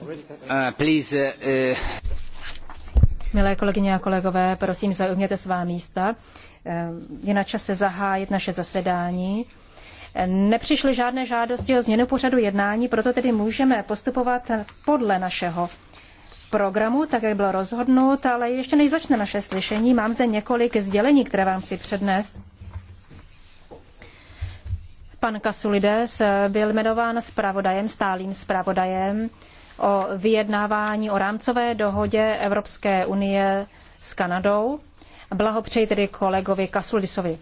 Uh, uh, uh. Milé kolegyně a kolegové, prosím, zaujměte svá místa. Eh, je na čase zahájit naše zasedání. Nepřišly žádné žádosti o změnu pořadu jednání, proto tedy můžeme postupovat podle našeho programu, tak jak bylo rozhodnut, ale ještě než začne naše slyšení, mám zde několik sdělení, které vám chci přednést. Pan Kasulides byl jmenován zpravodajem, stálým zpravodajem o vyjednávání o rámcové dohodě Evropské unie s Kanadou. Blahopřeji tedy kolegovi Kasulisovi.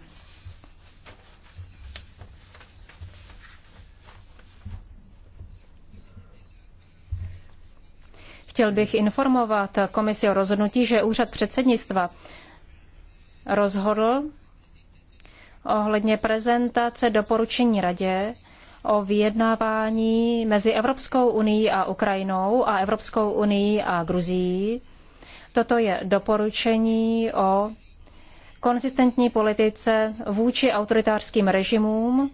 Chtěl bych informovat komisi o rozhodnutí, že úřad předsednictva rozhodl ohledně prezentace doporučení radě o vyjednávání mezi Evropskou unii a Ukrajinou a Evropskou unii a Gruzií. Toto je doporučení o konzistentní politice vůči autoritářským režimům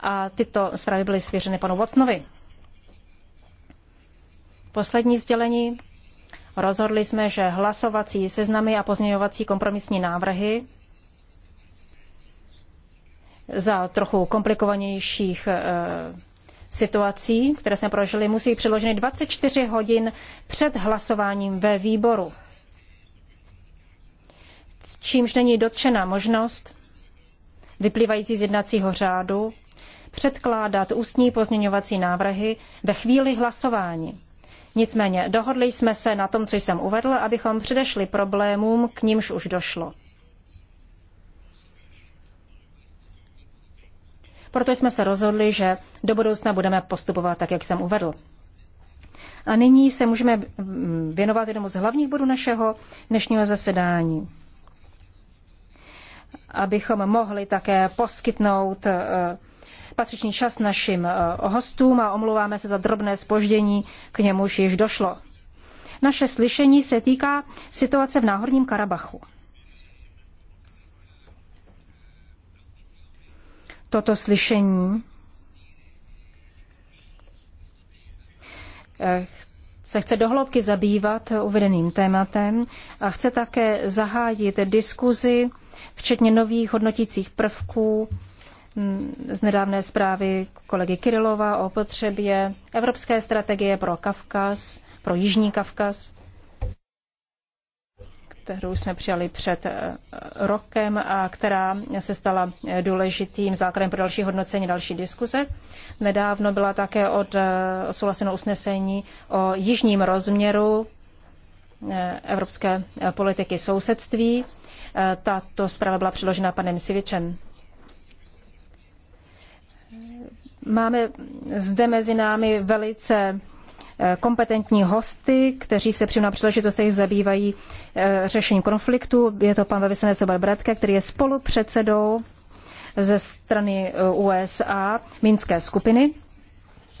a tyto zprávy byly svěřeny panu Vocnovi. Poslední sdělení. Rozhodli jsme, že hlasovací seznamy a pozměňovací kompromisní návrhy za trochu komplikovanějších eh, situací, které jsme prožili, musí být předloženy 24 hodin před hlasováním ve výboru. S čímž není dotčena možnost vyplývající z jednacího řádu předkládat ústní pozměňovací návrhy ve chvíli hlasování. Nicméně dohodli jsme se na tom, co jsem uvedl, abychom předešli problémům, k nímž už došlo. Proto jsme se rozhodli, že do budoucna budeme postupovat tak, jak jsem uvedl. A nyní se můžeme věnovat jednomu z hlavních bodů našeho dnešního zasedání abychom mohli také poskytnout eh, patřičný čas našim eh, hostům a omluváme se za drobné spoždění, k němuž již došlo. Naše slyšení se týká situace v Náhorním Karabachu. toto slyšení. Eh, se chce dohloubky zabývat uvedeným tématem a chce také zahájit diskuzi, včetně nových hodnotících prvků mm, z nedávné zprávy kolegy Kirilova o potřebě Evropské strategie pro Kavkaz, pro Jižní Kavkaz kterou jsme přijali před eh, rokem a která se stala eh, důležitým základem pro další hodnocení, další diskuze. Nedávno byla také od eh, souhlaseno usnesení o jižním rozměru evropské politiky sousedství. Tato zpráva byla předložena panem Sivičem. Máme zde mezi námi velice kompetentní hosty, kteří se při na příležitostech zabývají eh, řešením konfliktu. Je to pan velvyslanec Bratke, který je spolupředsedou ze strany eh, USA Minské skupiny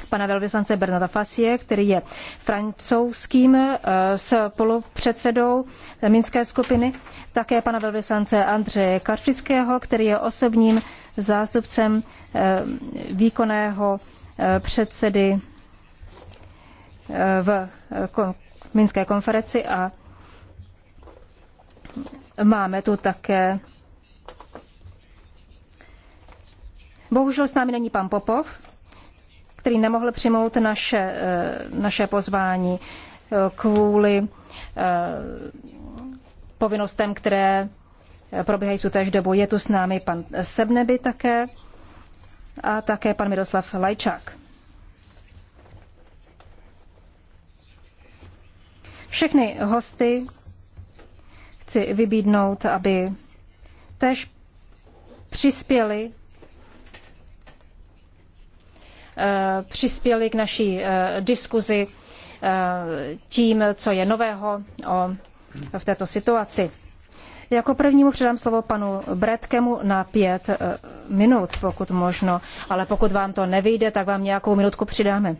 pana velvyslance Bernarda Fasie, který je francouzským eh, spolupředsedou Minské skupiny, také pana velvyslance Andřeje Karčického, který je osobním zástupcem výkonného předsedy v Minské konferenci a máme tu také. Bohužel s námi není pan Popov, který nemohl přijmout naše, eh, naše pozvání eh, kvůli eh, povinnostem, které probíhají v tutéž dobu. Je tu s námi pan Sebneby také a také pan Miroslav Lajčák. Všechny hosty chci vybídnout, aby tež přispěli eh, přispěli k naší eh, diskuzi eh, tím, co je nového o, v této situaci. Jako prvnímu předám slovo panu Bretkemu na pět minut, pokud možno, ale pokud vám to nevyjde, tak vám nějakou minutku přidáme.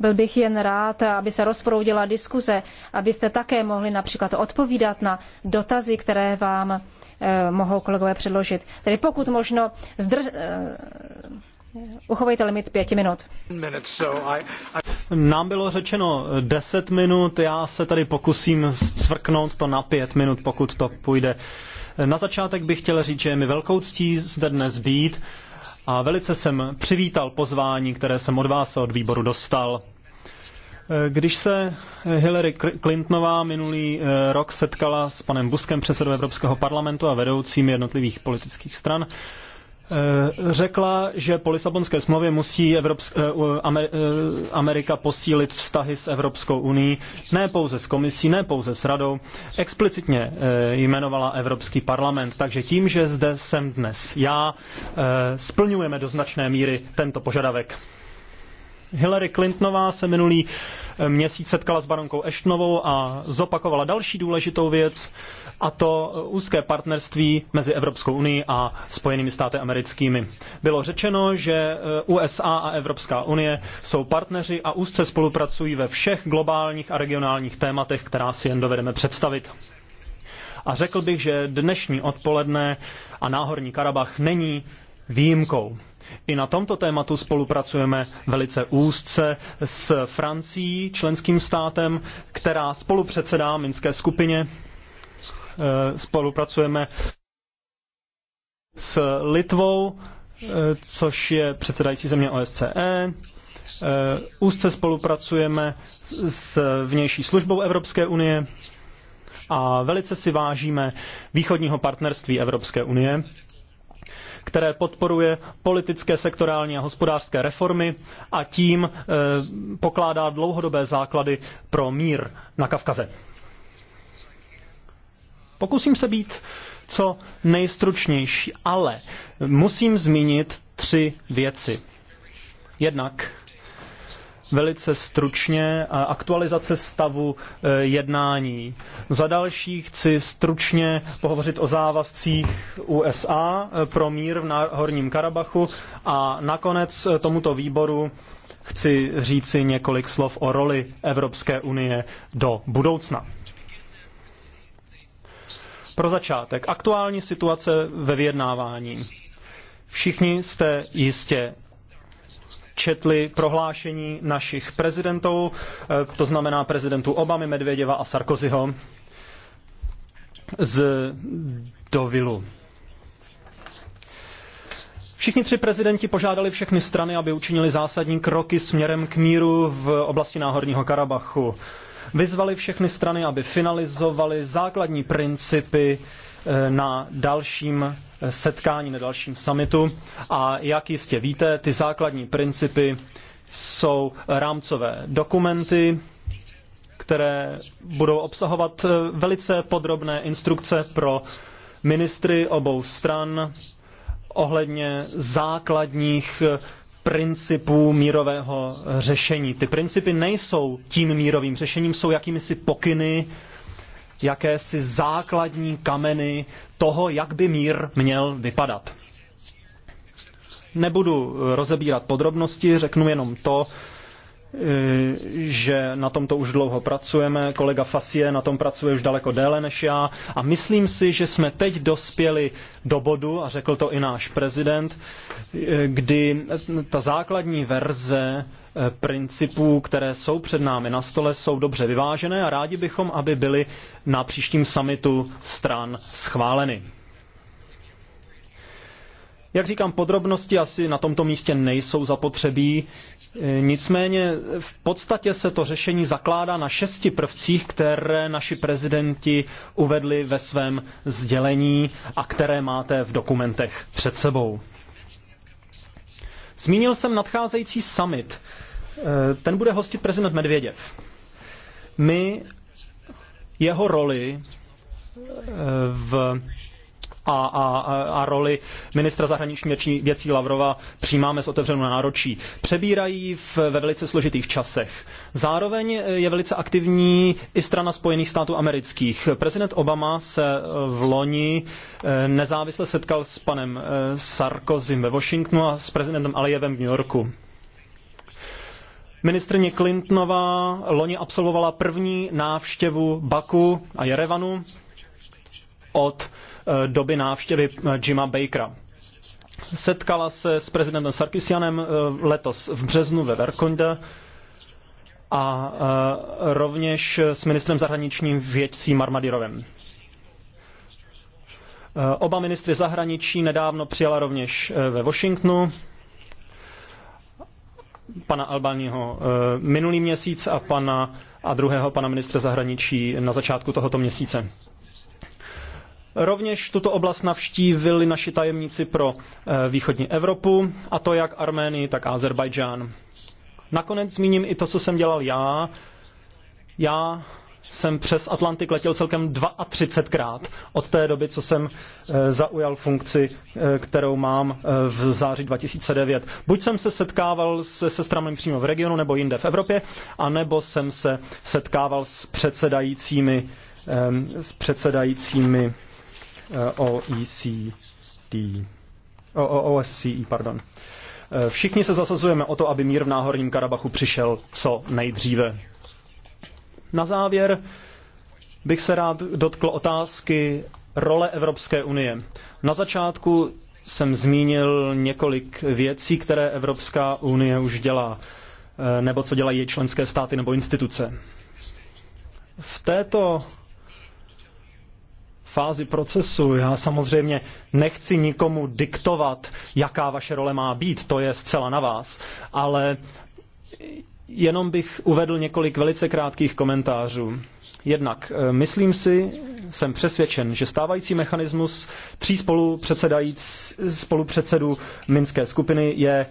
Byl bych jen rád, aby se rozproudila diskuze, abyste také mohli například odpovídat na dotazy, které vám eh, mohou kolegové předložit. Tedy pokud možno zdrž... Eh, uchovejte limit pěti minut. Nám bylo řečeno deset minut, já se tady pokusím cvrknout to na pět minut, pokud to půjde. Na začátek bych chtěl říct, že je mi velkou ctí zde dnes být a velice jsem přivítal pozvání, které jsem od vás od výboru dostal. Eh, když se Hillary Clintonová minulý eh, rok setkala s panem Buskem, předsedou Evropského parlamentu a vedoucími jednotlivých politických stran, Eh, řekla, že po Lisabonské smlouvě musí eh, eh, Amerika posílit vztahy s Evropskou unii, ne pouze s komisí, ne pouze s radou. Explicitně jmenovala Evropský parlament, takže tím, že zde jsem dnes já, splňujeme do značné míry tento požadavek. Hillary Clintonová se minulý měsíc setkala s baronkou Ashtonovou a zopakovala další důležitou věc, a to úzké partnerství mezi Evropskou unii a Spojenými státy americkými. Bylo řečeno, že eh, USA a Evropská unie jsou partneři a úzce spolupracují ve všech globálních a regionálních tématech, která si jen dovedeme představit. A řekl bych, že dnešní odpoledne a náhorní Karabach není výjimkou. I na tomto tématu spolupracujeme velice úzce s Francií, členským státem, která spolupředsedá Minské skupině Eh, spolupracujeme s Litvou, eh, což je předsedající země OSCE. Eh, úzce spolupracujeme s vnější službou Evropské unie a velice si vážíme východního partnerství Evropské unie, které podporuje politické, sektorální a hospodářské reformy a tím pokládá dlouhodobé základy pro mír na Kavkaze. Pokusím se být co nejstručnější, ale musím zmínit tři věci. Jednak velice stručně aktualizace stavu eh, jednání. Za další chci stručně pohovořit o závazcích USA eh, pro mír v Horním Karabachu a nakonec eh, tomuto výboru chci říci několik slov o roli Evropské unie do budoucna. Pro začátek, aktuální situace ve vyjednávání. Všichni jste jistě četli prohlášení našich prezidentů, eh, to znamená prezidentů Obamy, Medvěděva a Sarkozyho z Dovilu. Všichni tři prezidenti požádali všechny strany, aby učinili zásadní kroky směrem k míru v oblasti Náhorního Karabachu vyzvali všechny strany, aby finalizovali základní principy eh, na dalším eh, setkání, na dalším summitu. A jak jistě víte, ty základní principy jsou rámcové dokumenty, které budou obsahovat eh, velice podrobné instrukce pro ministry obou stran ohledně základních principů mírového řešení. Ty principy nejsou tím mírovým řešením, jsou jakýmisi pokyny, jakési základní kameny toho, jak by mír měl vypadat. Nebudu rozebírat podrobnosti, řeknu jenom to, Eh, že na tomto už dlouho pracujeme. Kolega Fasie na tom pracuje už daleko déle než já. A myslím si, že jsme teď dospěli do bodu, a řekl to i náš prezident, eh, kdy ta základní verze eh, principů, které jsou před námi na stole, jsou dobře vyvážené a rádi bychom, aby byly na příštím summitu stran schváleny. Jak říkám, podrobnosti asi na tomto místě nejsou zapotřebí, e, nicméně v podstatě se to řešení zakládá na šesti prvcích, které naši prezidenti uvedli ve svém sdělení a které máte v dokumentech před sebou. Zmínil jsem nadcházející summit. E, ten bude hostit prezident Medvěděv. My jeho roli e, v a, a, a roli ministra zahraničních věcí Lavrova přijímáme s otevřenou náročí. Přebírají v, ve velice složitých časech. Zároveň je velice aktivní i strana Spojených států amerických. Prezident Obama se v loni eh, nezávisle setkal s panem eh, Sarkozym ve Washingtonu a s prezidentem Alijevem v New Yorku. Ministrně Clintonová loni absolvovala první návštěvu Baku a Jerevanu od Eh, doby návštěvy eh, Jima Bakera. Setkala se s prezidentem Sarkisianem eh, letos v březnu ve Verkonde a rovněž s ministrem zahraničním věcí Marmadirovem. Oba ministry zahraničí nedávno přijala rovněž ve Washingtonu pana Albaního minulý měsíc a pana a druhého pana ministra zahraničí na začátku tohoto měsíce. Rovněž tuto oblast navštívili naši tajemníci pro eh, východní Evropu, a to jak Arménii, tak Azerbajdžán. Nakonec zmíním i to, co jsem dělal já. Já jsem přes Atlantik letěl celkem 32krát od té doby, co jsem eh, zaujal funkci, eh, kterou mám v září 2009. Buď jsem se setkával se sestrami přímo v regionu nebo jinde v Evropě, anebo jsem se setkával s předsedajícími, s předsedajícími Eh, OECD, OSCE, pardon. Eh, všichni se zasazujeme o to, aby mír v Náhorním Karabachu přišel co nejdříve. Na závěr bych se rád dotkl otázky role Evropské unie. Na začátku jsem zmínil několik věcí, které Evropská unie už dělá, eh, nebo co dělají členské státy nebo instituce. V této fázi procesu. Já samozřejmě nechci nikomu diktovat, jaká vaše role má být, to je zcela na vás, ale jenom bych uvedl několik velice krátkých komentářů. Jednak eh, myslím si, jsem přesvědčen, že stávající mechanismus tří spolupředsedů Minské skupiny je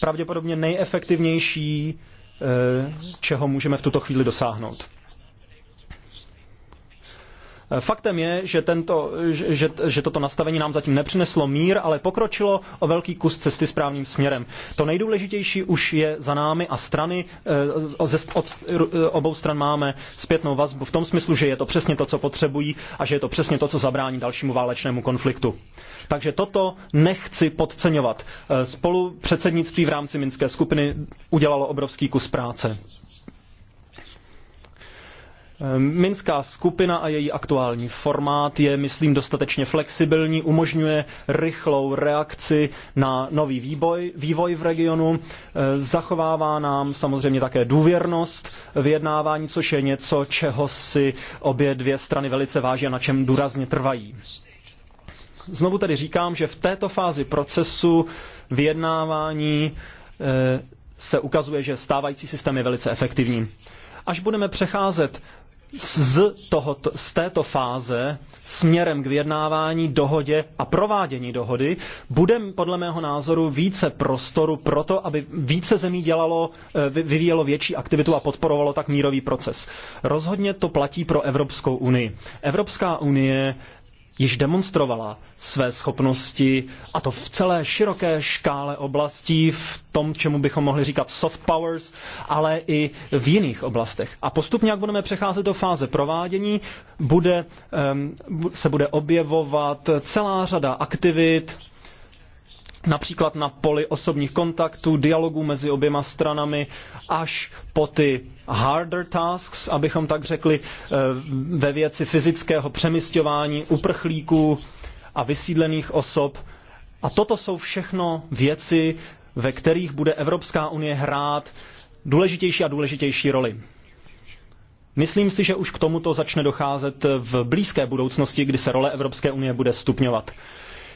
pravděpodobně nejefektivnější, eh, čeho můžeme v tuto chvíli dosáhnout. Faktem je, že, tento, že, že toto nastavení nám zatím nepřineslo mír, ale pokročilo o velký kus cesty správným směrem. To nejdůležitější už je za námi a strany, eh, ze, od eh, obou stran máme zpětnou vazbu v tom smyslu, že je to přesně to, co potřebují a že je to přesně to, co zabrání dalšímu válečnému konfliktu. Takže toto nechci podceňovat. Eh, Spolu předsednictví v rámci Minské skupiny udělalo obrovský kus práce. Ehm, minská skupina a její aktuální formát je, myslím, dostatečně flexibilní, umožňuje rychlou reakci na nový výboj, vývoj v regionu, ehm, zachovává nám samozřejmě také důvěrnost vyjednávání, což je něco, čeho si obě dvě strany velice váží a na čem důrazně trvají. Znovu tedy říkám, že v této fázi procesu vyjednávání ehm, se ukazuje, že stávající systém je velice efektivní. Až budeme přecházet z, tohoto, z této fáze směrem k vyjednávání, dohodě a provádění dohody bude podle mého názoru více prostoru pro to, aby více zemí dělalo, eh, vyvíjelo větší aktivitu a podporovalo tak mírový proces. Rozhodně to platí pro Evropskou unii. Evropská unie již demonstrovala své schopnosti, a to v celé široké škále oblastí, v tom, čemu bychom mohli říkat soft powers, ale i v jiných oblastech. A postupně, jak budeme přecházet do fáze provádění, bude, se bude objevovat celá řada aktivit, například na poli osobních kontaktů, dialogů mezi oběma stranami, až po ty harder tasks, abychom tak řekli, eh, ve věci fyzického přemysťování uprchlíků a vysídlených osob. A toto jsou všechno věci, ve kterých bude Evropská unie hrát důležitější a důležitější roli. Myslím si, že už k tomuto začne docházet v blízké budoucnosti, kdy se role Evropské unie bude stupňovat.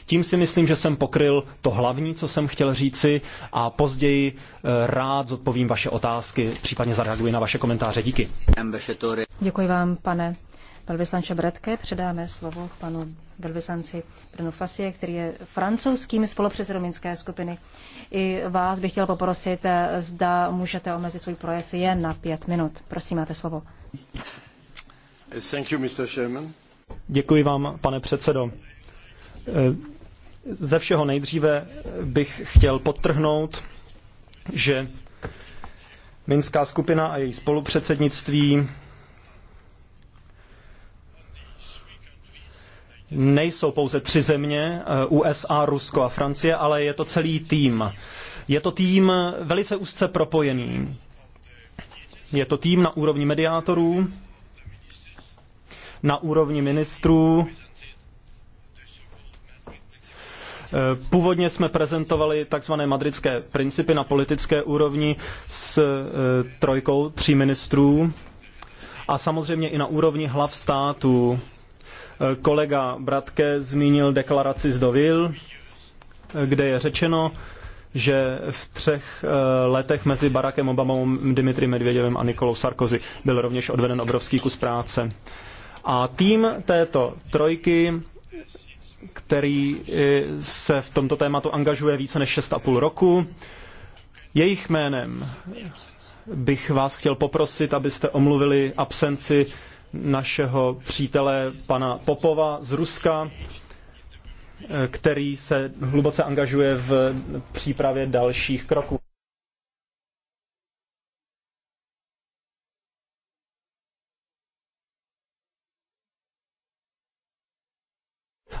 Tím si myslím, že jsem pokryl to hlavní, co jsem chtěl říci a později eh, rád zodpovím vaše otázky, případně zareaguji na vaše komentáře. Díky. Děkuji vám, pane velvyslanče Bratke. Předáme slovo k panu velvyslanci Bruno Fasie, který je francouzským spolupředsedou Minské skupiny. I vás bych chtěl poprosit, eh, zda můžete omezit svůj projev jen na pět minut. Prosím, máte slovo. Thank you, Mr. Děkuji vám, pane předsedo. Eh, ze všeho nejdříve bych chtěl podtrhnout, že Minská skupina a její spolupředsednictví nejsou pouze tři země, eh, USA, Rusko a Francie, ale je to celý tým. Je to tým velice úzce propojený. Je to tým na úrovni mediátorů, na úrovni ministrů, Původně jsme prezentovali tzv. madridské principy na politické úrovni s e, trojkou tří ministrů a samozřejmě i na úrovni hlav států. E, kolega Bratke zmínil deklaraci z Dovil, e, kde je řečeno, že v třech letech mezi Barackem Obamou, Dimitrem Medvěděvem a Nikolou Sarkozy byl rovněž odveden obrovský kus práce. A tým této trojky který eh, se v tomto tématu angažuje více než 6,5 roku. Jejich jménem bych vás chtěl poprosit, abyste omluvili absenci našeho přítele pana Popova z Ruska, eh, který se hluboce angažuje v přípravě dalších kroků.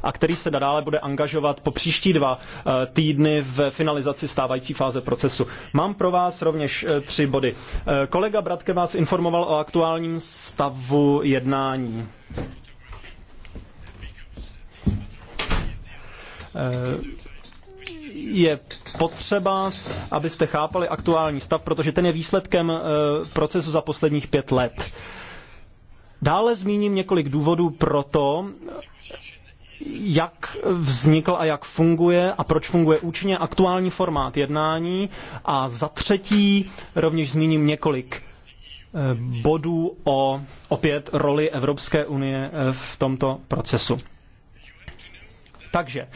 a který se nadále bude angažovat po příští dva eh, týdny v finalizaci stávající fáze procesu. Mám pro vás rovněž eh, tři body. Eh, kolega Bratke vás informoval o aktuálním stavu jednání. Je potřeba, abyste chápali aktuální stav, protože ten je výsledkem procesu za posledních pět let. Dále zmíním několik důvodů pro to, jak vznikl a jak funguje a proč funguje účinně aktuální formát jednání. A za třetí rovněž zmíním několik eh, bodů o opět roli Evropské unie eh, v tomto procesu. Takže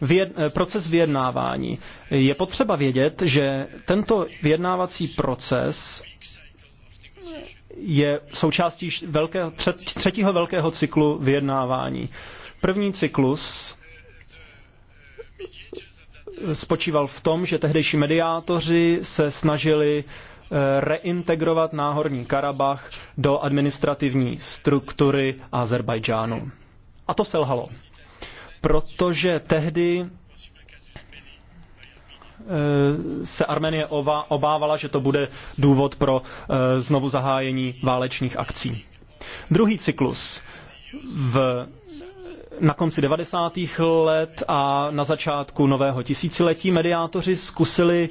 vyjed, eh, proces vyjednávání. Je potřeba vědět, že tento vyjednávací proces je součástí velkého, třetího velkého cyklu vyjednávání. První cyklus spočíval v tom, že tehdejší mediátoři se snažili eh, reintegrovat náhorní Karabach do administrativní struktury Azerbajdžánu. A to selhalo, protože tehdy eh, se Armenie obávala, že to bude důvod pro eh, znovu zahájení válečných akcí. Druhý cyklus v na konci 90. let a na začátku nového tisíciletí mediátoři zkusili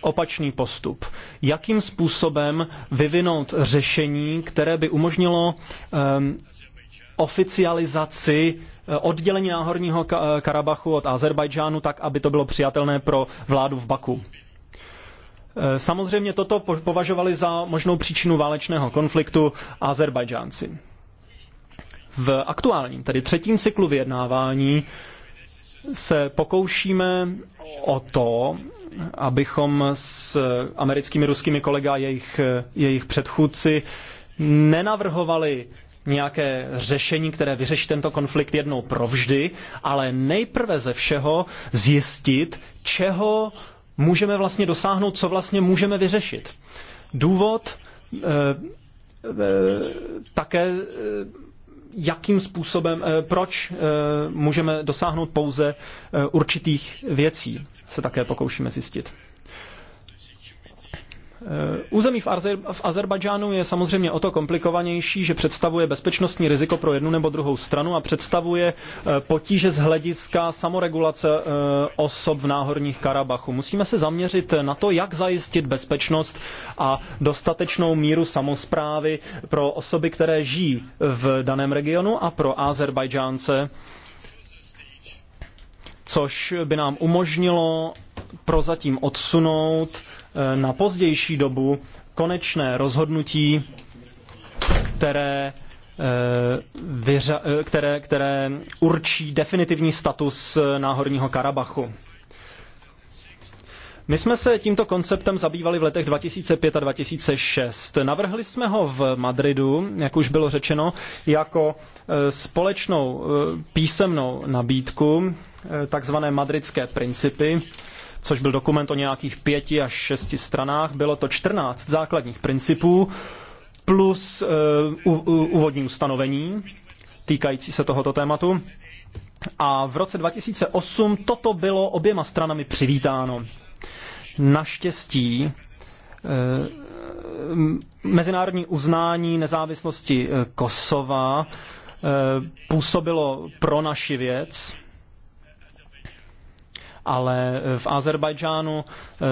opačný postup. Jakým způsobem vyvinout řešení, které by umožnilo um, oficializaci eh, oddělení Náhorního eh, Karabachu od Azerbajdžánu tak, aby to bylo přijatelné pro vládu v Baku. Eh, samozřejmě toto považovali za možnou příčinu válečného konfliktu Azerbajdžánci. V aktuálním, tedy třetím cyklu vyjednávání, se pokoušíme o to, abychom s americkými, ruskými kolega a jejich, jejich předchůdci nenavrhovali nějaké řešení, které vyřeší tento konflikt jednou provždy, ale nejprve ze všeho zjistit, čeho můžeme vlastně dosáhnout, co vlastně můžeme vyřešit. Důvod e, e, také eh, jakým způsobem, eh, proč eh, můžeme dosáhnout pouze eh, určitých věcí, se také pokoušíme zjistit. Eh, území v, Azer- v Azerbajdžánu je samozřejmě o to komplikovanější, že představuje bezpečnostní riziko pro jednu nebo druhou stranu a představuje eh, potíže z hlediska samoregulace eh, osob v náhorních Karabachu. Musíme se zaměřit na to, jak zajistit bezpečnost a dostatečnou míru samozprávy pro osoby, které žijí v daném regionu a pro Azerbajdžánce, což by nám umožnilo prozatím odsunout Eh, na pozdější dobu konečné rozhodnutí, které, eh, vyřa, eh, které, které určí definitivní status Náhorního Karabachu. My jsme se tímto konceptem zabývali v letech 2005 a 2006. Navrhli jsme ho v Madridu, jak už bylo řečeno, jako společnou písemnou nabídku, takzvané madridské principy, což byl dokument o nějakých pěti až šesti stranách. Bylo to 14 základních principů plus eh, úvodní ustanovení týkající se tohoto tématu. A v roce 2008 toto bylo oběma stranami přivítáno. Naštěstí eh, mezinárodní uznání nezávislosti eh, Kosova působilo pro naši věc ale eh, v Azerbajdžánu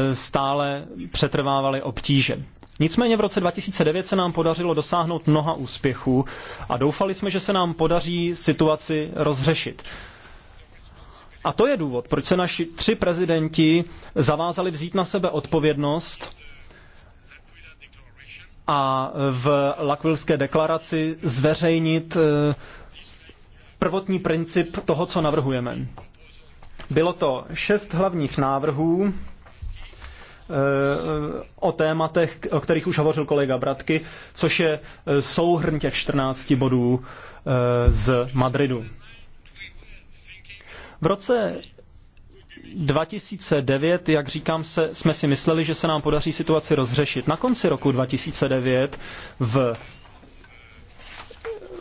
eh, stále přetrvávaly obtíže. Nicméně v roce 2009 se nám podařilo dosáhnout mnoha úspěchů a doufali jsme, že se nám podaří situaci rozřešit. A to je důvod, proč se naši tři prezidenti zavázali vzít na sebe odpovědnost a v Lakvilské deklaraci zveřejnit eh, prvotní princip toho, co navrhujeme. Bylo to šest hlavních návrhů eh, o tématech, o kterých už hovořil kolega Bratky, což je eh, souhrn těch 14 bodů eh, z Madridu. V roce 2009, jak říkám, se, jsme si mysleli, že se nám podaří situaci rozřešit. Na konci roku 2009 v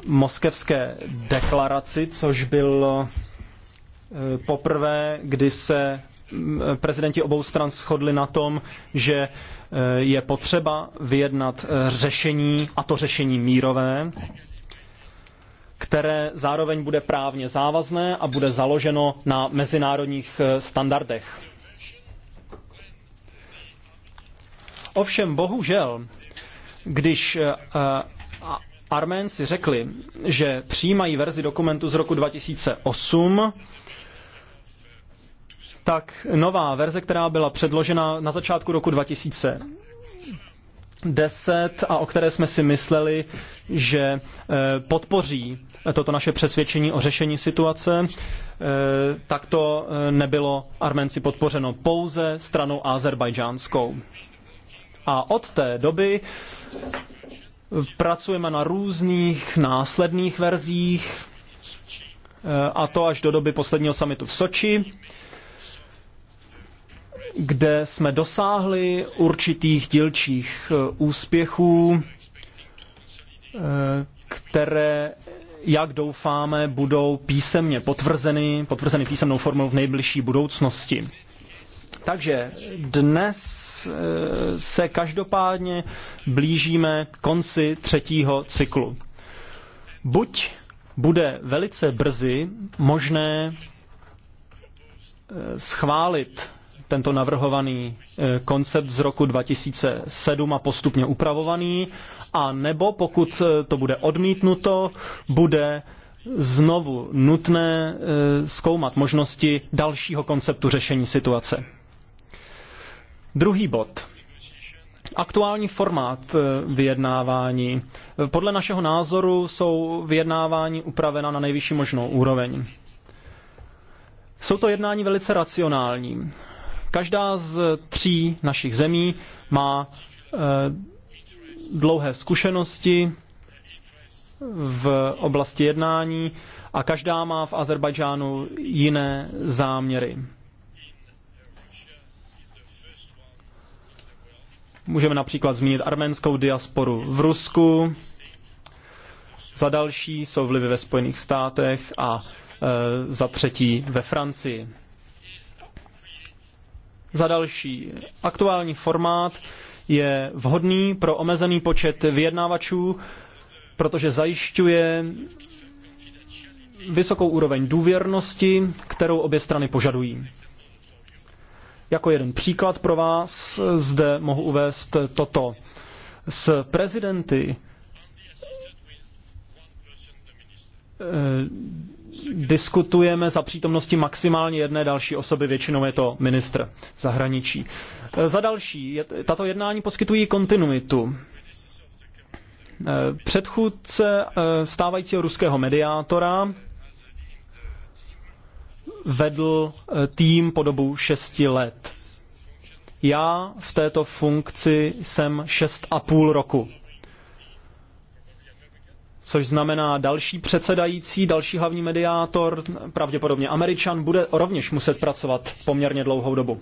moskevské deklaraci, což byl poprvé, kdy se prezidenti obou stran shodli na tom, že e, je potřeba vyjednat e, řešení, a to řešení mírové, které zároveň bude právně závazné a bude založeno na mezinárodních e, standardech. Ovšem, bohužel, když Arménci řekli, že přijímají verzi dokumentu z roku 2008, tak nová verze, která byla předložena na začátku roku 2000, 10 a o které jsme si mysleli, že eh, podpoří toto naše přesvědčení o řešení situace, eh, tak to eh, nebylo Arménci podpořeno pouze stranou azerbajdžánskou. A od té doby pracujeme na různých následných verzích, a to až do doby posledního samitu v Soči, kde jsme dosáhli určitých dílčích eh, úspěchů, eh, které, jak doufáme, budou písemně potvrzeny, potvrzeny písemnou formou v nejbližší budoucnosti. Takže dnes eh, se každopádně blížíme konci třetího cyklu. Buď bude velice brzy možné schválit tento navrhovaný e, koncept z roku 2007 a postupně upravovaný, a nebo pokud e, to bude odmítnuto, bude znovu nutné e, zkoumat možnosti dalšího konceptu řešení situace. Druhý bod. Aktuální formát vyjednávání. Podle našeho názoru jsou vyjednávání upravena na nejvyšší možnou úroveň. Jsou to jednání velice racionální. Každá z tří našich zemí má eh, dlouhé zkušenosti v oblasti jednání a každá má v Azerbajdžánu jiné záměry. Můžeme například zmínit arménskou diasporu v Rusku, za další jsou vlivy ve Spojených státech a e, za třetí ve Francii. Za další, aktuální formát je vhodný pro omezený počet vyjednávačů, protože zajišťuje vysokou úroveň důvěrnosti, kterou obě strany požadují. Jako jeden příklad pro vás zde mohu uvést toto. S prezidenty eh, diskutujeme za přítomnosti maximálně jedné další osoby, většinou je to ministr zahraničí. E, za další, tato jednání poskytují kontinuitu. E, předchůdce e, stávajícího ruského mediátora vedl tým po dobu šesti let. Já v této funkci jsem šest a půl roku což znamená další předsedající, další hlavní mediátor, pravděpodobně američan, bude rovněž muset pracovat poměrně dlouhou dobu.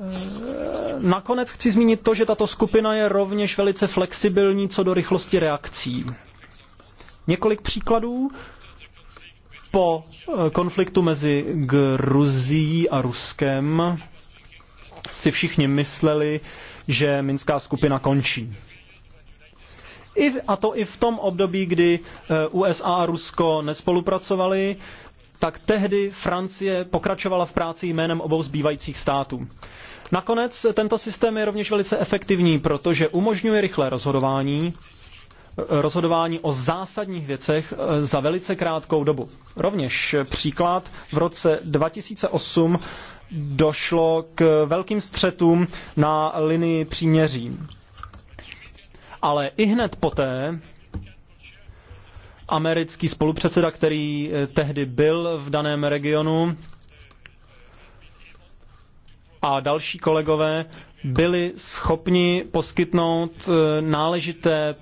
E, nakonec chci zmínit to, že tato skupina je rovněž velice flexibilní co do rychlosti reakcí. Několik příkladů. Po e, konfliktu mezi Gruzií a Ruskem si všichni mysleli, že minská skupina končí. I, a to i v tom období, kdy eh, USA a Rusko nespolupracovali, tak tehdy Francie pokračovala v práci jménem obou zbývajících států. Nakonec tento systém je rovněž velice efektivní, protože umožňuje rychlé rozhodování, eh, rozhodování o zásadních věcech eh, za velice krátkou dobu. Rovněž příklad v roce 2008 došlo k velkým střetům na linii příměří. Ale i hned poté americký spolupředseda, který eh, tehdy byl v daném regionu, a další kolegové byli schopni poskytnout eh, náležité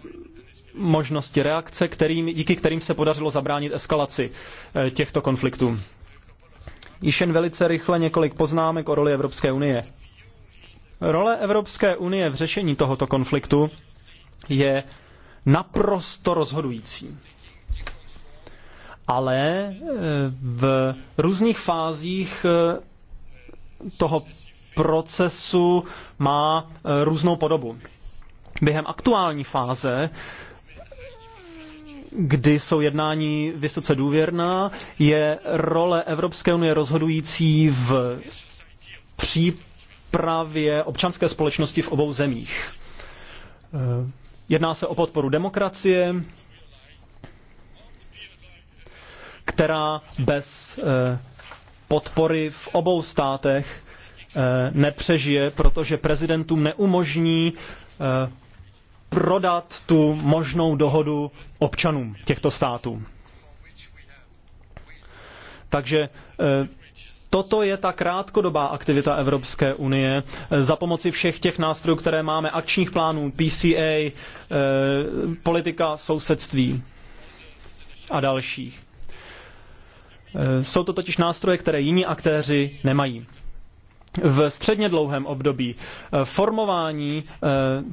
možnosti reakce, kterým, díky kterým se podařilo zabránit eskalaci eh, těchto konfliktů. Již jen velice rychle několik poznámek o roli Evropské unie. Role Evropské unie v řešení tohoto konfliktu je naprosto rozhodující. Ale e, v různých fázích e, toho procesu má e, různou podobu. Během aktuální fáze kdy jsou jednání vysoce důvěrná, je role Evropské unie rozhodující v přípravě občanské společnosti v obou zemích. Jedná se o podporu demokracie, která bez eh, podpory v obou státech eh, nepřežije, protože prezidentům neumožní eh, prodat tu možnou dohodu občanům těchto států. Takže Toto je ta krátkodobá aktivita Evropské unie za pomoci všech těch nástrojů, které máme, akčních plánů, PCA, eh, politika sousedství a dalších. Eh, jsou to totiž nástroje, které jiní aktéři nemají v středně dlouhém období eh, formování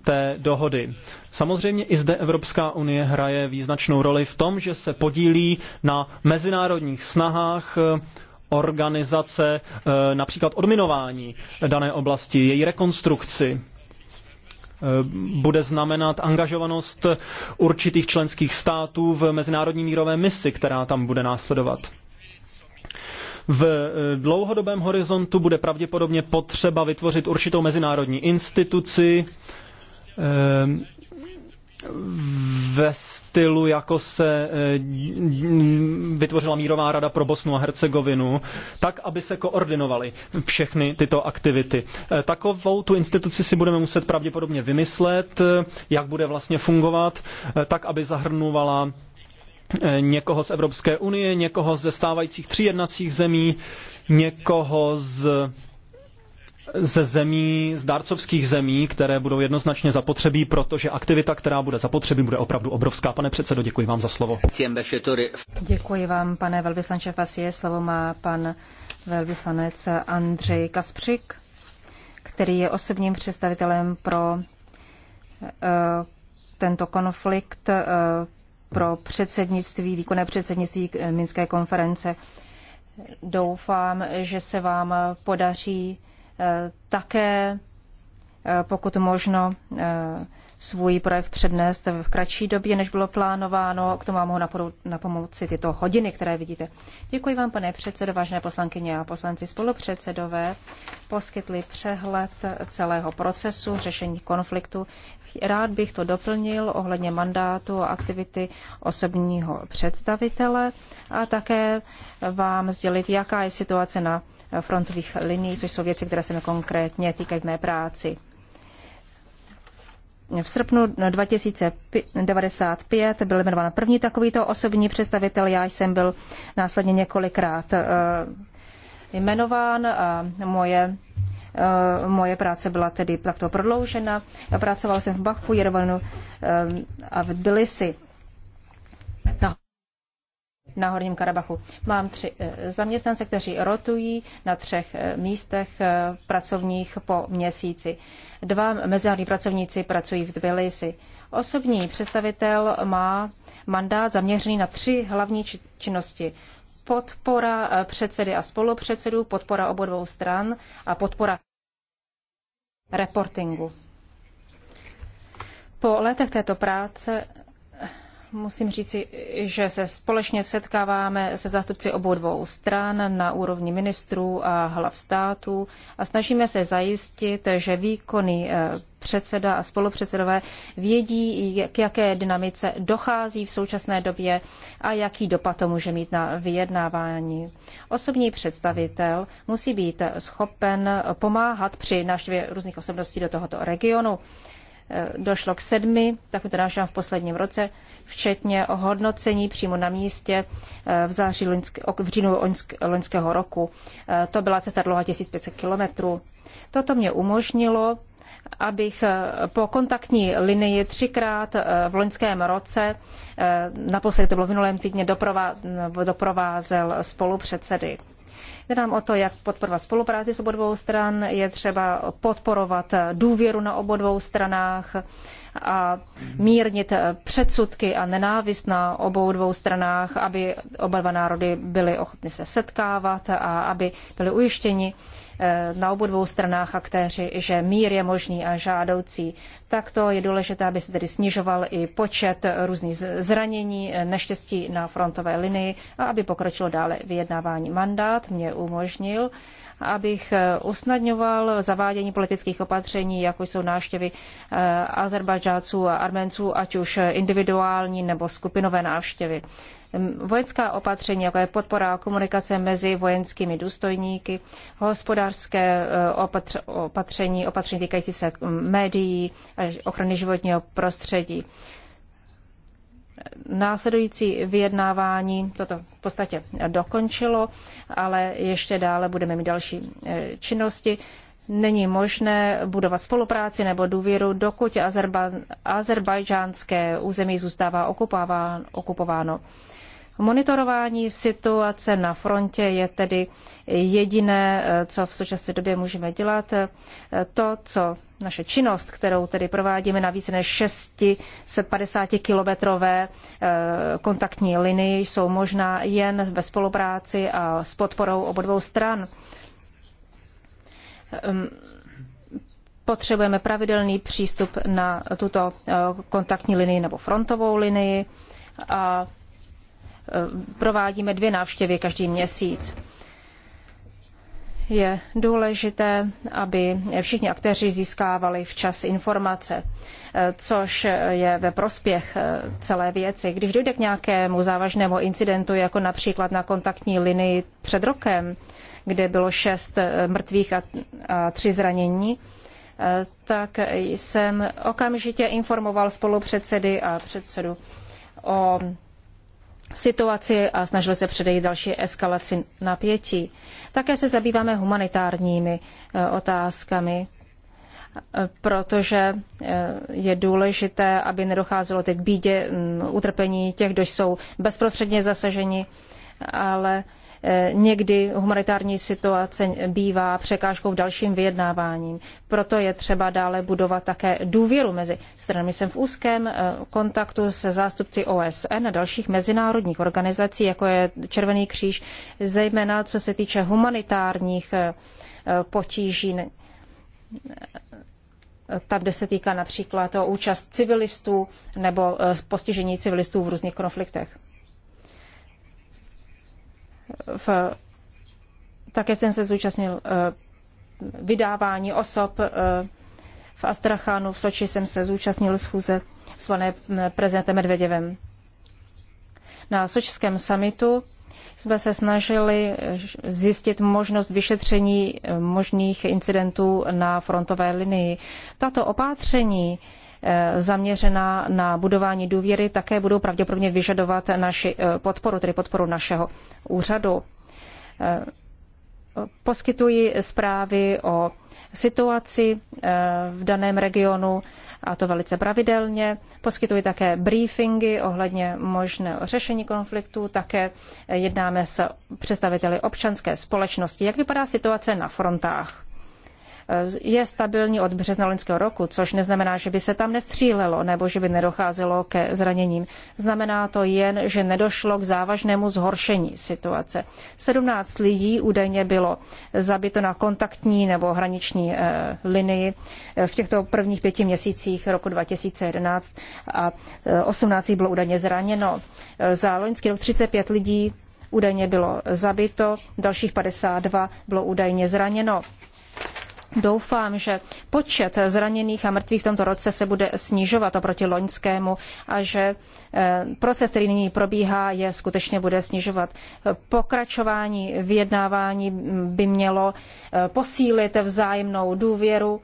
té dohody. Samozřejmě i zde Evropská unie hraje význačnou roli v tom, že se podílí na mezinárodních snahách organizace eh, například odminování dané oblasti, její rekonstrukci, eh, bude znamenat angažovanost určitých členských států v mezinárodní mírové misi, která tam bude následovat. V eh, dlouhodobém horizontu bude pravděpodobně potřeba vytvořit určitou mezinárodní instituci, ve stylu, jako se eh, vytvořila Mírová rada pro Bosnu a Hercegovinu, tak, aby se koordinovaly všechny tyto aktivity. Eh, takovou tu instituci si budeme muset pravděpodobně vymyslet, eh, jak bude vlastně fungovat, tak, aby zahrnovala někoho z Evropské unie, někoho ze stávajících tří jednacích zemí, někoho z ze zemí, z darcovských zemí, které budou jednoznačně zapotřebí, protože aktivita, která bude zapotřebí, bude opravdu obrovská. Pane předsedo, děkuji vám za slovo. Děkuji vám, pane velvyslanče Fasie. Slovo má pan velvyslanec Andřej Kaspřik, který je osobním představitelem pro eh, tento konflikt uh, pro předsednictví, výkonné předsednictví Minské konference. Doufám, že se vám podaří Eh, také eh, pokud možno eh, svůj projev přednést v kratší době, než bylo plánováno. K tomu vám mohu napomoci tyto hodiny, které vidíte. Děkuji vám, pane předsedo, vážné poslankyně a poslanci spolupředsedové. Poskytli přehled celého procesu řešení konfliktu. Rád bych to doplnil ohledně mandátu a aktivity osobního představitele a také vám sdělit, jaká je situace na frontových linií, což jsou věci, které se mi konkrétně týkají v mé práci. V srpnu 2095 byl jmenován první takovýto osobní představitel. Já jsem byl následně několikrát eh, jmenován a moje eh, moje práce byla tedy takto prodloužena. Pracoval jsem v Bachu, Jerovanu eh, a v Tbilisi. No na Horním Karabachu. Mám tři eh, zaměstnance, kteří rotují na třech eh, místech eh, pracovních po měsíci. Dva mezinárodní pracovníci pracují v Tbilisi. Osobní představitel má mandát zaměřený na tři hlavní činnosti. Podpora předsedy a spolupředsedů, podpora obou dvou stran a podpora reportingu. Po letech této práce musím říci, že se společně setkáváme se zástupci obou dvou stran na úrovni ministrů a hlav států a snažíme se zajistit, že výkony eh, předseda a spolupředsedové vědí, k jaké dynamice dochází v současné době a jaký dopad to může mít na vyjednávání. Osobní představitel musí být schopen pomáhat při návštěvě různých osobností do tohoto regionu. Eh, došlo k sedmi tak to návštěvám v posledním roce, včetně o hodnocení přímo na místě eh, v, září loňsk, v říjnu loňského roku. Eh, to byla cesta dlouhá 1500 kilometrů. Toto mě umožnilo, abych po kontaktní linii třikrát v loňském roce, naposledy to bylo v minulém týdně, doprovázel spolupředsedy Jde nám o to, jak podporovat spolupráci s obou dvou stran, je třeba podporovat důvěru na obou dvou stranách a mírnit předsudky a nenávist na obou dvou stranách, aby oba dva národy byly ochotny se setkávat a aby byly ujištěni, na obou dvou stranách aktéři, že mír je možný a žádoucí. tak to je důležité, aby se tedy snižoval i počet různých zranění, neštěstí na frontové linii a aby pokročilo dále vyjednávání. Mandát mě umožnil, abych eh, usnadňoval zavádění politických opatření, jako jsou návštěvy eh, Azerbajdžáců a Arménců, ať už individuální nebo skupinové návštěvy vojenská opatření, jako je podpora komunikace mezi vojenskými důstojníky, hospodářské eh, opatření, opatření týkající se mm, médií, ochrany životního prostředí. Následující vyjednávání toto v podstatě dokončilo, ale ještě dále budeme mít další eh, činnosti není možné budovat spolupráci nebo důvěru, dokud Azerba, azerbajdžánské území zůstává okupováno. Monitorování situace na frontě je tedy jediné, eh, co v současné době můžeme dělat. Eh, to, co naše činnost, kterou tedy provádíme na více než 650 kilometrové eh, kontaktní linii, jsou možná jen ve spolupráci a s podporou obou dvou stran. Ehm, Potřebujeme pravidelný přístup na tuto kontaktní linii nebo frontovou linii a Eh, provádíme dvě návštěvy každý měsíc. Je důležité, aby všichni aktéři získávali včas informace, eh, což je ve prospěch eh, celé věci. Když dojde k nějakému závažnému incidentu, jako například na kontaktní linii před rokem, kde bylo šest mrtvých a, tři zranění, tak jsem okamžitě informoval spolupředsedy a předsedu o situaci a snažili se předejít další eskalaci napětí. Také se zabýváme humanitárními eh, otázkami, protože eh, je důležité, aby nedocházelo teď k bídě, mm, utrpení těch, kdo jsou bezprostředně zasaženi, ale Někdy humanitární situace bývá překážkou v dalším vyjednáváním. Proto je třeba dále budovat také důvěru mezi stranami. Jsem v úzkém eh, kontaktu se zástupci OSN a dalších mezinárodních organizací, jako je Červený kříž, zejména co se týče humanitárních eh, eh, potíží tam, kde se týká například o účast civilistů nebo postižení civilistů v různých konfliktech v, také jsem se zúčastnil eh, vydávání osob eh, v Astrachánu, v Soči jsem se zúčastnil schůze svané mm, prezidentem Medvedevem Na sočském samitu jsme se snažili eh, zjistit možnost vyšetření možných incidentů na frontové linii. Tato opatření Eh, zaměřená na budování důvěry, také budou pravděpodobně vyžadovat naši eh, podporu, tedy podporu našeho úřadu. Eh, poskytuji zprávy o situaci v daném regionu a to velice pravidelně. Poskytuji také briefingy ohledně možného řešení konfliktu, také jednáme s představiteli občanské společnosti. Jak vypadá situace na frontách? je stabilní od března loňského roku, což neznamená, že by se tam nestřílelo nebo že by nedocházelo ke zraněním. Znamená to jen, že nedošlo k závažnému zhoršení situace. 17 lidí údajně bylo zabito na kontaktní nebo hraniční eh, linii eh, v těchto prvních pěti měsících roku 2011 a 18 eh, bylo údajně zraněno. Za loňský rok 35 lidí údajně bylo zabito, dalších 52 bylo údajně zraněno. Doufám, že počet zraněných a mrtvých v tomto roce se bude snižovat oproti loňskému a že eh, proces, který nyní probíhá, je skutečně bude snižovat. Pokračování vyjednávání by mělo eh, posílit vzájemnou důvěru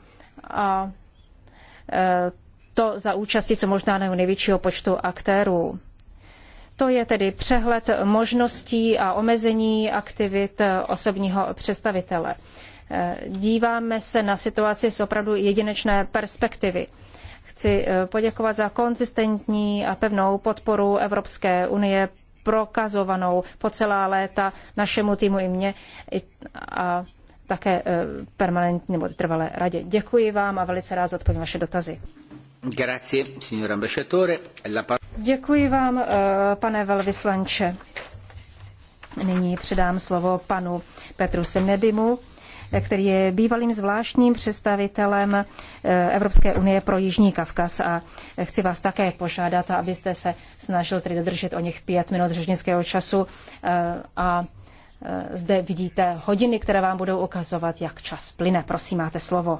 a eh, to za účasti co možná největšího počtu aktérů. To je tedy přehled možností a omezení aktivit osobního představitele. Eh, díváme se na situaci z opravdu jedinečné perspektivy. Chci eh, poděkovat za konzistentní a pevnou podporu Evropské unie prokazovanou po celá léta našemu týmu i mně a také eh, permanentní nebo trvalé radě. Děkuji vám a velice rád odpovím vaše dotazy. Grazie, signor ambasciatore. La... Děkuji vám, pane velvyslanče. Nyní předám slovo panu Petru Semnebimu který je bývalým zvláštním představitelem eh, Evropské unie pro Jižní Kavkaz. A chci vás také požádat, abyste se snažil tedy dodržet o nich pět minut řečnického času. Eh, a eh, zde vidíte hodiny, které vám budou ukazovat, jak čas plyne. Prosím, máte slovo.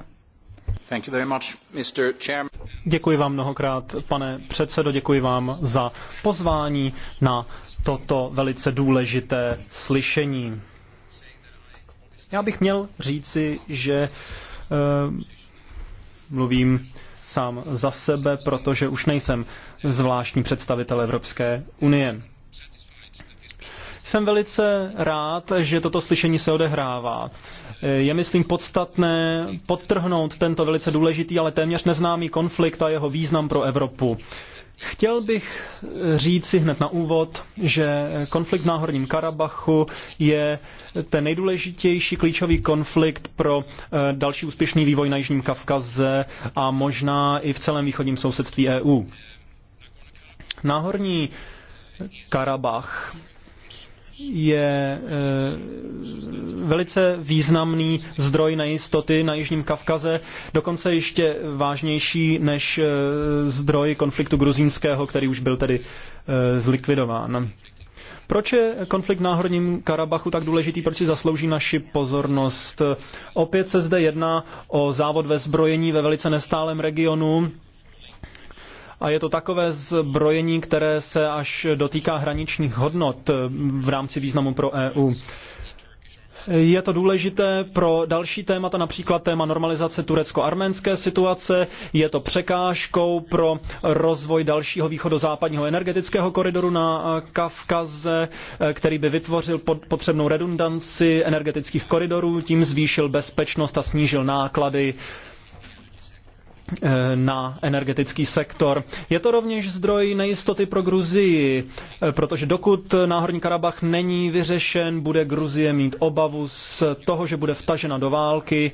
Děkuji vám mnohokrát, pane předsedo, děkuji vám za pozvání na toto velice důležité slyšení. Já bych měl říci, že e, mluvím sám za sebe, protože už nejsem zvláštní představitel Evropské unie. Jsem velice rád, že toto slyšení se odehrává. Eh, je, myslím, podstatné podtrhnout tento velice důležitý, ale téměř neznámý konflikt a jeho význam pro Evropu. Chtěl bych eh, říci hned na úvod, že konflikt v Náhorním Karabachu je ten nejdůležitější klíčový konflikt pro eh, další úspěšný vývoj na Jižním Kavkaze a možná i v celém východním sousedství EU. Náhorní Karabach je eh, velice významný zdroj nejistoty na Jižním Kavkaze, dokonce ještě vážnější než eh, zdroj konfliktu gruzínského, který už byl tedy eh, zlikvidován. Proč je konflikt v Náhorním Karabachu tak důležitý, proč si zaslouží naši pozornost? Opět se zde jedná o závod ve zbrojení ve velice nestálém regionu, a je to takové zbrojení, které se až dotýká hraničních hodnot eh, v rámci významu pro EU. Je to důležité pro další témata, například téma normalizace turecko-arménské situace. Je to překážkou pro rozvoj dalšího východozápadního energetického koridoru na Kavkaze, eh, který by vytvořil potřebnou redundanci energetických koridorů, tím zvýšil bezpečnost a snížil náklady Eh, na energetický sektor. Je to rovněž zdroj nejistoty pro Gruzii, eh, protože dokud Náhorní Karabach není vyřešen, bude Gruzie mít obavu z toho, že bude vtažena do války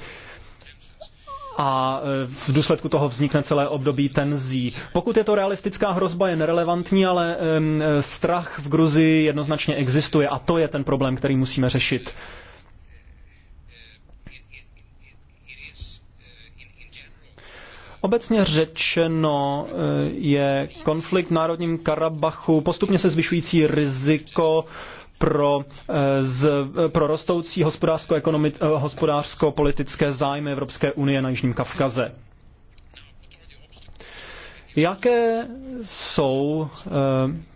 a eh, v důsledku toho vznikne celé období tenzí. Pokud je to realistická hrozba, je nerelevantní, ale strach v Gruzii jednoznačně existuje a to je ten problém, který musíme řešit. Obecně řečeno eh, je konflikt v Národním Karabachu postupně se zvyšující riziko pro, eh, z, pro rostoucí eh, hospodářsko-politické zájmy Evropské unie na Jižním Kavkaze. Jaké jsou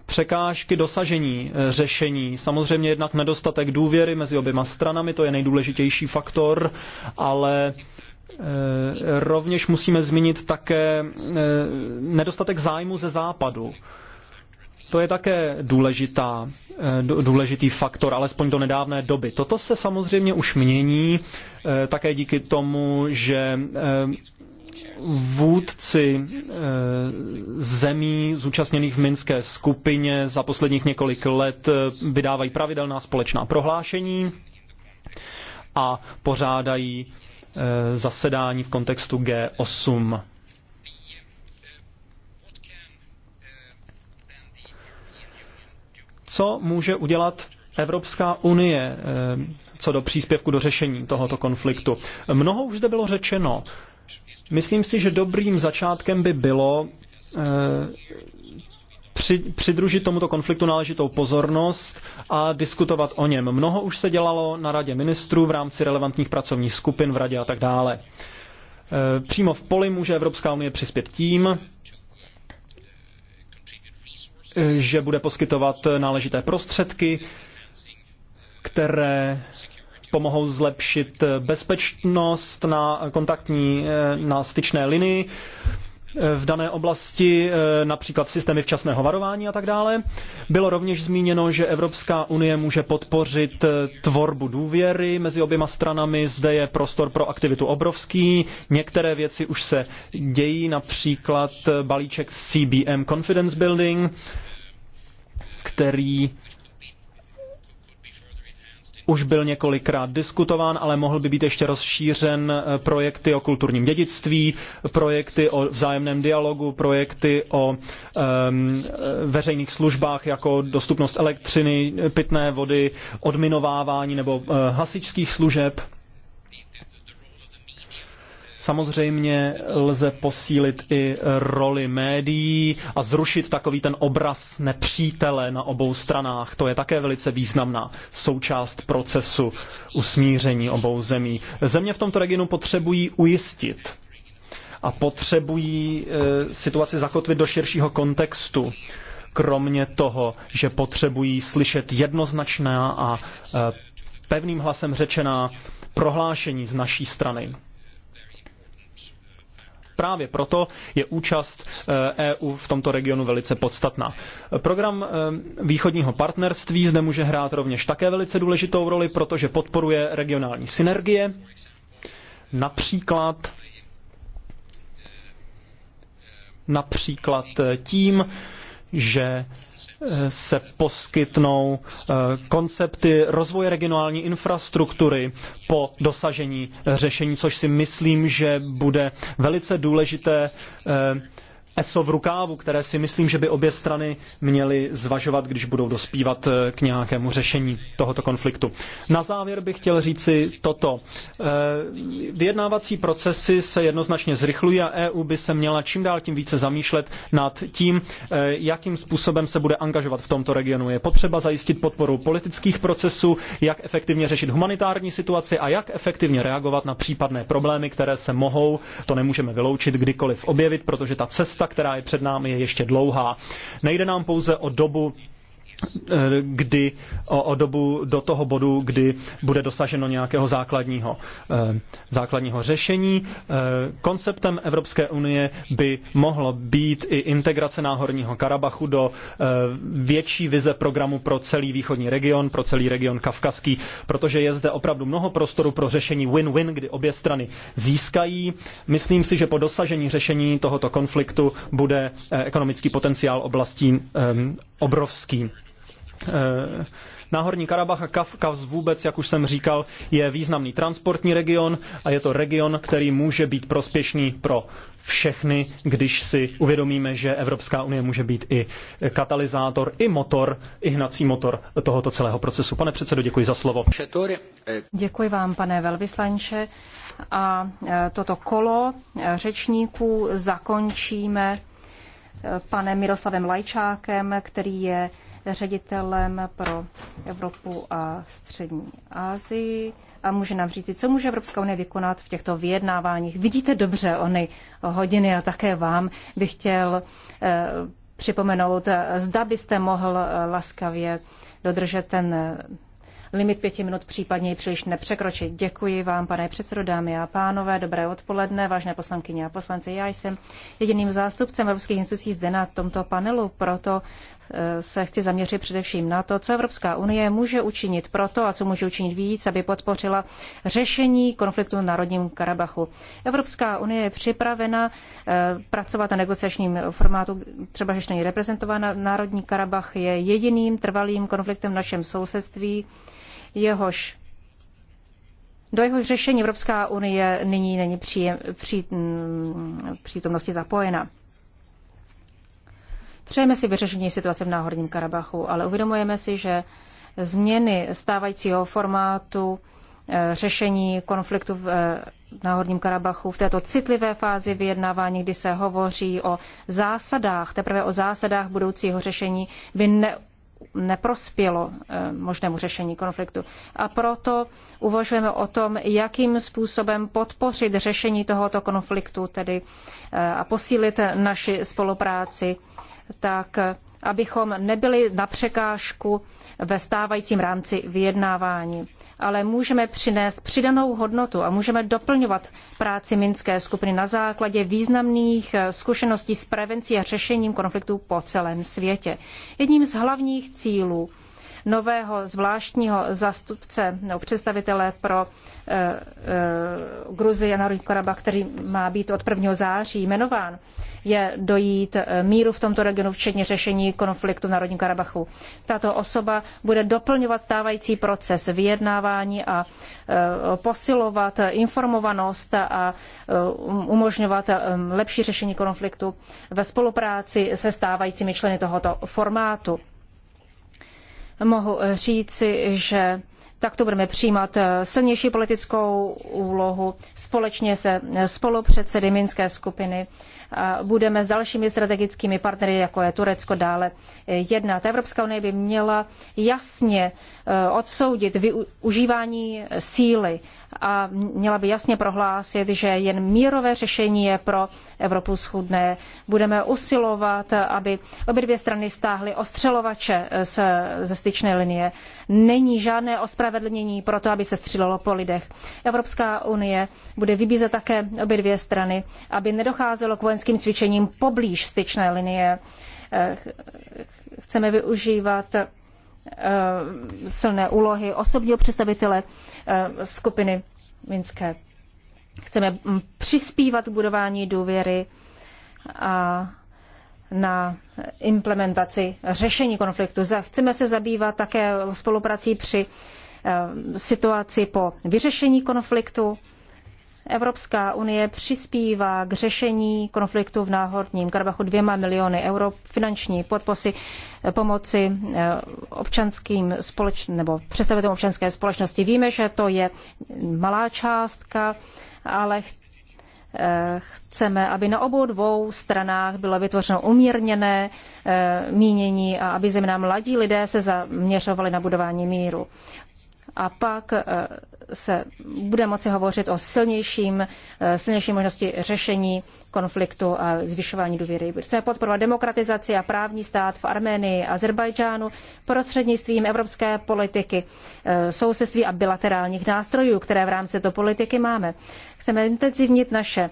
překážky dosažení řešení? Samozřejmě jednak nedostatek důvěry mezi oběma stranami, to je nejdůležitější faktor, ale Eh, rovněž musíme zmínit také eh, nedostatek zájmu ze západu. To je také důležitá, eh, důležitý faktor, alespoň do nedávné doby. Toto se samozřejmě už mění, také díky tomu, že vůdci zemí zúčastněných v Minské skupině za posledních několik let vydávají pravidelná společná prohlášení a pořádají Eh, zasedání v kontextu G8. Co může udělat Evropská unie eh, co do příspěvku do řešení tohoto konfliktu? Mnoho už zde bylo řečeno. Myslím si, že dobrým začátkem by bylo eh, při, přidružit tomuto konfliktu náležitou pozornost a diskutovat o něm. Mnoho už se dělalo na radě ministrů v rámci relevantních pracovních skupin v radě a tak dále. E, přímo v poli může Evropská unie přispět tím, že bude poskytovat náležité prostředky, které pomohou zlepšit bezpečnost na kontaktní, e, na styčné linii, v dané oblasti, eh, například systémy včasného varování a tak dále. Bylo rovněž zmíněno, že Evropská unie může podpořit eh, tvorbu důvěry mezi oběma stranami. Zde je prostor pro aktivitu obrovský. Některé věci už se dějí, například eh, balíček CBM Confidence Building, který už byl několikrát diskutován, ale mohl by být ještě rozšířen eh, projekty o kulturním dědictví, projekty o vzájemném dialogu, projekty o um, veřejných službách jako dostupnost elektřiny, pitné vody, odminovávání nebo uh, hasičských služeb Samozřejmě lze posílit i roli médií a zrušit takový ten obraz nepřítele na obou stranách. To je také velice významná součást procesu usmíření obou zemí. Země v tomto regionu potřebují ujistit a potřebují e, situaci zakotvit do širšího kontextu. Kromě toho, že potřebují slyšet jednoznačná a e, pevným hlasem řečená prohlášení z naší strany. Právě proto je účast EU eh, e v tomto regionu velice podstatná. Program eh, východního partnerství zde může hrát rovněž také velice důležitou roli, protože podporuje regionální synergie, například například eh, tím, že eh, se poskytnou eh, koncepty rozvoje regionální infrastruktury po dosažení eh, řešení, což si myslím, že bude velice důležité ESO v rukávu, které si myslím, že by obě strany měly zvažovat, když budou dospívat eh, k nějakému řešení tohoto konfliktu. Na závěr bych chtěl říci toto. Eh, vyjednávací procesy se jednoznačně zrychlují a EU by se měla čím dál tím více zamýšlet nad tím, eh, jakým způsobem se bude angažovat v tomto regionu. Je potřeba zajistit podporu politických procesů, jak efektivně řešit humanitární situaci a jak efektivně reagovat na případné problémy, které se mohou, to nemůžeme vyloučit, kdykoliv objevit, protože ta cesta, která je před námi, je ještě dlouhá. Nejde nám pouze o dobu kdy o, o dobu do toho bodu, kdy bude dosaženo nějakého základního, eh, základního řešení. Eh, konceptem Evropské unie by mohlo být i integrace Náhorního Karabachu do eh, větší vize programu pro celý východní region, pro celý region kavkazský, protože je zde opravdu mnoho prostoru pro řešení win-win, kdy obě strany získají. Myslím si, že po dosažení řešení tohoto konfliktu bude ekonomický potenciál oblastí obrovský. Eh, Náhorní Karabach a Kavkaz vůbec, jak už jsem říkal, je významný transportní region a je to region, který může být prospěšný pro všechny, když si uvědomíme, že Evropská unie může být i katalyzátor, i motor, i hnací motor tohoto celého procesu. Pane předsedo, děkuji za slovo. Děkuji vám, pane velvyslanče. A eh, toto kolo eh, řečníků zakončíme panem Miroslavem Lajčákem, který je ředitelem pro Evropu a Střední Asii a může nám říct, co může Evropská unie vykonat v těchto vyjednáváních. Vidíte dobře ony hodiny a také vám bych chtěl eh, připomenout, zda byste mohl eh, laskavě dodržet ten eh, limit pěti minut případně ji příliš nepřekročit. Děkuji vám, pane předsedo, dámy a pánové, dobré odpoledne, vážné poslankyně a poslanci. Já jsem jediným zástupcem evropských institucí zde na tomto panelu, proto se chci zaměřit především na to, co Evropská unie může učinit proto a co může učinit víc, aby podpořila řešení konfliktu na Národním Karabachu. Evropská unie je připravena eh, pracovat na negociačním formátu, třeba že není reprezentována. Národní Karabach je jediným trvalým konfliktem v našem sousedství, jehož do jeho řešení Evropská unie nyní není při, při, mm, přítomnosti zapojena. Přejeme si vyřešení situace v Náhorním Karabachu, ale uvědomujeme si, že změny stávajícího formátu eh, řešení konfliktu eh, v Náhorním Karabachu v této citlivé fázi vyjednávání, kdy se hovoří o zásadách, teprve o zásadách budoucího řešení, by ne, neprospělo eh, možnému řešení konfliktu. A proto uvažujeme o tom, jakým způsobem podpořit řešení tohoto konfliktu tedy a posílit naši spolupráci tak abychom nebyli na překážku ve stávajícím rámci vyjednávání. Ale můžeme přinést přidanou hodnotu a můžeme doplňovat práci Minské skupiny na základě významných eh, zkušeností s prevencí a řešením konfliktů po celém světě. Jedním z hlavních cílů nového zvláštního zastupce nebo představitele pro Gruzi eh, eh, Gruzii a Národní Karabach, který má být od 1. září jmenován, je dojít eh, míru v tomto regionu, včetně řešení konfliktu v Národním Karabachu. Tato osoba bude doplňovat stávající proces vyjednávání a posilovat informovanost a umožňovat lepší řešení konfliktu ve spolupráci se stávajícími členy tohoto formátu mohu eh, říci, že takto budeme přijímat eh, silnější politickou úlohu společně se eh, spolupředsedy Minské skupiny. A budeme s dalšími strategickými partnery, jako je Turecko, dále jednat. Evropská unie by měla jasně odsoudit využívání síly a měla by jasně prohlásit, že jen mírové řešení je pro Evropu schudné. Budeme usilovat, aby obě dvě strany stáhly ostřelovače ze styčné linie. Není žádné ospravedlnění pro to, aby se střílelo po lidech. Evropská unie bude vybízet také obě dvě strany, aby nedocházelo k vojenským cvičením poblíž styčné linie. Eh, chceme využívat Eh, silné úlohy osobního představitele eh, skupiny Minské. Chceme mm, přispívat k budování důvěry a na implementaci řešení konfliktu. Chceme se zabývat také spoluprací při eh, situaci po vyřešení konfliktu Evropská unie přispívá k řešení konfliktu v náhorním Karabachu dvěma miliony euro finanční podposy eh, pomoci eh, občanským společ... nebo představitelům občanské společnosti. Víme, že to je malá částka, ale eh, chceme, aby na obou dvou stranách bylo vytvořeno umírněné mínění a aby zejména mladí lidé se zaměřovali na budování míru a pak eh, se bude moci hovořit o silnějším, eh, silnější možnosti řešení konfliktu a zvyšování důvěry. Chceme podporovat demokratizaci a právní stát v Arménii a Azerbajdžánu prostřednictvím evropské politiky, eh, sousedství a bilaterálních nástrojů, které v rámci této politiky máme. Chceme intenzivnit naše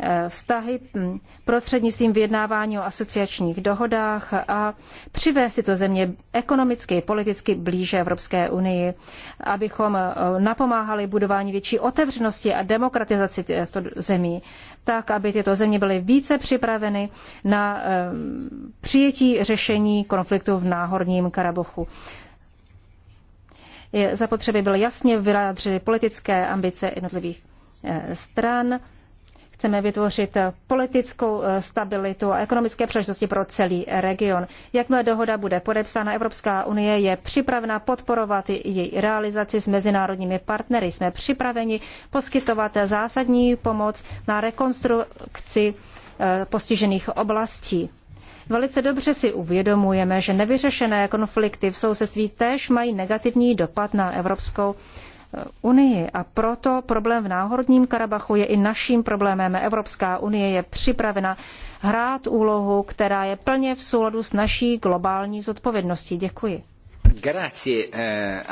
Eh, vztahy hm, prostřednictvím vyjednávání o asociačních dohodách a přivést tyto země ekonomicky, politicky blíže Evropské unii, abychom eh, napomáhali budování větší otevřenosti a demokratizaci těchto zemí, tak, aby tyto země byly více připraveny na eh, přijetí řešení konfliktu v Náhorním Karabochu zapotřeby byly jasně vyjádřeny politické ambice jednotlivých stran Chceme vytvořit politickou eh, stabilitu a ekonomické příležitosti pro celý region. Jakmile dohoda bude podepsána, Evropská unie je připravena podporovat její realizaci s mezinárodními partnery. Jsme připraveni poskytovat zásadní pomoc na rekonstrukci eh, postižených oblastí. Velice dobře si uvědomujeme, že nevyřešené konflikty v sousedství též mají negativní dopad na evropskou unii a proto problém v náhorním Karabachu je i naším problémem. Evropská unie je připravena hrát úlohu, která je plně v souladu s naší globální zodpovědností. Děkuji. Grazie. Eh.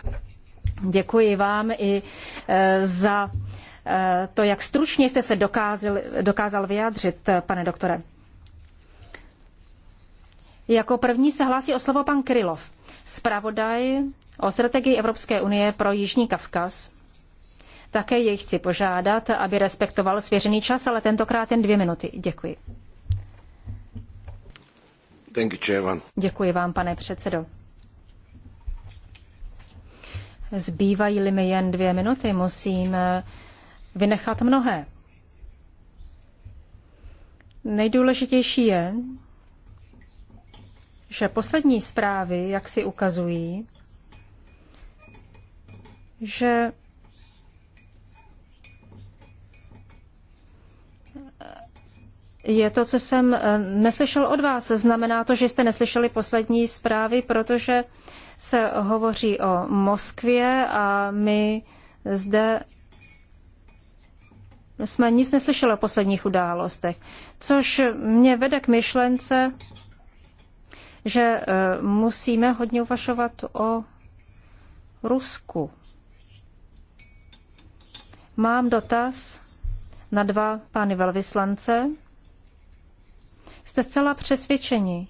Děkuji vám i eh, za eh, to, jak stručně jste se dokázal, dokázal vyjádřit, pane doktore. Jako první se hlásí o slovo pan Krylov, zpravodaj o strategii Evropské unie pro Jižní Kavkaz. Také jej chci požádat, aby respektoval svěřený čas, ale tentokrát jen dvě minuty. Děkuji. You, Děkuji vám, pane předsedo. Zbývají-li mi jen dvě minuty, musím eh, vynechat mnohé. Nejdůležitější je, že poslední zprávy, jak si ukazují, že je to, co jsem eh, neslyšel od vás. Znamená to, že jste neslyšeli poslední zprávy, protože se hovoří o Moskvě a my zde jsme nic neslyšeli o posledních událostech. Což mě vede k myšlence, že eh, musíme hodně uvažovat o Rusku. Mám dotaz na dva pány velvyslance. Jste zcela přesvědčeni,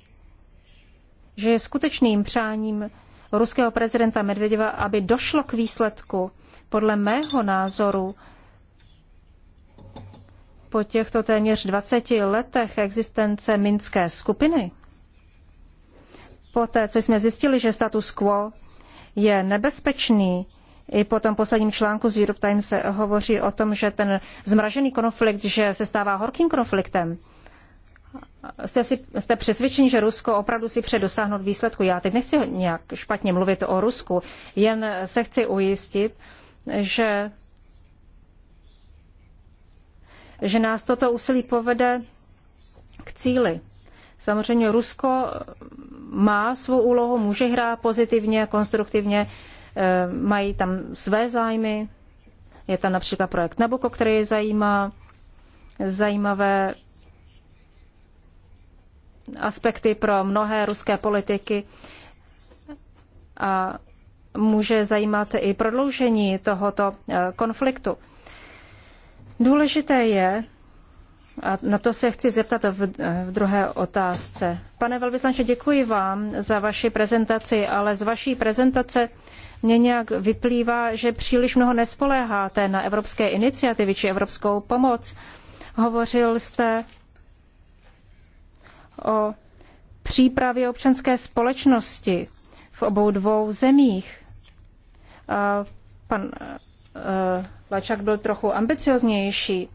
že je skutečným přáním ruského prezidenta Medvěděva, aby došlo k výsledku. Podle mého názoru po těchto téměř 20 letech existence Minské skupiny, poté, co jsme zjistili, že status quo je nebezpečný, i po tom posledním článku z Europe Times se hovoří o tom, že ten zmražený konflikt, že se stává horkým konfliktem. Jste, si, jste přesvědčeni, že Rusko opravdu si pře dosáhnout výsledku? Já teď nechci nějak špatně mluvit o Rusku, jen se chci ujistit, že, že nás toto úsilí povede k cíli. Samozřejmě Rusko má svou úlohu, může hrát pozitivně, konstruktivně Eh, mají tam své zájmy. Je tam například projekt Nabuko, který je zajímá. Zajímavé aspekty pro mnohé ruské politiky a může zajímat i prodloužení tohoto eh, konfliktu. Důležité je, a na to se chci zeptat v, eh, v druhé otázce. Pane velvyslanče, děkuji vám za vaši prezentaci, ale z vaší prezentace mně nějak vyplývá, že příliš mnoho nespoléháte na evropské iniciativy či evropskou pomoc. Hovořil jste o přípravě občanské společnosti v obou dvou zemích. A pan eh, Lačak byl trochu ambicioznější.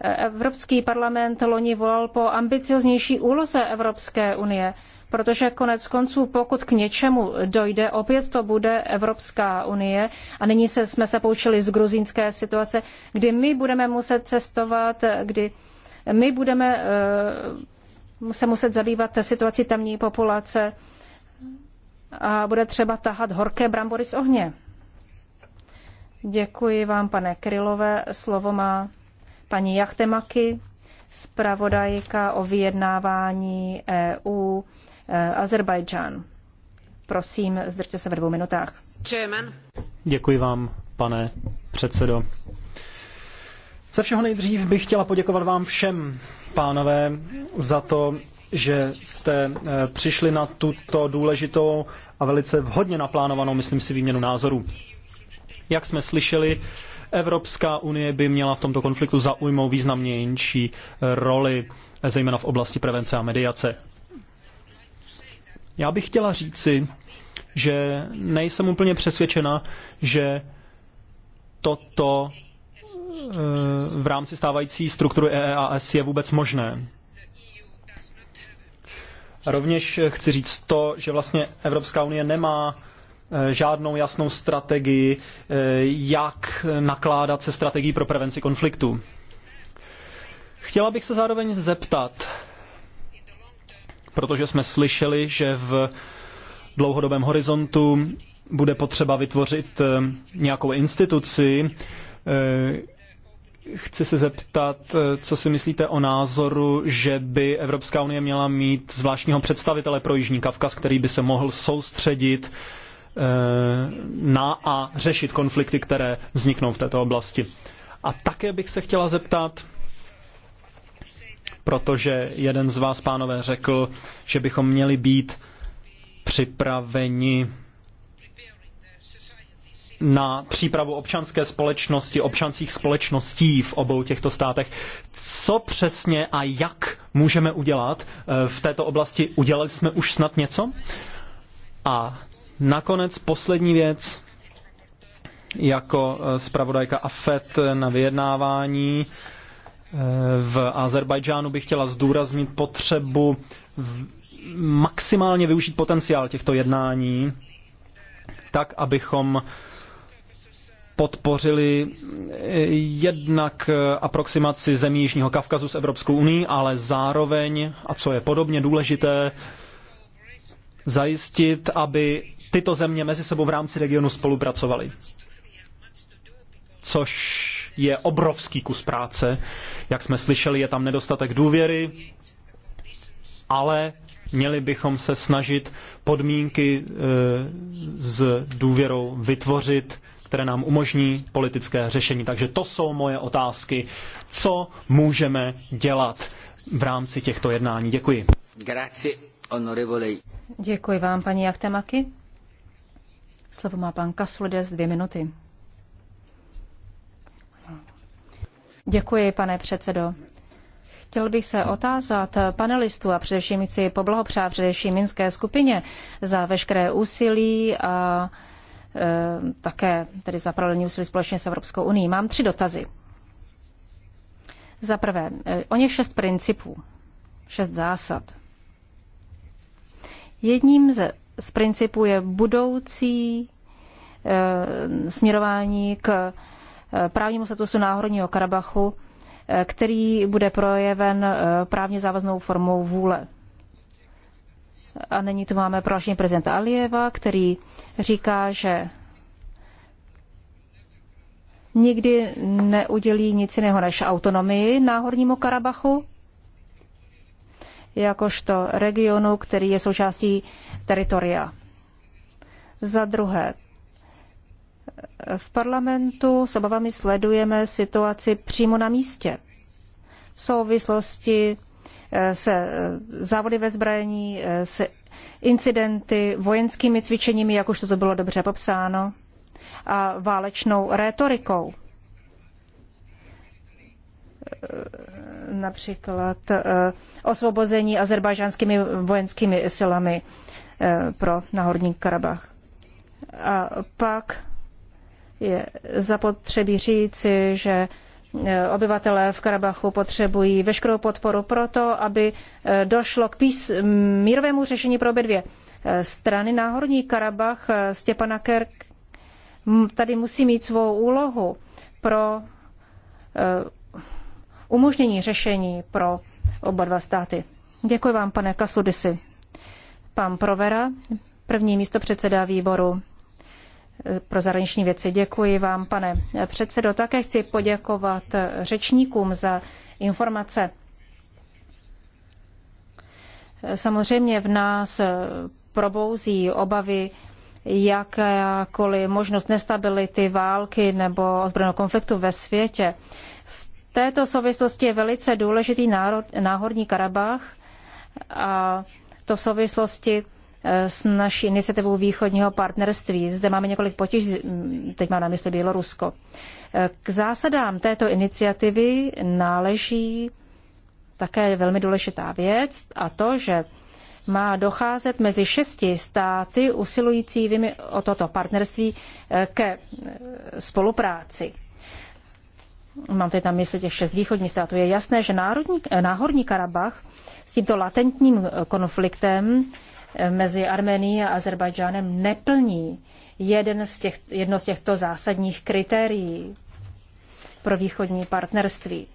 Evropský parlament loni volal po ambicioznější úloze Evropské unie protože konec konců, pokud k něčemu dojde, opět to bude Evropská unie a nyní se, jsme se poučili z gruzínské situace, kdy my budeme muset cestovat, kdy my budeme uh, se muset zabývat situací tamní populace a bude třeba tahat horké brambory z ohně. Děkuji vám, pane Krylové. Slovo má paní Jachtemaky, zpravodajka o vyjednávání EU Eh, Azerbajdžán. Prosím, zdržte se ve dvou minutách. Chairman. Děkuji vám, pane předsedo. Ze všeho nejdřív bych chtěla poděkovat vám všem, pánové, za to, že jste eh, přišli na tuto důležitou a velice vhodně naplánovanou, myslím si, výměnu názorů. Jak jsme slyšeli, Evropská unie by měla v tomto konfliktu zaujmout významnější eh, roli, zejména v oblasti prevence a mediace. Já bych chtěla říci, že nejsem úplně přesvědčena, že toto eh, v rámci stávající struktury EEAS je vůbec možné. Rovněž chci říct to, že vlastně Evropská unie nemá eh, žádnou jasnou strategii, eh, jak nakládat se strategií pro prevenci konfliktu. Chtěla bych se zároveň zeptat, protože jsme slyšeli, že v dlouhodobém horizontu bude potřeba vytvořit eh, nějakou instituci. Eh, chci se zeptat, eh, co si myslíte o názoru, že by Evropská unie měla mít zvláštního představitele pro Jižní Kavkaz, který by se mohl soustředit na a řešit konflikty, které vzniknou v této oblasti. A také bych se chtěla zeptat, protože jeden z vás, pánové, řekl, že bychom měli být připraveni na přípravu občanské společnosti, občanských společností v obou těchto státech. Co přesně a jak můžeme udělat eh, v této oblasti? Udělali jsme už snad něco? A nakonec poslední věc, jako eh, zpravodajka AFET na vyjednávání, v Azerbajdžánu bych chtěla zdůraznit potřebu maximálně využít potenciál těchto jednání, tak abychom podpořili eh, jednak eh, aproximaci zemí Jižního Kavkazu s Evropskou uní, ale zároveň, a co je podobně důležité, zajistit, aby tyto země mezi sebou v rámci regionu spolupracovaly. Což je obrovský kus práce. Jak jsme slyšeli, je tam nedostatek důvěry, ale měli bychom se snažit podmínky e, s důvěrou vytvořit, které nám umožní politické řešení. Takže to jsou moje otázky. Co můžeme dělat v rámci těchto jednání? Děkuji. Děkuji vám, paní Jachtemaky. Slovo má pan Kasulides, dvě minuty. Děkuji, pane předsedo. Chtěl bych se otázat panelistů a především chci poblahopřát především Minské skupině za veškeré úsilí a e, také tedy za paralelní úsilí společně s Evropskou unii. Mám tři dotazy. Za prvé, e, o něch šest principů, šest zásad. Jedním z, z principů je budoucí e, směrování k právnímu statusu Náhorního Karabachu, eh, který bude projeven eh, právně závaznou formou vůle. A nyní tu máme prohlášení prezidenta Alieva, který říká, že nikdy neudělí nic jiného než autonomii Náhornímu Karabachu, jakožto regionu, který je součástí teritoria. Za druhé, v parlamentu s obavami sledujeme situaci přímo na místě v souvislosti eh, se eh, závody ve zbrojení, eh, s incidenty, vojenskými cvičeními, jak už to bylo dobře popsáno, a válečnou rétorikou. Například osvobození azerbajžánskými vojenskými silami pro Nahorní Karabach. A pak je zapotřebí říci, že e, obyvatelé v Karabachu potřebují veškerou podporu pro to, aby e, došlo k pís- mírovému řešení pro obě dvě e, strany. Náhorní Karabach Stěpana Kerk tady musí mít svou úlohu pro umožnění řešení pro oba dva státy. Děkuji vám, pane Kasudisi. Pan Provera, první místo předseda výboru pro zahraniční věci. Děkuji vám, pane předsedo. Také chci poděkovat řečníkům za informace. Samozřejmě v nás probouzí obavy jakákoliv možnost nestability, války nebo ozbrojeného konfliktu ve světě. V této souvislosti je velice důležitý národ, náhorní Karabach a to v souvislosti Eh, s naší iniciativou východního partnerství. Zde máme několik potíž, teď mám na mysli Bělorusko. Eh, k zásadám této iniciativy náleží také velmi důležitá věc a to, že má docházet mezi šesti státy usilujícími o toto partnerství eh, ke spolupráci. Mám tady tam mysli těch šest východních států. Je jasné, že národní, náhorní Karabach s tímto latentním konfliktem mezi Armenií a Azerbajdžánem neplní jeden z těch, jedno z těchto zásadních kritérií pro východní partnerství.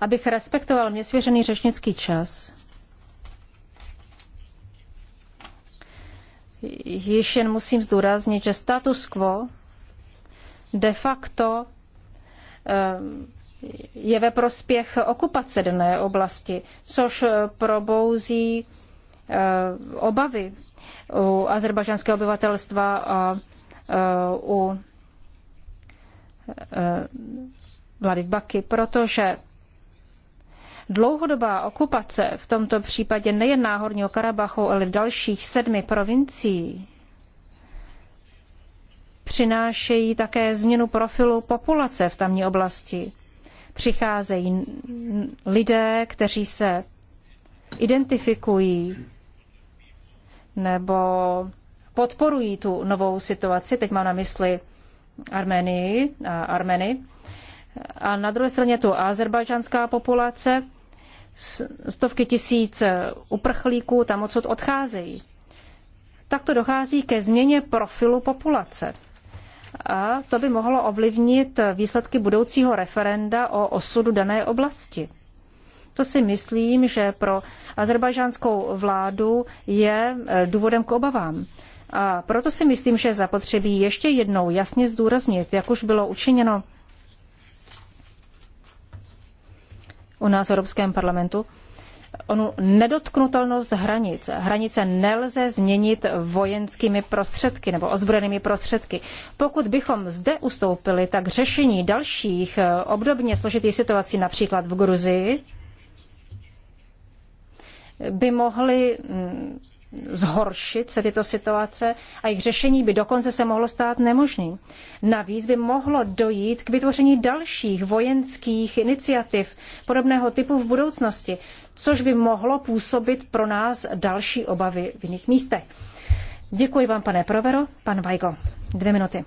Abych respektoval mě svěřený řečnický čas, již jen musím zdůraznit, že status quo de facto eh, je ve prospěch okupace dané oblasti, což probouzí Eh, obavy u azerbažanského obyvatelstva a eh, u eh, vlády v Baky, protože dlouhodobá okupace, v tomto případě nejen náhorního Karabachu, ale v dalších sedmi provincií, přinášejí také změnu profilu populace v tamní oblasti. Přicházejí lidé, kteří se identifikují nebo podporují tu novou situaci, teď mám na mysli Armenii a Armeny, a na druhé straně tu azerbajdžanská populace, stovky tisíc uprchlíků tam odsud odcházejí. Takto dochází ke změně profilu populace. A to by mohlo ovlivnit výsledky budoucího referenda o osudu dané oblasti. To si myslím, že pro azerbajžánskou vládu je eh, důvodem k obavám. A proto si myslím, že zapotřebí ještě jednou jasně zdůraznit, jak už bylo učiněno u nás v Evropském parlamentu, onu nedotknutelnost hranic. Hranice nelze změnit vojenskými prostředky nebo ozbrojenými prostředky. Pokud bychom zde ustoupili, tak řešení dalších eh, obdobně složitých situací, například v Gruzii, by mohly mm, zhoršit se tyto situace a jejich řešení by dokonce se mohlo stát nemožným. Navíc by mohlo dojít k vytvoření dalších vojenských iniciativ podobného typu v budoucnosti, což by mohlo působit pro nás další obavy v jiných místech. Děkuji vám, pane Provero. Pan Vajgo, dvě minuty.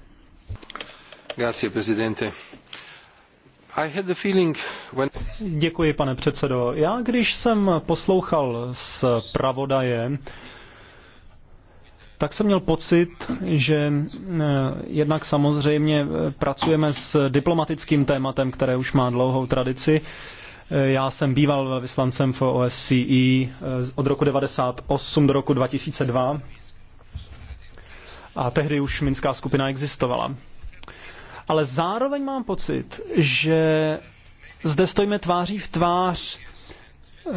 Grazie, Děkuji, pane předsedo. Já, když jsem poslouchal s pravodajem, tak jsem měl pocit, že eh, jednak samozřejmě eh, pracujeme s diplomatickým tématem, které už má dlouhou tradici. Eh, já jsem býval vyslancem v OSCE od roku 1998 do roku 2002 a tehdy už Minská skupina existovala ale zároveň mám pocit, že zde stojíme tváří v tvář eh,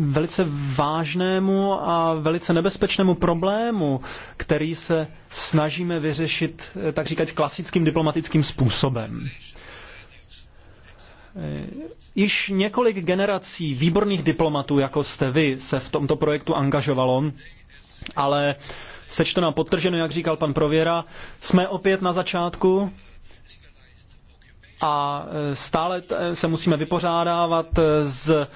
velice vážnému a velice nebezpečnému problému, který se snažíme vyřešit, eh, tak říkat, klasickým diplomatickým způsobem. Eh, již několik generací výborných diplomatů, jako jste vy, se v tomto projektu angažovalo, ale sečto nám podtrženo, jak říkal pan Prověra, jsme opět na začátku a eh, stále eh, se musíme vypořádávat s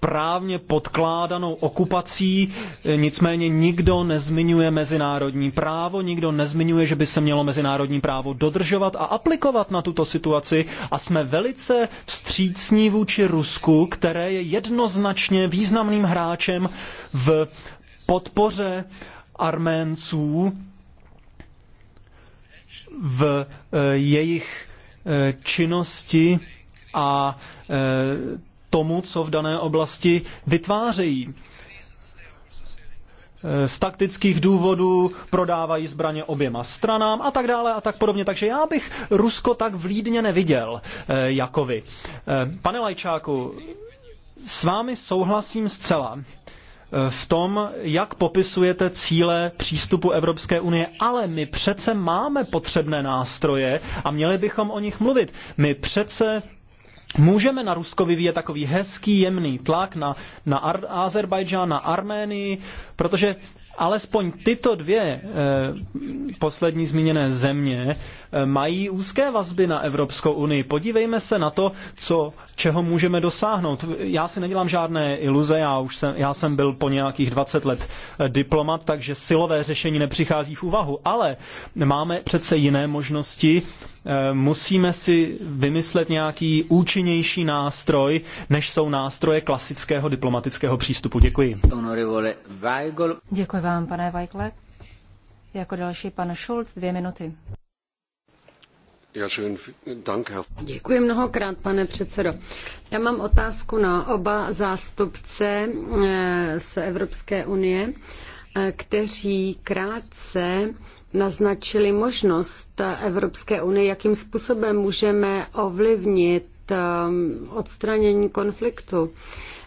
právně podkládanou okupací, e, nicméně nikdo nezmiňuje mezinárodní právo, nikdo nezmiňuje, že by se mělo mezinárodní právo dodržovat a aplikovat na tuto situaci a jsme velice vstřícní vůči Rusku, které je jednoznačně významným hráčem v podpoře Arménců v e, jejich e, činnosti a tomu, co v dané oblasti vytvářejí. Eh, z taktických důvodů prodávají zbraně oběma stranám a tak dále a tak podobně. Takže já bych Rusko tak vlídně neviděl eh, jako vy. Eh, pane Lajčáku, s vámi souhlasím zcela v tom, jak popisujete cíle přístupu Evropské unie, ale my přece máme potřebné nástroje a měli bychom o nich mluvit. My přece Můžeme na Rusko vyvíjet takový hezký, jemný tlak na, na Ar- Azerbajdžán, na Arménii, protože alespoň tyto dvě e, poslední zmíněné země e, mají úzké vazby na Evropskou unii. Podívejme se na to, co, čeho můžeme dosáhnout. Já si nedělám žádné iluze, já, už jsem, já jsem byl po nějakých 20 let eh, diplomat, takže silové řešení nepřichází v úvahu, ale máme přece jiné možnosti Eh, musíme si vymyslet nějaký účinnější nástroj, než jsou nástroje klasického diplomatického přístupu. Děkuji. Děkuji vám, pane Weigle. Jako další pan Schulz, dvě minuty. Děkuji mnohokrát, pane předsedo. Já mám otázku na oba zástupce eh, z Evropské unie, eh, kteří krátce naznačili možnost Evropské unie, jakým způsobem můžeme ovlivnit um, odstranění konfliktu.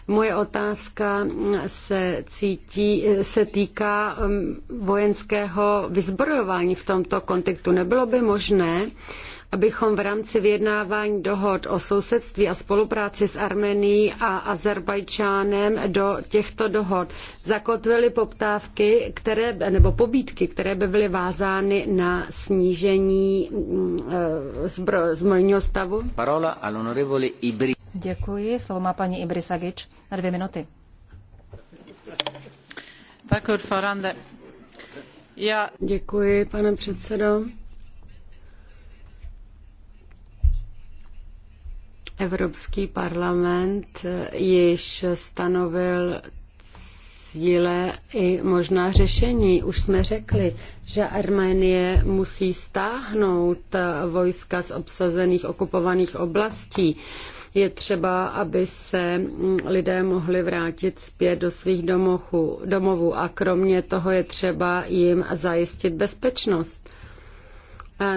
Moje otázka se, cítí, se týká um, vojenského vyzbrojování v tomto kontextu. Nebylo by možné, abychom v rámci vyjednávání dohod o sousedství a spolupráci s Armenií a Azerbajdžánem do těchto dohod zakotvili poptávky, které, nebo pobídky, které by byly vázány na snížení mm, e, zbrojního stavu? Parola al onorevole Ibri. Děkuji. Slovo má paní Ibrisagič na dvě minuty. Tak, Já... Děkuji, pane předsedo. Evropský parlament již stanovil cíle i možná řešení. Už jsme řekli, že Arménie musí stáhnout vojska z obsazených okupovaných oblastí. Je třeba, aby se lidé mohli vrátit zpět do svých domovů a kromě toho je třeba jim zajistit bezpečnost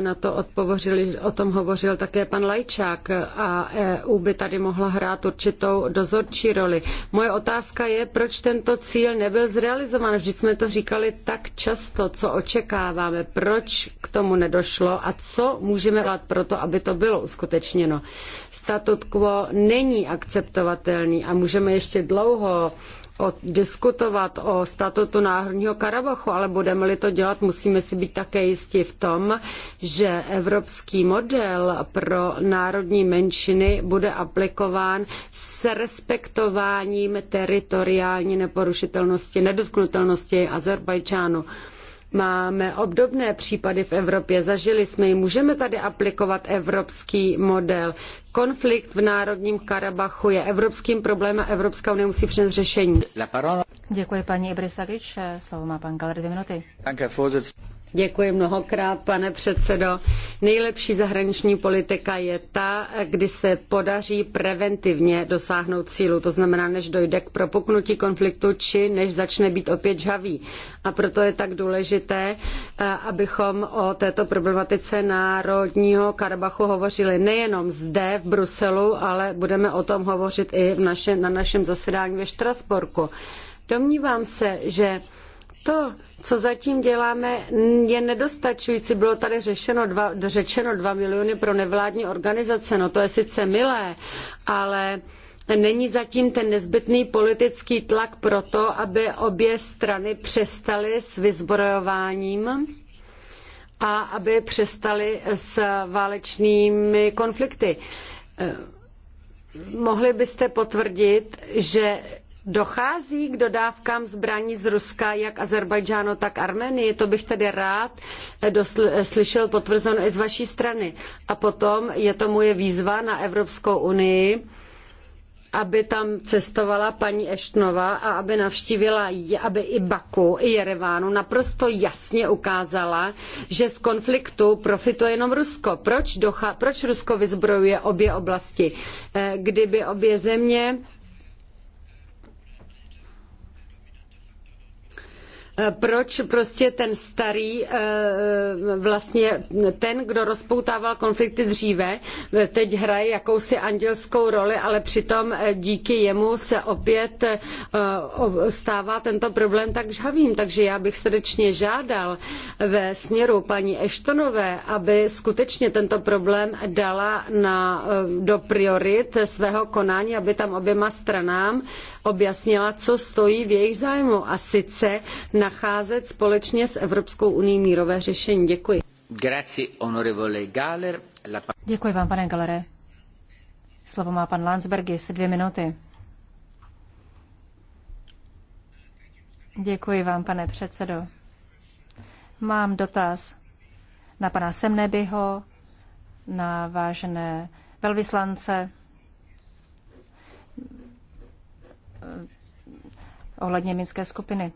na to odpovořili, o tom hovořil také pan Lajčák a EU by tady mohla hrát určitou dozorčí roli. Moje otázka je, proč tento cíl nebyl zrealizován. Vždyť jsme to říkali tak často, co očekáváme, proč k tomu nedošlo a co můžeme dělat pro to, aby to bylo uskutečněno. Statut quo není akceptovatelný a můžeme ještě dlouho o, diskutovat o statutu Náhorního Karabachu, ale budeme-li to dělat, musíme si být také jisti v tom, že evropský model pro národní menšiny bude aplikován s respektováním teritoriální neporušitelnosti, nedotknutelnosti Azerbajdžánu. Máme obdobné případy v Evropě, zažili jsme ji, můžeme tady aplikovat evropský model. Konflikt v Národním Karabachu je evropským problémem a Evropská unie musí přinést řešení. Děkuji paní Ibrisagič, slovo má pan Galer dvě minuty. Děkuji mnohokrát, pane předsedo. Nejlepší zahraniční politika je ta, kdy se podaří preventivně dosáhnout cílu, to znamená, než dojde k propuknutí konfliktu či než začne být opět žhavý. A proto je tak důležité, eh, abychom o této problematice národního Karabachu hovořili nejenom zde v Bruselu, ale budeme o tom hovořit i na našem zasedání ve Štrasburku. Domnívám se, že to, co zatím děláme, je nedostačující. Bylo tady řešeno dva, řečeno 2 miliony pro nevládní organizace. No to je sice milé, ale není zatím ten nezbytný politický tlak pro to, aby obě strany přestaly s vyzbrojováním a aby přestaly s válečnými konflikty. Eh, mohli byste potvrdit, že Dochází k dodávkám zbraní z Ruska, jak Azerbajdžánu, tak Armenii. To bych tedy rád dosl- slyšel potvrzeno i z vaší strany. A potom je to moje výzva na Evropskou unii, aby tam cestovala paní Eštnova a aby navštívila, aby i Baku, i Jerevánu naprosto jasně ukázala, že z konfliktu profituje jenom Rusko. Proč, docha, proč Rusko vyzbrojuje obě oblasti? Eh, kdyby obě země Eh, proč prostě ten starý, eh, vlastně ten, kdo rozpoutával konflikty dříve, eh, teď hraje jakousi andělskou roli, ale přitom díky jemu se opět stává tento problém tak žhavým. Takže já bych srdečně žádal ve směru paní Eštonové, aby skutečně tento problém dala na, do priorit svého konání, aby tam oběma stranám objasnila, co stojí v jejich zájmu. A sice na nacházet společně s Evropskou unii mírové řešení. Děkuji. Grazie, onorevole Galler. Děkuji vám, pane Galere. Slovo má pan Landsbergis, dvě minuty. Děkuji vám, pane předsedo. Mám dotaz na pana Semnebyho, na vážené velvyslance eh, ohledně minské skupiny.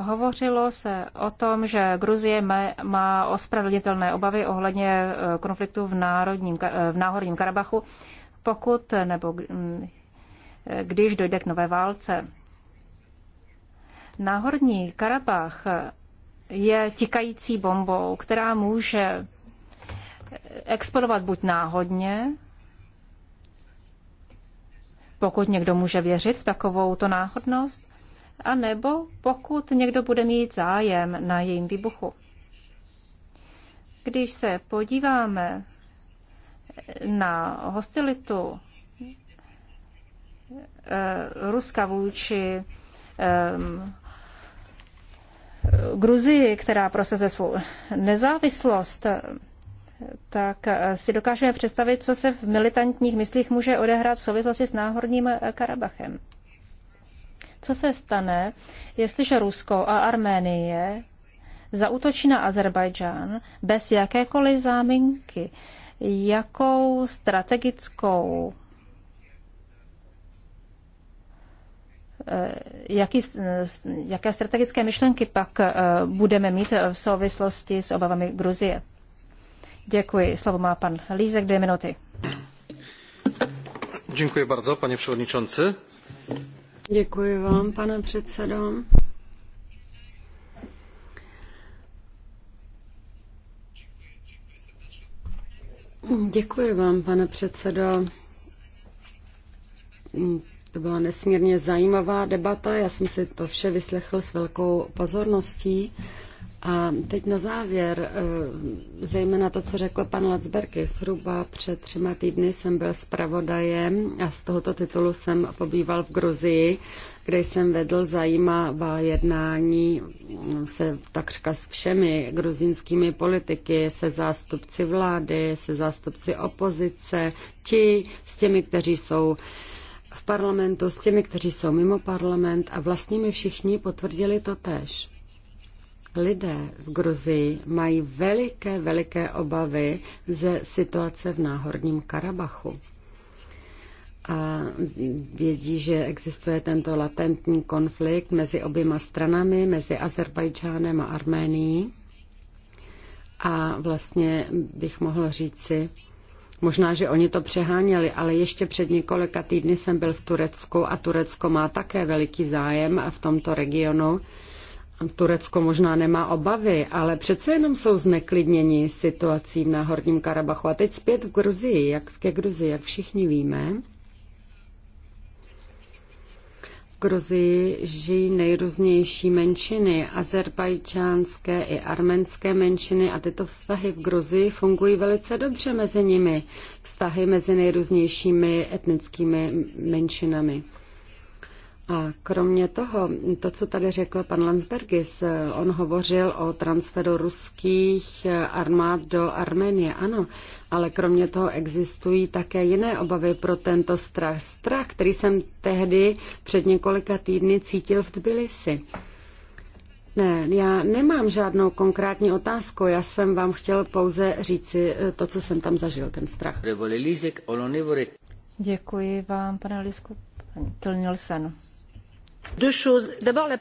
Hovořilo se o tom, že Gruzie má ospravedlnitelné obavy ohledně eh, konfliktu v, národním, eh, v Náhorním Karabachu, pokud nebo mm, eh, když dojde k nové válce. Náhorní Karabach je tikající bombou, která může explodovat buď náhodně, pokud někdo může věřit v takovouto náhodnost, anebo pokud někdo bude mít zájem na jejím výbuchu. Když se podíváme na hostilitu eh, Ruska vůči eh, Gruzii, která prosazuje svou nezávislost, tak si dokážeme představit, co se v militantních myslích může odehrát v souvislosti s náhorním Karabachem. Co se stane, jestliže Rusko a Arménie zautočí na Azerbajdžán bez jakékoliv záminky? Jakou strategickou eh, jaký, jaké strategické myšlenky pak eh, budeme mít v souvislosti s obavami Gruzie. Děkuji. Slovo má pan Lízek, dvě minuty. Děkuji bardzo, pane předsedající. Děkuji vám, pane předsedo. Děkuji vám, pane předsedo. To byla nesmírně zajímavá debata. Já jsem si to vše vyslechl s velkou pozorností. A teď na závěr, eh, zejména to, co řekl pan Lacberky, zhruba před třema týdny jsem byl zpravodajem a z tohoto titulu jsem pobýval v Gruzii, kde jsem vedl zajímavá jednání mm, se takřka s všemi gruzínskými politiky, se zástupci vlády, se zástupci opozice, ti s těmi, kteří jsou v parlamentu, s těmi, kteří jsou mimo parlament a vlastně mi všichni potvrdili to tež Lidé v Gruzii mají veliké, veliké obavy ze situace v Náhorním Karabachu. A vědí, že existuje tento latentní konflikt mezi oběma stranami, mezi Azerbajdžánem a Arménií. A vlastně bych mohl říci, Možná, že oni to přeháněli, ale ještě před několika týdny jsem byl v Turecku a Turecko má také veliký zájem v tomto regionu Turecko možná nemá obavy, ale přece jenom jsou zneklidněni situací na Horním Karabachu. A teď zpět v Gruzii, jak ke Gruzii, jak všichni víme. V Gruzii žijí nejrůznější menšiny, azerbajčánské i arménské menšiny a tyto vztahy v Gruzii fungují velice dobře mezi nimi, vztahy mezi nejrůznějšími etnickými menšinami. A kromě toho, to, co tady řekl pan Landsbergis, on hovořil o transferu ruských armád do Arménie, ano, ale kromě toho existují také jiné obavy pro tento strach. Strach, který jsem tehdy před několika týdny cítil v Tbilisi. Ne, já nemám žádnou konkrétní otázku, já jsem vám chtěl pouze říci eh, to, co jsem tam zažil, ten strach. Děkuji vám, pane Lisku, Kilnilsen.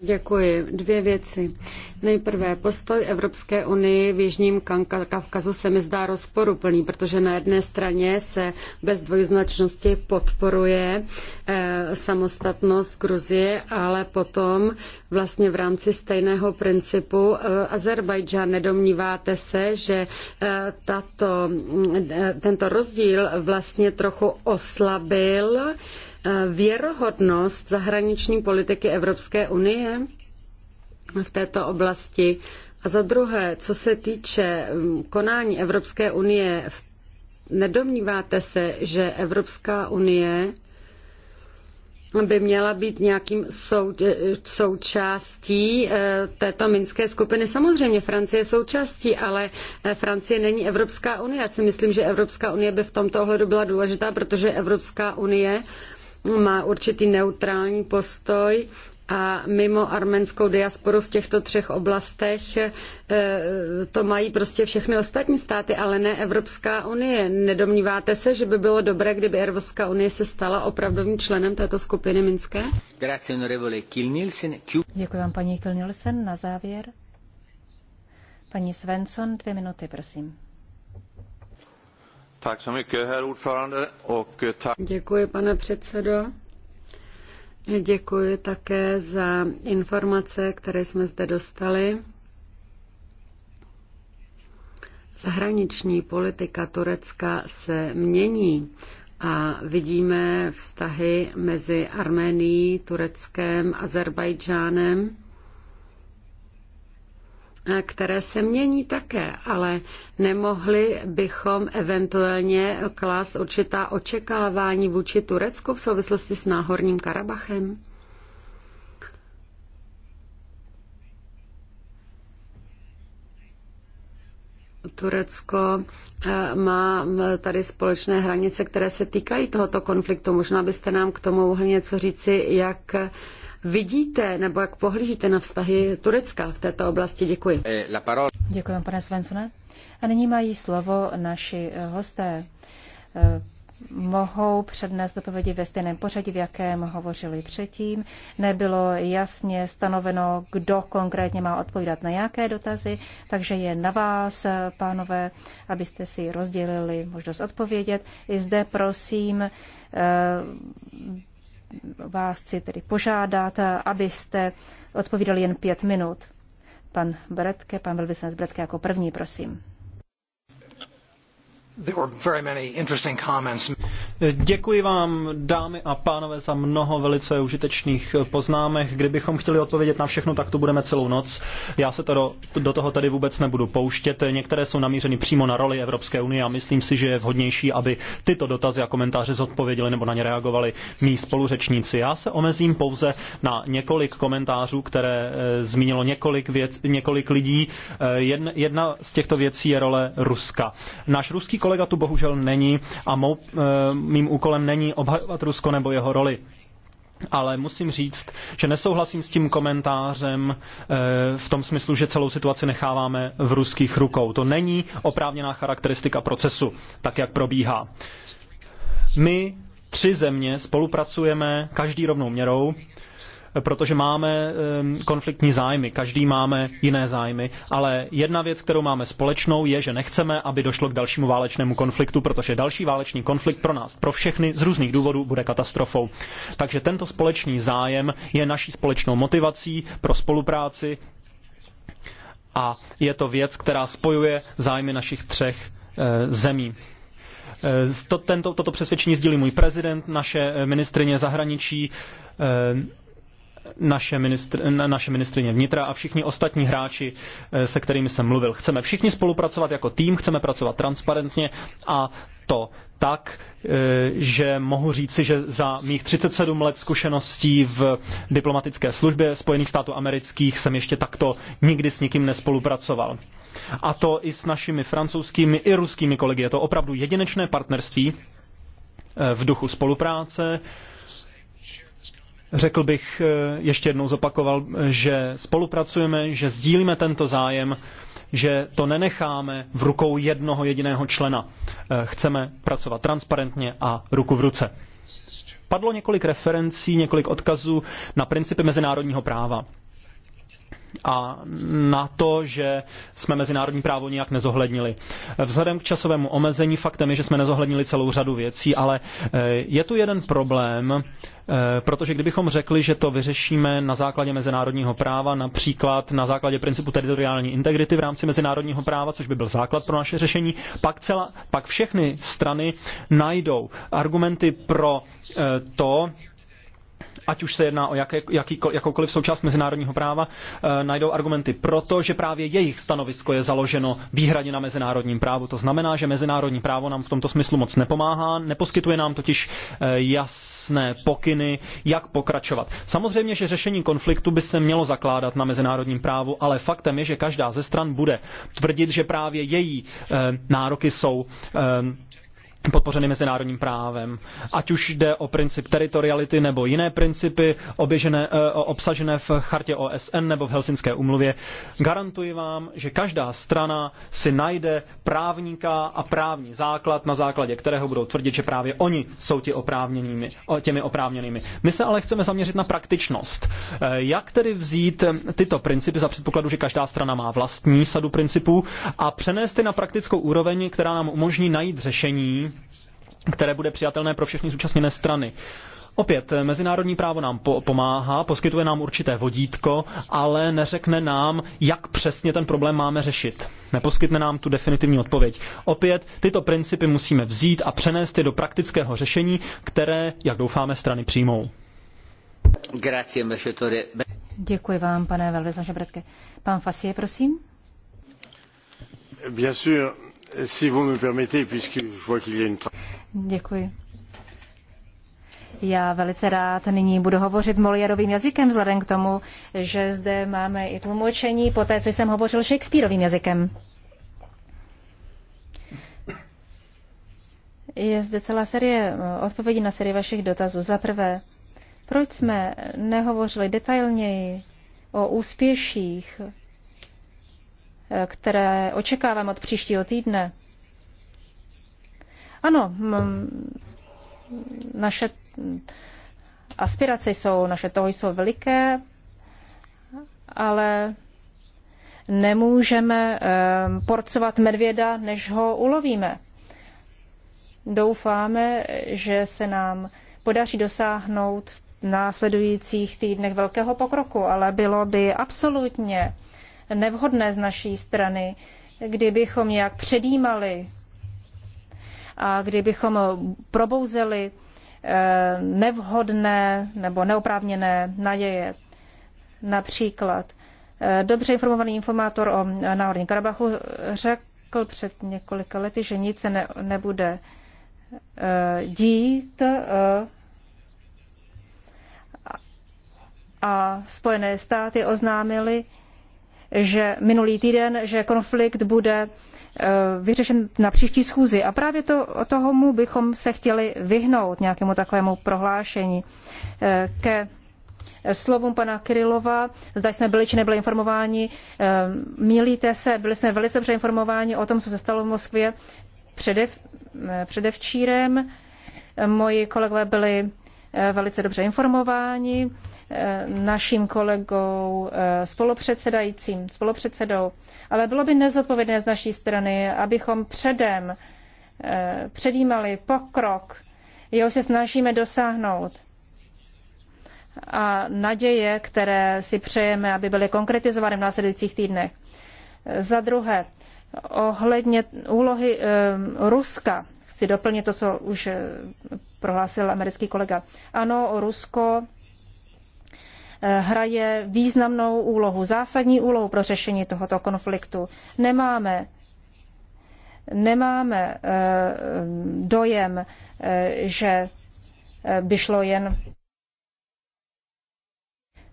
Děkuji. Dvě věci. Nejprve postoj Evropské unie v Jižním Kavkazu se mi zdá rozporuplný, protože na jedné straně se bez dvojznačnosti podporuje eh, samostatnost Gruzie, ale potom vlastně v rámci stejného principu eh, Azerbajdžán. Nedomníváte se, že eh, tato, eh, tento rozdíl vlastně trochu oslabil eh, Eh, věrohodnost zahraniční politiky Evropské unie v této oblasti? A za druhé, co se týče mm, konání Evropské unie, nedomníváte se, že Evropská unie by měla být nějakým sou, eh, součástí eh, této minské skupiny. Samozřejmě Francie je součástí, ale Francie není Evropská unie. Já si myslím, že Evropská unie by v tomto ohledu byla důležitá, protože Evropská unie má určitý neutrální postoj a mimo arménskou diasporu v těchto třech oblastech eh, to mají prostě všechny ostatní státy, ale ne Evropská unie. Nedomníváte se, že by bylo dobré, kdyby Evropská unie se stala opravdovým členem této skupiny Minské? Děkuji vám, paní Kilnilsen. Na závěr. Paní Svensson, dvě minuty, prosím. Eh, Děkuji, pane předsedo. Děkuji také za informace, které jsme zde dostali. Zahraniční politika Turecka se mění a vidíme vztahy mezi Arménií, Tureckem, Azerbajdžánem které se mění také, ale nemohli bychom eventuálně klást určitá očekávání vůči Turecku v souvislosti s Náhorním Karabachem? Turecko eh, má tady společné hranice, které se týkají tohoto konfliktu. Možná byste nám k tomu mohli něco říci, jak vidíte nebo jak pohlížíte na vztahy Turecka v této oblasti? Děkuji. Eh, Děkuji, pane Svensone. A nyní mají slovo naši eh, hosté. Eh, mohou přednést odpovědi ve stejném pořadí, v jakém hovořili předtím. Nebylo jasně stanoveno, kdo konkrétně má odpovídat na jaké dotazy, takže je na vás, pánové, abyste si rozdělili možnost odpovědět. I zde prosím vás chci tedy požádat, abyste odpovídali jen pět minut. Pan Bretke, pan velvyslanec Bretke jako první, prosím. Děkuji vám, dámy a pánové, za mnoho velice užitečných poznámek. Kdybychom chtěli odpovědět na všechno, tak to budeme celou noc. Já se to do, do toho tady vůbec nebudu pouštět. Některé jsou namířeny přímo na roli Evropské unie a myslím si, že je vhodnější, aby tyto dotazy a komentáře zodpověděli nebo na ně reagovali mý spoluřečníci. Já se omezím pouze na několik komentářů, které eh, zmínilo několik, věc, několik lidí. Eh, jedna z těchto věcí je role Ruska. Náš ruský kolega tu bohužel není a mou, eh, mým úkolem není obhajovat Rusko nebo jeho roli ale musím říct, že nesouhlasím s tím komentářem eh, v tom smyslu, že celou situaci necháváme v ruských rukou. To není oprávněná charakteristika procesu, tak jak probíhá. My tři země spolupracujeme každý rovnou měrou protože máme konfliktní zájmy, každý máme jiné zájmy, ale jedna věc, kterou máme společnou, je, že nechceme, aby došlo k dalšímu válečnému konfliktu, protože další válečný konflikt pro nás, pro všechny z různých důvodů bude katastrofou. Takže tento společný zájem je naší společnou motivací pro spolupráci a je to věc, která spojuje zájmy našich třech eh, zemí. Eh, to, tento, toto přesvědčení sdílí můj prezident, naše eh, ministrině zahraničí, naše, ministr, naše ministrině vnitra a všichni ostatní hráči, eh, se kterými jsem mluvil. Chceme všichni spolupracovat jako tým, chceme pracovat transparentně a to tak, eh, že mohu říci, že za mých 37 let zkušeností v diplomatické službě Spojených států amerických jsem ještě takto nikdy s nikým nespolupracoval. A to i s našimi francouzskými i ruskými kolegy. Je to opravdu jedinečné partnerství eh, v duchu spolupráce, Řekl bych, eh, ještě jednou zopakoval, že spolupracujeme, že sdílíme tento zájem, že to nenecháme v rukou jednoho jediného člena. Eh, chceme pracovat transparentně a ruku v ruce. Padlo několik referencí, několik odkazů na principy mezinárodního práva a na to, že jsme mezinárodní právo nijak nezohlednili. Vzhledem k časovému omezení faktem je, že jsme nezohlednili celou řadu věcí, ale eh, je tu jeden problém, eh, protože kdybychom řekli, že to vyřešíme na základě mezinárodního práva, například na základě principu teritoriální integrity v rámci mezinárodního práva, což by byl základ pro naše řešení, pak, celá, pak všechny strany najdou argumenty pro eh, to, ať už se jedná o jaké, jaký, jakoukoliv součást mezinárodního práva, eh, najdou argumenty proto, že právě jejich stanovisko je založeno výhradně na mezinárodním právu. To znamená, že mezinárodní právo nám v tomto smyslu moc nepomáhá, neposkytuje nám totiž eh, jasné pokyny, jak pokračovat. Samozřejmě, že řešení konfliktu by se mělo zakládat na mezinárodním právu, ale faktem je, že každá ze stran bude tvrdit, že právě její eh, nároky jsou podpořeny mezinárodním právem. Ať už jde o princip teritoriality nebo jiné principy oběžené, eh, obsažené v chartě OSN nebo v Helsinské umluvě, garantuji vám, že každá strana si najde právníka a právní základ, na základě kterého budou tvrdit, že právě oni jsou ti oprávněnými, těmi oprávněnými. My se ale chceme zaměřit na praktičnost. Eh, jak tedy vzít eh, tyto principy za předpokladu, že každá strana má vlastní sadu principů a přenést je na praktickou úroveň, která nám umožní najít řešení, které bude přijatelné pro všechny zúčastněné strany. Opět, eh, mezinárodní právo nám po- pomáhá, poskytuje nám určité vodítko, ale neřekne nám, jak přesně ten problém máme řešit. Neposkytne nám tu definitivní odpověď. Opět, tyto principy musíme vzít a přenést je do praktického řešení, které, jak doufáme, strany přijmou. Děkuji vám, pane velvyslanče Bratke. Pan Fasie, prosím. Bien sûr, a Děkuji. Já velice rád nyní budu hovořit Moliérovým jazykem, vzhledem k tomu, že zde máme i tlumočení po té, co jsem hovořil Shakespeareovým jazykem. Je zde celá série eh, odpovědí na série vašich dotazů. Za prvé, proč jsme nehovořili detailněji o úspěších které očekávám od příštího týdne. Ano, naše aspirace jsou, naše toho jsou veliké, ale nemůžeme porcovat medvěda, než ho ulovíme. Doufáme, že se nám podaří dosáhnout v následujících týdnech velkého pokroku, ale bylo by absolutně nevhodné z naší strany, kdybychom nějak předjímali a kdybychom probouzeli eh, nevhodné nebo neoprávněné naděje. Například eh, dobře informovaný informátor o eh, Náhorním Karabachu řekl před několika lety, že nic se ne, nebude dít a Spojené státy oznámily, že minulý týden, že konflikt bude eh, vyřešen na příští schůzi. A právě to, tomu bychom se chtěli vyhnout nějakému takovému prohlášení. Eh, ke slovům pana Kirilova, zda jsme byli či nebyli informováni, eh, mílíte se, byli jsme velice dobře informováni o tom, co se stalo v Moskvě předev, předevčírem. Moji kolegové byli velice dobře informováni eh, naším kolegou eh, spolupředsedajícím, spolupředsedou. Ale bylo by nezodpovědné z naší strany, abychom předem eh, předjímali pokrok, jeho se snažíme dosáhnout a naděje, které si přejeme, aby byly konkretizovány v následujících týdnech. Za druhé, ohledně úlohy Ruska chci doplnit to, co už prohlásil americký kolega. Ano, Rusko eh, hraje významnou úlohu, zásadní úlohu pro řešení tohoto konfliktu. Nemáme nemáme eh, dojem, eh, že by šlo jen,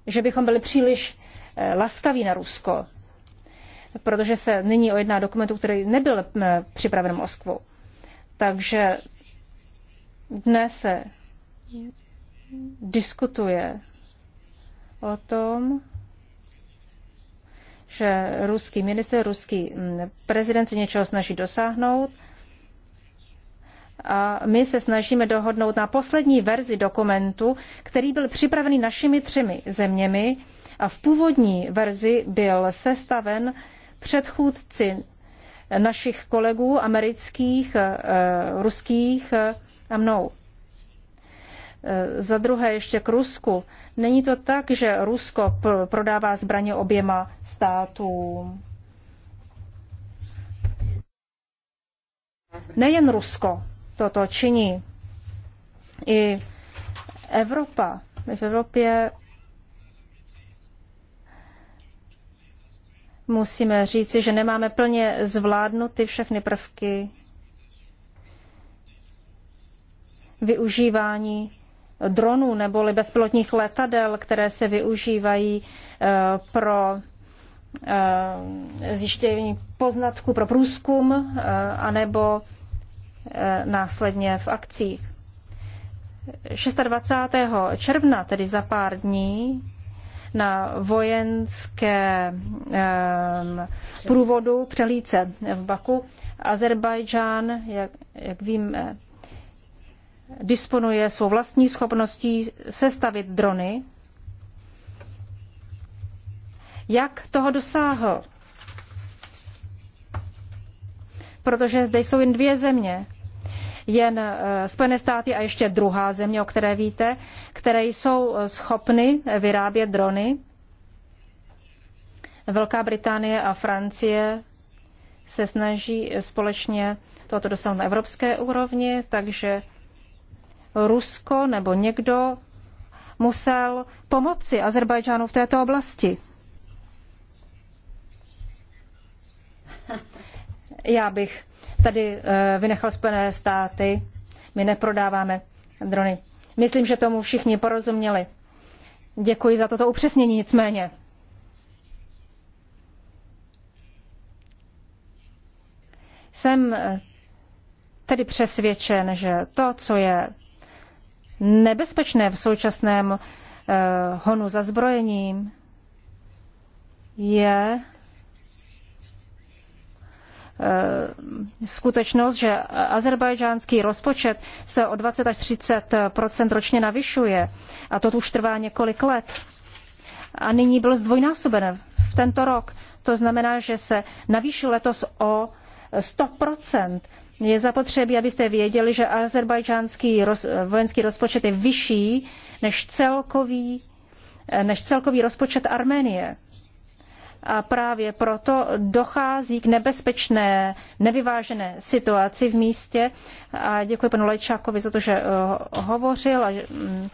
že bychom byli příliš laskaví na Rusko, protože se nyní o jedná dokumentu, který nebyl připraven Moskvou. Takže dnes se diskutuje o tom, že ruský minister, ruský mm, prezident se něčeho snaží dosáhnout. A my se snažíme dohodnout na poslední verzi dokumentu, který byl připravený našimi třemi zeměmi a v původní verzi byl sestaven předchůdci našich kolegů amerických, eh, ruských, eh, a mnou. E, za druhé ještě k Rusku. Není to tak, že Rusko prodává zbraně oběma státům. Nejen Rusko toto činí. I Evropa. V Evropě musíme říci, že nemáme plně zvládnuty všechny prvky využívání dronů neboli bezpilotních letadel, které se využívají eh, pro eh, zjištění poznatku, pro průzkum eh, anebo následně v akcích. 26. června, tedy za pár dní, na vojenské průvodu přelíce v Baku, Azerbajdžán, jak, jak víme, disponuje svou vlastní schopností sestavit drony. Jak toho dosáhl? Protože zde jsou jen dvě země. Jen eh, Spojené státy a ještě druhá země, o které víte, které jsou eh, schopny vyrábět drony. Velká Británie a Francie se snaží společně toto dosáhnout na evropské úrovni, takže Rusko nebo někdo musel pomoci Azerbajdžánu v této oblasti. Já bych tady eh, vynechal Spojené státy. My neprodáváme drony. Myslím, že tomu všichni porozuměli. Děkuji za toto upřesnění nicméně. Jsem eh, tedy přesvědčen, že to, co je nebezpečné v současném eh, honu za zbrojením, je eh, skutečnost, že azerbajdžánský rozpočet se o 20 až 30 ročně navyšuje a to už trvá několik let. A nyní byl zdvojnásoben v tento rok. To znamená, že se navýšil letos o 100 je zapotřebí, abyste věděli, že azerbajdžánský roz, vojenský rozpočet je vyšší než celkový, eh, než celkový rozpočet Arménie. A právě proto dochází k nebezpečné, nevyvážené situaci v místě. A děkuji panu Lejčákovi za to, že eh, hovořil mm,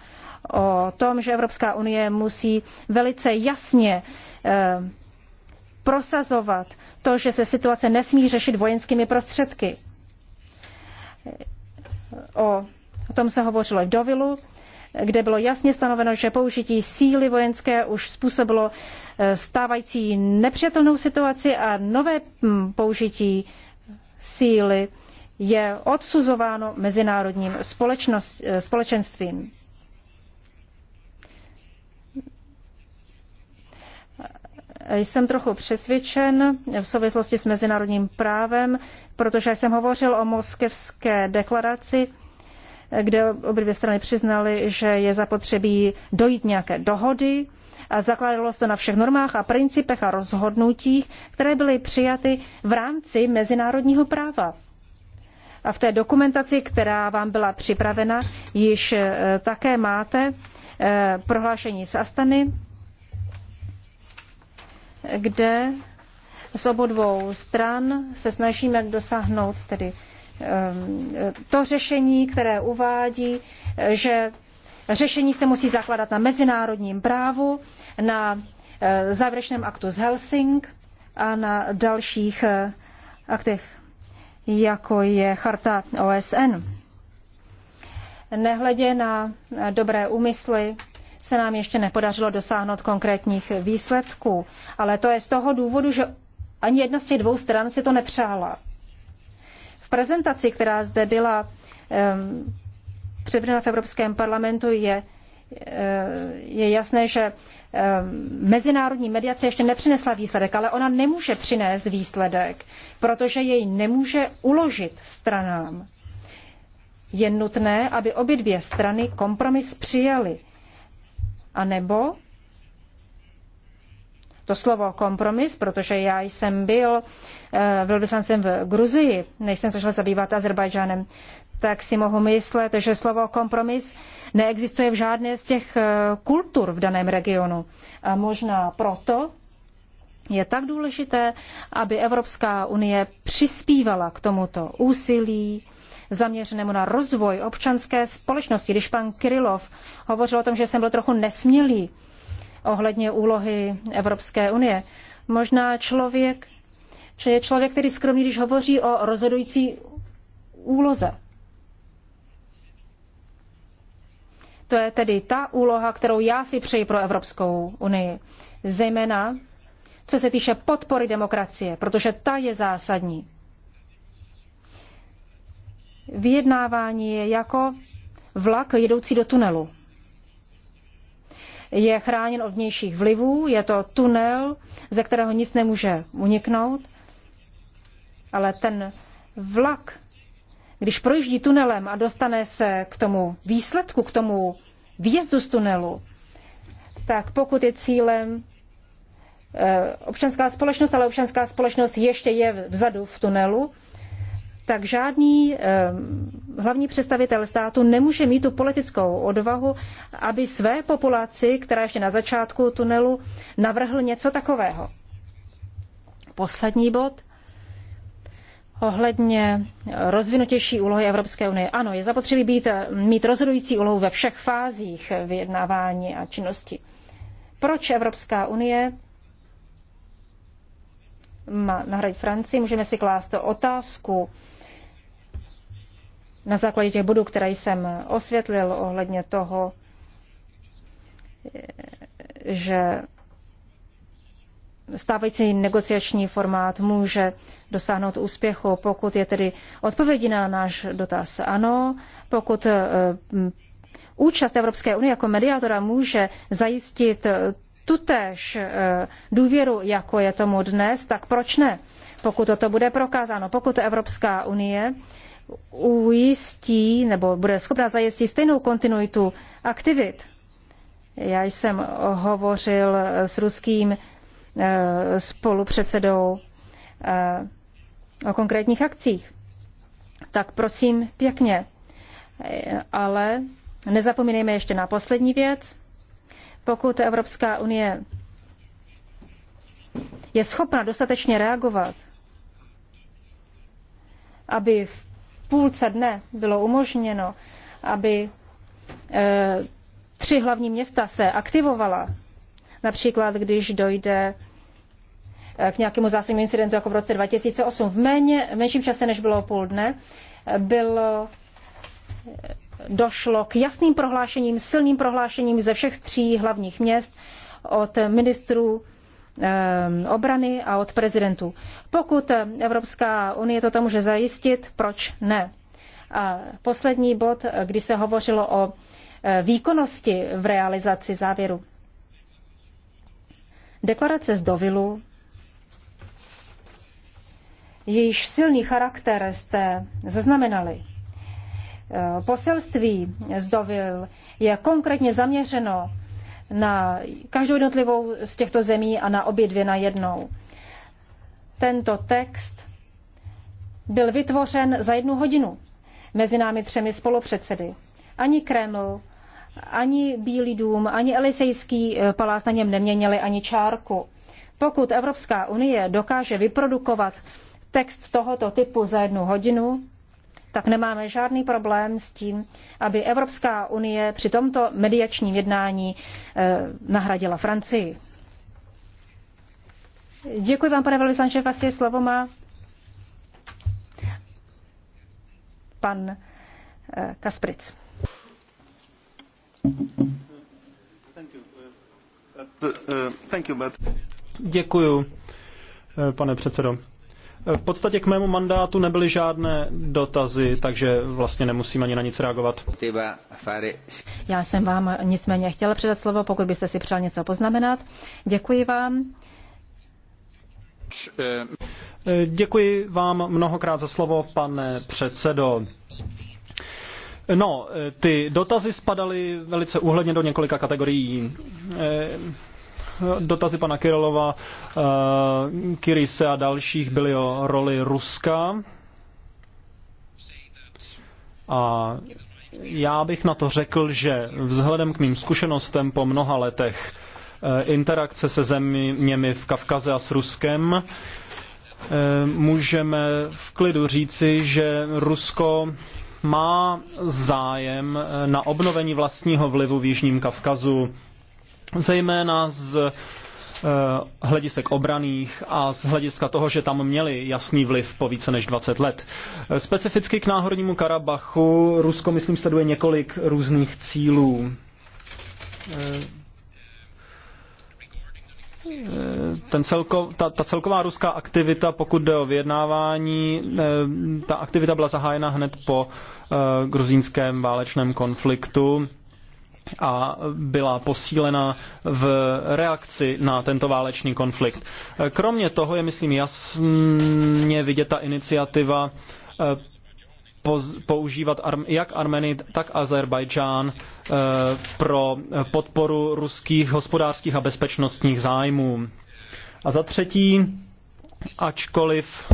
o tom, že Evropská unie musí velice jasně eh, prosazovat to, že se situace nesmí řešit vojenskými prostředky o, o tom se hovořilo v Dovilu, kde bylo jasně stanoveno, že použití síly vojenské už způsobilo e, stávající nepřijatelnou situaci a nové hm, použití síly je odsuzováno mezinárodním e, společenstvím. Jsem trochu přesvědčen v souvislosti s mezinárodním právem, protože jsem hovořil o moskevské deklaraci, kde obě dvě strany přiznaly, že je zapotřebí dojít nějaké dohody a zakládalo se na všech normách a principech a rozhodnutích, které byly přijaty v rámci mezinárodního práva. A v té dokumentaci, která vám byla připravena, již eh, také máte eh, prohlášení z Astany, kde s obou dvou stran se snažíme dosáhnout tedy ehm, to řešení, které uvádí, že řešení se musí zakládat na mezinárodním právu, na eh, závěrečném aktu z Helsing a na dalších eh, aktech, jako je charta OSN. Nehledě na dobré úmysly se nám ještě nepodařilo dosáhnout konkrétních výsledků. Ale to je z toho důvodu, že ani jedna z těch dvou stran si to nepřála. V prezentaci, která zde byla um, předvedena v Evropském parlamentu, je, eh, je jasné, že mezinárodní mediace ještě nepřinesla výsledek, ale ona nemůže přinést výsledek, protože jej nemůže uložit stranám. Je nutné, aby obě dvě strany kompromis přijaly. A nebo to slovo kompromis, protože já jsem byl jsem eh, v Gruzii, než jsem se šel zabývat Azerbajdžánem, tak si mohu myslet, že slovo kompromis neexistuje v žádné z těch eh, kultur v daném regionu. A možná proto je tak důležité, aby Evropská unie přispívala k tomuto úsilí zaměřenému na rozvoj občanské společnosti. Když pan Kirilov hovořil o tom, že jsem byl trochu nesmělý ohledně úlohy Evropské unie, možná člověk, že je člověk, který skromný, když hovoří o rozhodující úloze. To je tedy ta úloha, kterou já si přeji pro Evropskou unii. Zejména co se týče podpory demokracie, protože ta je zásadní. Vyjednávání je jako vlak jedoucí do tunelu. Je chráněn od vnějších vlivů, je to tunel, ze kterého nic nemůže uniknout, ale ten vlak, když projíždí tunelem a dostane se k tomu výsledku, k tomu výjezdu z tunelu, tak pokud je cílem eh, občanská společnost, ale občanská společnost ještě je vzadu v tunelu, tak žádný ehm, hlavní představitel státu nemůže mít tu politickou odvahu, aby své populaci, která ještě na začátku tunelu, navrhl něco takového. Poslední bod ohledně rozvinutější úlohy Evropské unie. Ano, je zapotřebí být, mít rozhodující úlohu ve všech fázích vyjednávání a činnosti. Proč Evropská unie má nahradit Francii? Můžeme si klást otázku, na základě těch bodů, které jsem osvětlil ohledně toho, že stávající negociační formát může dosáhnout úspěchu, pokud je tedy odpovědí na náš dotaz ano, pokud eh, účast Evropské unie jako mediátora může zajistit tutéž eh, důvěru, jako je tomu dnes, tak proč ne? Pokud toto bude prokázáno, pokud Evropská unie ujistí nebo bude schopna zajistit stejnou kontinuitu aktivit. Já jsem hovořil s ruským eh, spolupředsedou eh, o konkrétních akcích. Tak prosím pěkně. Ale nezapomínejme ještě na poslední věc. Pokud Evropská unie je schopna dostatečně reagovat, aby v půlce dne bylo umožněno, aby e, tři hlavní města se aktivovala, například když dojde e, k nějakému zásadnímu incidentu, jako v roce 2008, v, méně, v menším čase, než bylo půl dne, e, bylo, došlo k jasným prohlášením, silným prohlášením ze všech tří hlavních měst od ministrů Eh, obrany a od prezidentů. Pokud Evropská unie toto může zajistit, proč ne? A poslední bod, kdy se hovořilo o eh, výkonnosti v realizaci závěru. Deklarace z Dovilu, jejíž silný charakter jste zaznamenali. Eh, poselství z Dovil je konkrétně zaměřeno na každou jednotlivou z těchto zemí a na obě dvě na jednou. Tento text byl vytvořen za jednu hodinu mezi námi třemi spolupředsedy. Ani Kreml, ani Bílý dům, ani Elisejský eh, palác na něm neměnili ani čárku. Pokud Evropská unie dokáže vyprodukovat text tohoto typu za jednu hodinu, tak nemáme žádný problém s tím, aby Evropská unie při tomto mediačním jednání eh, nahradila Francii. Děkuji vám, pane velvyslanče, je slovo má pan eh, Kaspric. Děkuji, eh, pane předsedo. V podstatě k mému mandátu nebyly žádné dotazy, takže vlastně nemusím ani na nic reagovat. Já jsem vám nicméně chtěla předat slovo, pokud byste si přál něco poznamenat. Děkuji vám. Děkuji vám mnohokrát za slovo, pane předsedo. No, ty dotazy spadaly velice úhledně do několika kategorií. Dotazy pana Kirilova, eh, Kirise a dalších byly o roli Ruska. A já bych na to řekl, že vzhledem k mým zkušenostem po mnoha letech eh, interakce se zeměmi v Kavkaze a s Ruskem, eh, můžeme v klidu říci, že Rusko má zájem na obnovení vlastního vlivu v Jižním Kavkazu zejména z eh, hledisek obraných a z hlediska toho, že tam měli jasný vliv po více než 20 let. Eh, specificky k náhornímu Karabachu Rusko, myslím, sleduje několik různých cílů. Eh, ten celko, ta, ta celková ruská aktivita, pokud jde o vyjednávání, ta aktivita byla zahájena hned po gruzínském válečném konfliktu a byla posílena v reakci na tento válečný konflikt. Kromě toho je, myslím, jasně vidět ta iniciativa eh, používat jak Armeny, tak Azerbajdžán eh, pro podporu ruských hospodářských a bezpečnostních zájmů. A za třetí, ačkoliv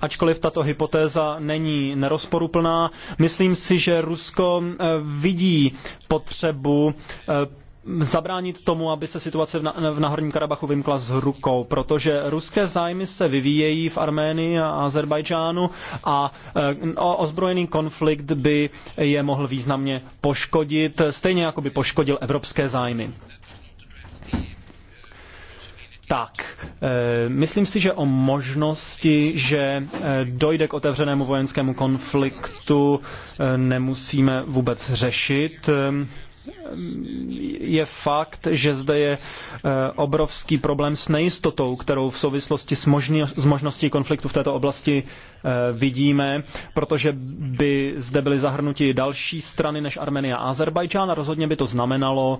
Ačkoliv tato hypotéza není nerozporuplná, myslím si, že Rusko eh, vidí potřebu eh, zabránit tomu, aby se situace v Nahorním Karabachu vymkla z rukou, protože ruské zájmy se vyvíjejí v Arménii a Azerbajdžánu a eh, ozbrojený konflikt by je mohl významně poškodit, stejně jako by poškodil evropské zájmy tak, eh, myslím si, že o možnosti, že eh, dojde k otevřenému vojenskému konfliktu, eh, nemusíme vůbec řešit. Je fakt, že zde je obrovský problém s nejistotou, kterou v souvislosti s, možný, s možností konfliktu v této oblasti vidíme, protože by zde byly zahrnuti další strany než Arménie a Azerbajdžán a rozhodně by to znamenalo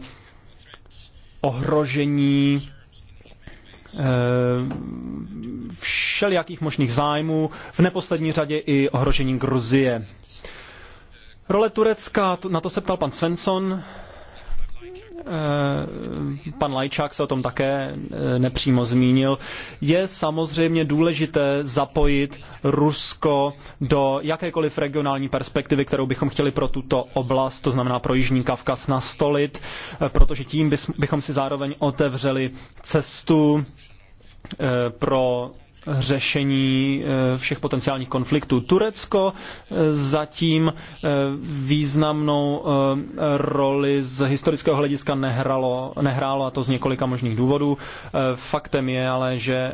ohrožení Eh, všelijakých možných zájmů, v neposlední řadě i ohrožení Gruzie. Role Turecka, na to se ptal pan Svensson, Eh, pan Lajčák se o tom také eh, nepřímo zmínil, je samozřejmě důležité zapojit Rusko do jakékoliv regionální perspektivy, kterou bychom chtěli pro tuto oblast, to znamená pro Jižní Kavkaz, nastolit, eh, protože tím bychom si zároveň otevřeli cestu pro řešení eh, všech potenciálních konfliktů. Turecko eh, zatím eh, významnou roli z historického hlediska nehralo, nehrálo a to z několika možných důvodů. Faktem je ale, že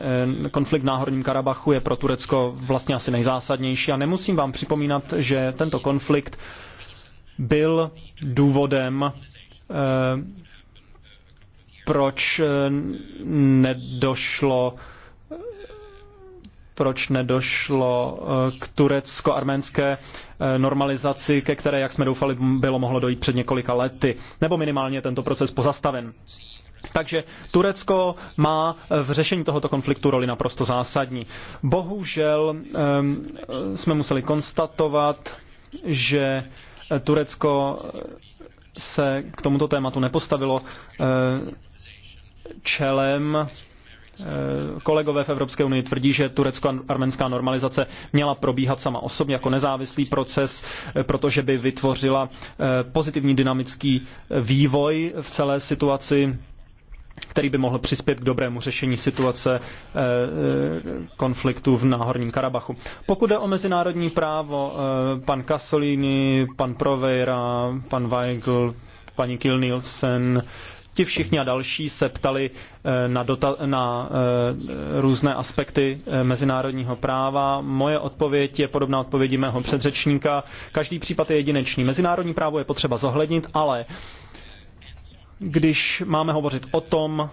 konflikt v Náhorním Karabachu je pro Turecko vlastně asi nejzásadnější a nemusím vám připomínat, že tento konflikt byl důvodem proč nedošlo proč nedošlo eh, k turecko-arménské eh, normalizaci, ke které, jak jsme doufali, bylo mohlo dojít před několika lety, nebo minimálně tento proces pozastaven. Takže Turecko má eh, v řešení tohoto konfliktu roli naprosto zásadní. Bohužel ehm, jsme museli konstatovat, že Turecko se k tomuto tématu nepostavilo čelem Eh, kolegové v Evropské unii tvrdí, že turecko-arménská normalizace měla probíhat sama osobně jako nezávislý proces, eh, protože by vytvořila eh, pozitivní dynamický vývoj v celé situaci který by mohl přispět k dobrému řešení situace konfliktu v Náhorním Karabachu. Pokud jde o mezinárodní právo, pan Kasolini, pan Proveira, pan Weigl, paní Kilnielsen, Nielsen, Ti všichni a další se ptali eh, na, dota- na eh, různé aspekty eh, mezinárodního práva. Moje odpověď je podobná odpovědi mého předřečníka. Každý případ je jedinečný. Mezinárodní právo je potřeba zohlednit, ale když máme hovořit o tom,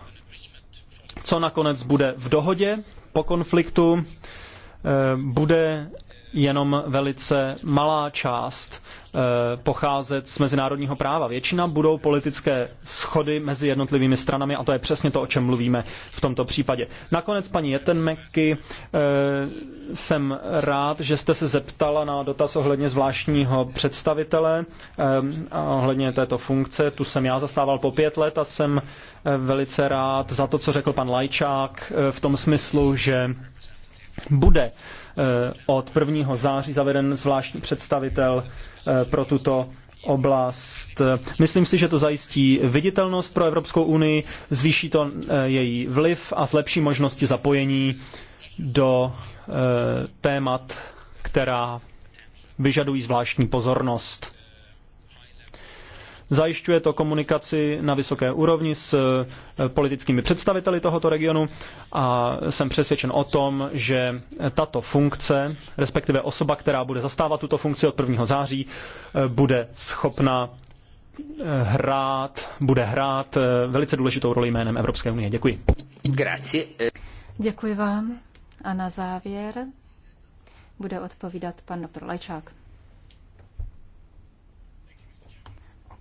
co nakonec bude v dohodě po konfliktu, bude jenom velice malá část Eh, pocházet z mezinárodního práva. Většina budou politické schody mezi jednotlivými stranami a to je přesně to, o čem mluvíme v tomto případě. Nakonec, paní Jetenmeky, eh, jsem rád, že jste se zeptala na dotaz ohledně zvláštního představitele, eh, ohledně této funkce. Tu jsem já zastával po pět let a jsem velice rád za to, co řekl pan Lajčák v tom smyslu, že bude eh, od 1. září zaveden zvláštní představitel eh, pro tuto oblast. Myslím si, že to zajistí viditelnost pro Evropskou unii, zvýší to eh, její vliv a zlepší možnosti zapojení do témat, která vyžadují zvláštní pozornost. Zajišťuje to komunikaci na vysoké úrovni s eh, politickými představiteli tohoto regionu a jsem přesvědčen o tom, že tato funkce, respektive osoba, která bude zastávat tuto funkci od 1. září, eh, bude schopna eh, hrát, bude hrát velice důležitou roli jménem Evropské unie. Děkuji. Grazie. Děkuji vám. A na závěr bude odpovídat pan doktor Lajčák.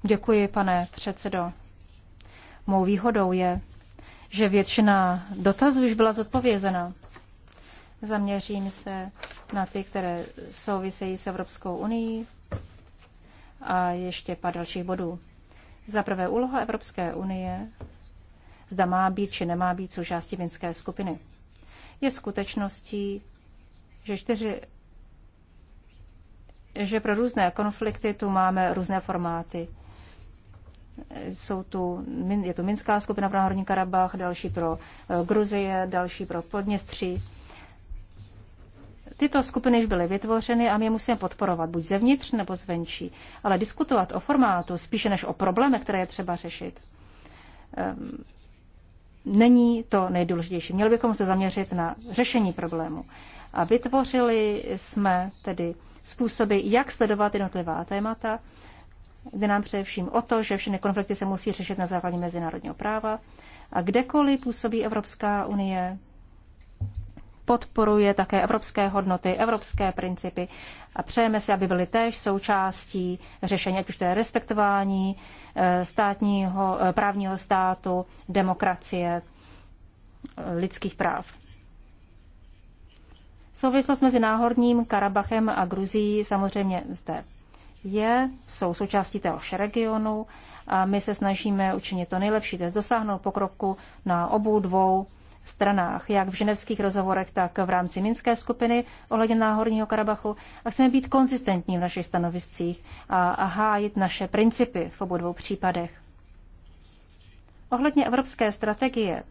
Děkuji, pane předsedo. Mou výhodou je, že většina dotazů už byla zodpovězena. Zaměřím se na ty, které souvisejí s Evropskou unii a ještě pár dalších bodů. Za prvé úloha Evropské unie, zda má být či nemá být součástí vinské skupiny. Je skutečností, že čtyři že pro různé konflikty tu máme různé formáty. Jsou tu, je tu Minská skupina pro Horní Karabach, další pro eh, Gruzie, další pro Podněstří. Tyto skupiny již byly vytvořeny a my je musíme podporovat, buď zevnitř nebo zvenčí. Ale diskutovat o formátu spíše než o probléme, které je třeba řešit, ehm, není to nejdůležitější. Měli bychom se zaměřit na řešení problému. A vytvořili jsme tedy způsoby, jak sledovat jednotlivá témata Jde nám především o to, že všechny konflikty se musí řešit na základě mezinárodního práva a kdekoliv působí Evropská unie, podporuje také evropské hodnoty, evropské principy a přejeme si, aby byly též součástí řešení, ať už to je respektování eh, státního, eh, právního státu, demokracie, eh, lidských práv. Souvislost mezi Náhorním Karabachem a Gruzí samozřejmě zde je, jsou součástí téhož regionu a my se snažíme učinit to nejlepší, to je dosáhnout pokroku na obou dvou stranách, jak v ženevských rozhovorech, tak v rámci Minské skupiny ohledně Náhorního Karabachu a chceme být konzistentní v našich stanoviscích a, a hájit naše principy v obou dvou případech. Ohledně evropské strategie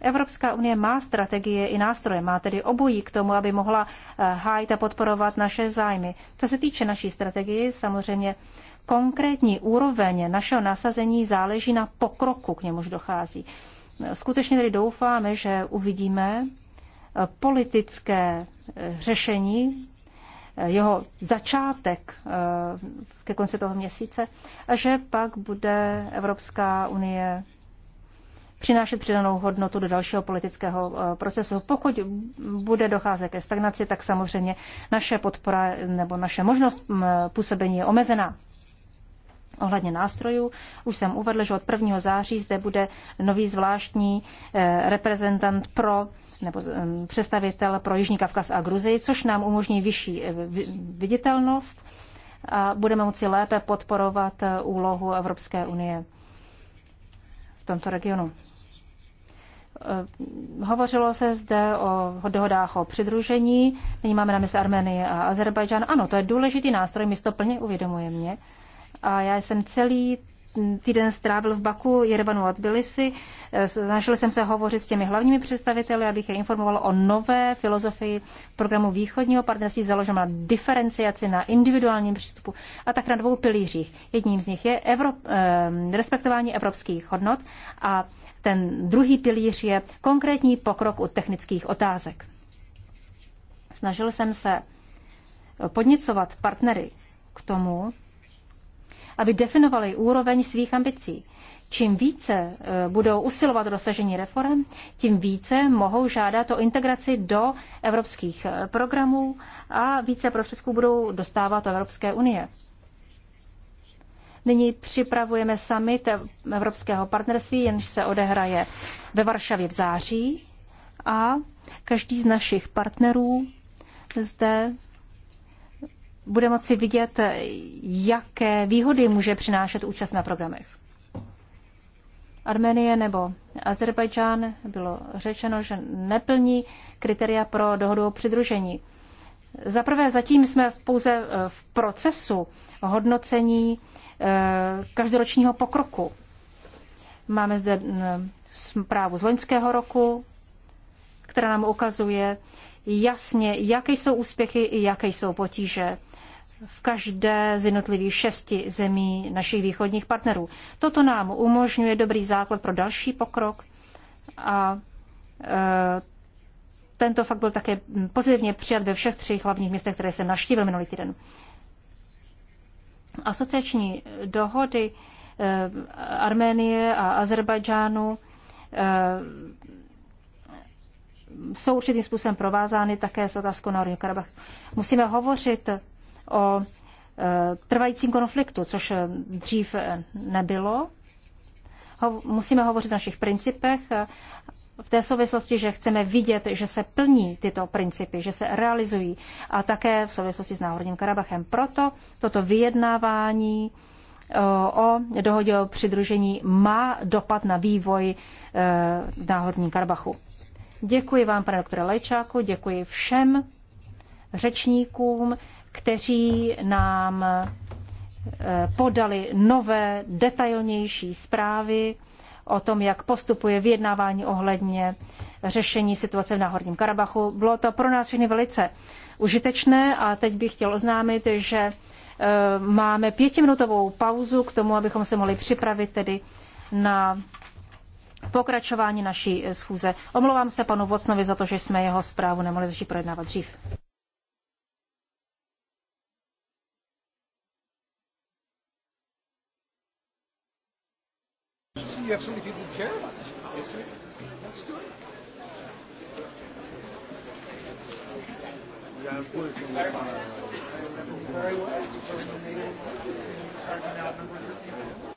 Evropská unie má strategie i nástroje, má tedy obojí k tomu, aby mohla eh, hájit a podporovat naše zájmy. Co se týče naší strategie, samozřejmě konkrétní úroveň našeho nasazení záleží na pokroku, k němuž dochází. Skutečně tedy doufáme, že uvidíme eh, politické eh, řešení, jeho začátek ke konci toho měsíce a že pak bude Evropská unie přinášet přidanou hodnotu do dalšího politického eh, procesu. Pokud bude docházet ke stagnaci, tak samozřejmě naše podpora nebo naše možnost mm, působení je omezená. Ohledně nástrojů, už jsem uvedl, že od 1. září zde bude nový zvláštní eh, reprezentant pro nebo eh, představitel pro Jižní Kavkaz a Gruzii, což nám umožní vyšší viditelnost a budeme moci lépe podporovat úlohu Evropské unie tomto regionu. Eh, hovořilo se zde o dohodách o přidružení. Nyní máme na mysli Armenii a Azerbajdžán. Ano, to je důležitý nástroj, my to plně mě. A já jsem celý týden strávil v Baku, Jerevanu a Tbilisi. Eh, snažil jsem se hovořit s těmi hlavními představiteli, abych je informoval o nové filozofii programu východního partnerství založeno na diferenciaci, na individuálním přístupu a tak na dvou pilířích. Jedním z nich je Evrop, eh, respektování evropských hodnot a ten druhý pilíř je konkrétní pokrok u technických otázek. Snažil jsem se podnicovat partnery k tomu, aby definovali úroveň svých ambicí. Čím více e, budou usilovat o dosažení reform, tím více mohou žádat o integraci do evropských e, programů a více prostředků budou dostávat do Evropské unie. Nyní připravujeme summit Evropského partnerství, jenž se odehraje ve Varšavě v září a každý z našich partnerů zde bude moci vidět, jaké výhody může přinášet účast na programech. Arménie nebo Azerbajdžán bylo řečeno, že neplní kritéria pro dohodu o přidružení. Za prvé, zatím jsme pouze eh, v procesu hodnocení eh, každoročního pokroku. Máme zde mm, zprávu z loňského roku, která nám ukazuje jasně, jaké jsou úspěchy i jaké jsou potíže v každé z jednotlivých šesti zemí našich východních partnerů. Toto nám umožňuje dobrý základ pro další pokrok a e, tento fakt byl také pozitivně přijat ve všech třech hlavních městech, které jsem navštívil minulý týden. Asociační dohody e, Arménie a Azerbajdžánu e, jsou určitým způsobem provázány také s otázkou na Karabach. Musíme hovořit o e, trvajícím konfliktu, což e, dřív e, nebylo. Musíme hovořit o našich principech v té souvislosti, že chceme vidět, že se plní tyto principy, že se realizují a také v souvislosti s Náhorním Karabachem. Proto toto vyjednávání o dohodě o přidružení má dopad na vývoj v Náhorním Karabachu. Děkuji vám, pane doktore Lejčáku, děkuji všem řečníkům kteří nám eh, podali nové, detailnější zprávy o tom, jak postupuje vyjednávání ohledně řešení situace v Náhorním Karabachu. Bylo to pro nás všechny velice užitečné a teď bych chtěl oznámit, že eh, máme pětiminutovou pauzu k tomu, abychom se mohli připravit tedy na pokračování naší eh, schůze. Omlouvám se panu Vocnovi za to, že jsme jeho zprávu nemohli začít projednávat dřív. So you have so many people who care about this policy. That's good. Yeah, it's working very well. Terminated. Are now number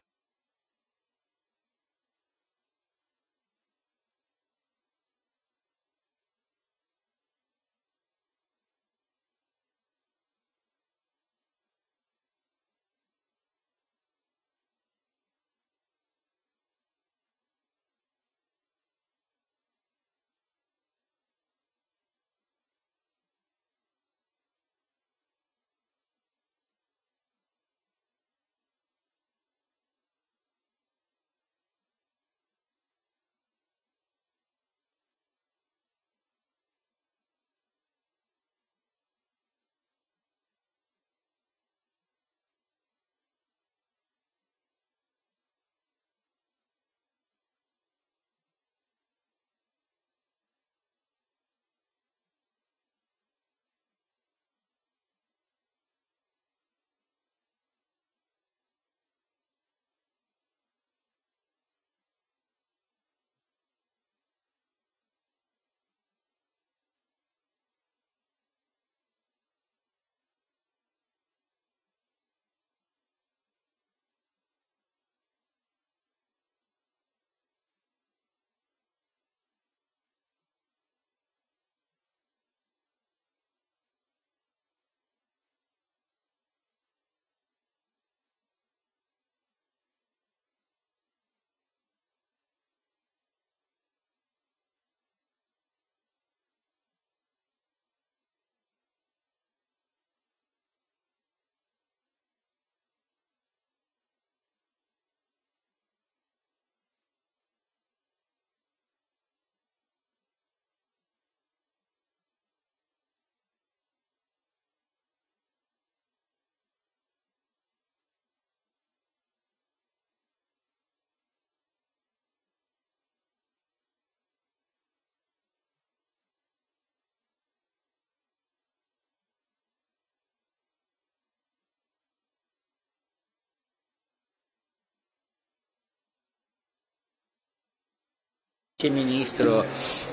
Ministro,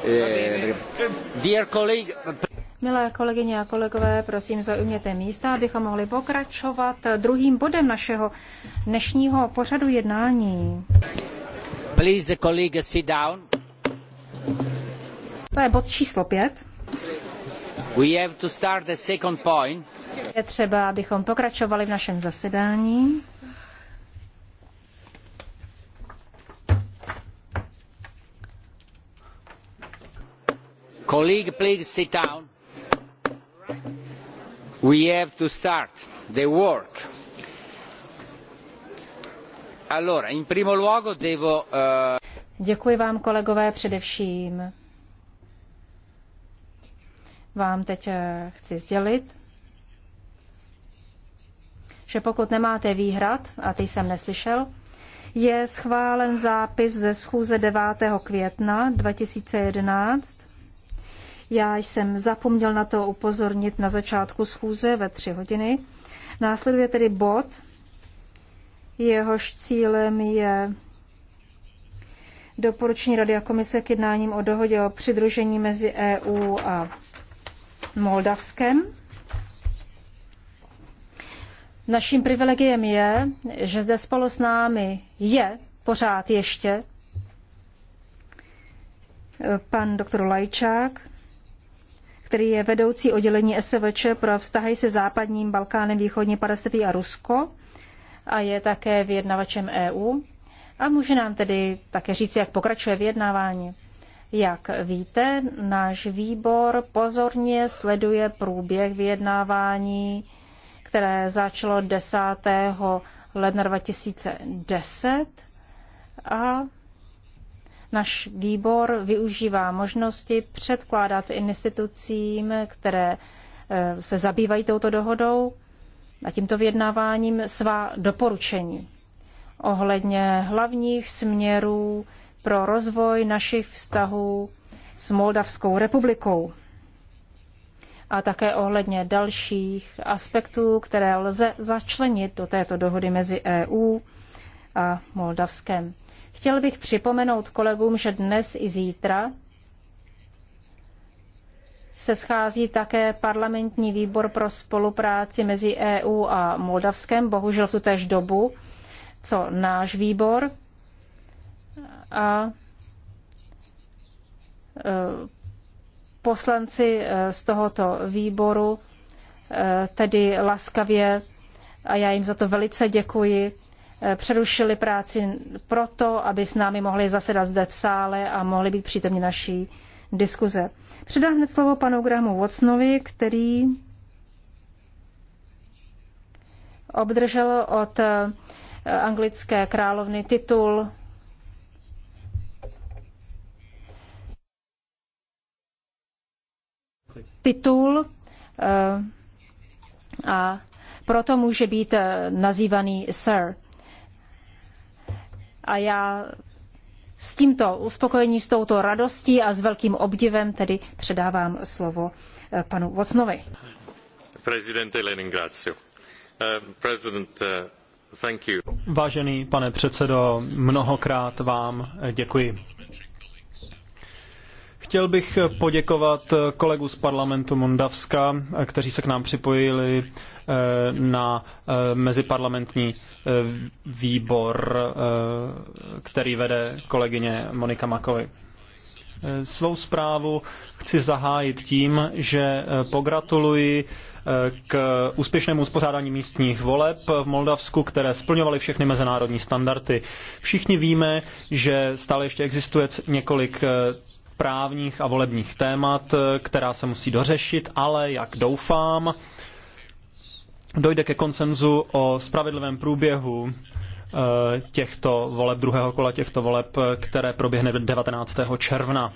eh, dear colleague... Milé kolegyně a kolegové, prosím, zaujměte místa, abychom mohli pokračovat druhým bodem našeho dnešního pořadu jednání. Please, colleague, sit down. To je bod číslo pět. We have to start the second point. Je třeba, abychom pokračovali v našem zasedání. Colleague, please sit down. We have to start the work. Allora, in primo luogo devo... Eh, Děkuji vám, kolegové, především. Vám teď eh, chci sdělit, že pokud nemáte výhrad, a ty jsem neslyšel, je schválen zápis ze schůze 9. května 2011 já jsem zapomněl na to upozornit na začátku schůze ve tři hodiny. Následuje tedy bod, jehož cílem je doporučení Rady a komise k jednáním o dohodě o přidružení mezi EU a Moldavskem. Naším privilegiem je, že zde spolu s námi je pořád ještě pan doktor Lajčák, který je vedoucí oddělení SVČ pro vztahy se západním Balkánem, východní Parastepí a Rusko a je také vyjednavačem EU. A může nám tedy také říct, jak pokračuje vyjednávání. Jak víte, náš výbor pozorně sleduje průběh vyjednávání, které začalo 10. ledna 2010 a Náš výbor využívá možnosti předkládat institucím, které eh, se zabývají touto dohodou a tímto vyjednáváním svá doporučení ohledně hlavních směrů pro rozvoj našich vztahů s Moldavskou republikou a také ohledně dalších aspektů, které lze začlenit do této dohody mezi EU a Moldavskem. Chtěl bych připomenout kolegům, že dnes i zítra se schází také parlamentní výbor pro spolupráci mezi EU a Moldavskem, bohužel tu též dobu, co náš výbor. A e, poslanci e, z tohoto výboru e, tedy laskavě, a já jim za to velice děkuji, přerušili práci proto, aby s námi mohli zasedat zde v sále a mohli být přítomni naší diskuze. Předám hned slovo panu Grahamu Watsonovi, který obdržel od eh, anglické královny titul titul eh, a proto může být eh, nazývaný Sir. A já s tímto uspokojením, s touto radostí a s velkým obdivem tedy předávám slovo eh, panu Vocnovi. Prezidente, eh, President, eh, Vážený pane předsedo, mnohokrát vám děkuji. Chtěl bych poděkovat kolegu z parlamentu Mondavska, kteří se k nám připojili eh, na eh, meziparlamentní eh, výbor, který vede kolegyně Monika Makovi. Svou zprávu chci zahájit tím, že pogratuluji k úspěšnému uspořádání místních voleb v Moldavsku, které splňovaly všechny mezinárodní standardy. Všichni víme, že stále ještě existuje několik právních a volebních témat, eh, která se musí dořešit, ale jak doufám, dojde ke konsenzu o spravedlivém průběhu eh, těchto voleb, druhého kola těchto voleb, eh, které proběhne 19. června.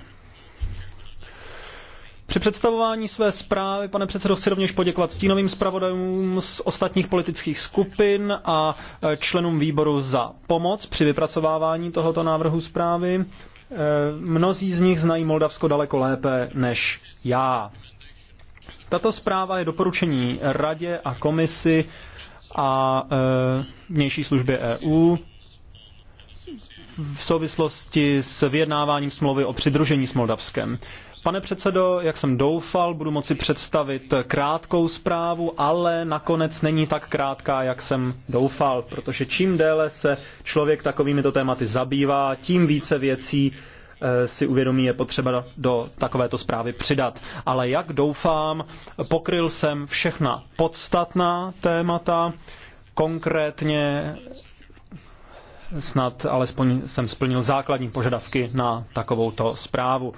Při představování své zprávy, pane předsedo, chci rovněž poděkovat stínovým zpravodajům z ostatních politických skupin a členům výboru za pomoc při vypracovávání tohoto návrhu zprávy. Eh, mnozí z nich znají Moldavsko daleko lépe než já. Tato zpráva je doporučení radě a komisi a eh, vnější službě EU v souvislosti s vyjednáváním smlouvy o přidružení s Moldavskem. Pane předsedo, jak jsem doufal, budu moci představit krátkou zprávu, ale nakonec není tak krátká, jak jsem doufal, protože čím déle se člověk takovýmito tématy zabývá, tím více věcí eh, si uvědomí, je potřeba do takovéto zprávy přidat. Ale jak doufám, pokryl jsem všechna podstatná témata, konkrétně snad alespoň jsem splnil základní požadavky na takovouto zprávu.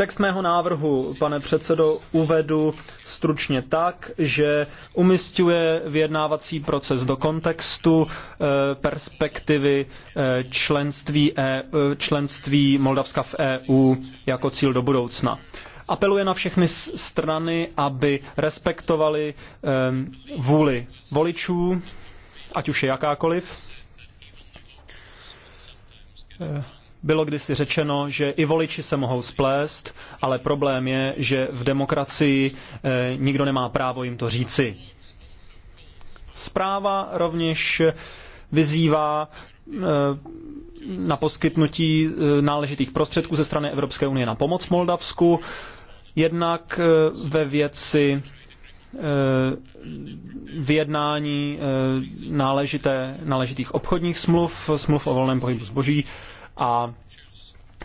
Text mého návrhu, pane předsedo, uvedu stručně tak, že umistuje vyjednávací proces do kontextu eh, perspektivy eh, členství, e, eh, členství Moldavska v EU jako cíl do budoucna apeluje na všechny strany, aby respektovali vůli voličů, ať už je jakákoliv. Bylo kdysi řečeno, že i voliči se mohou splést, ale problém je, že v demokracii eh, nikdo nemá právo jim to říci. Zpráva rovněž vyzývá eh, na poskytnutí eh, náležitých prostředků ze strany Evropské unie na pomoc Moldavsku, jednak eh, ve věci eh, vyjednání eh, náležité, náležitých obchodních smluv, smluv o volném pohybu zboží a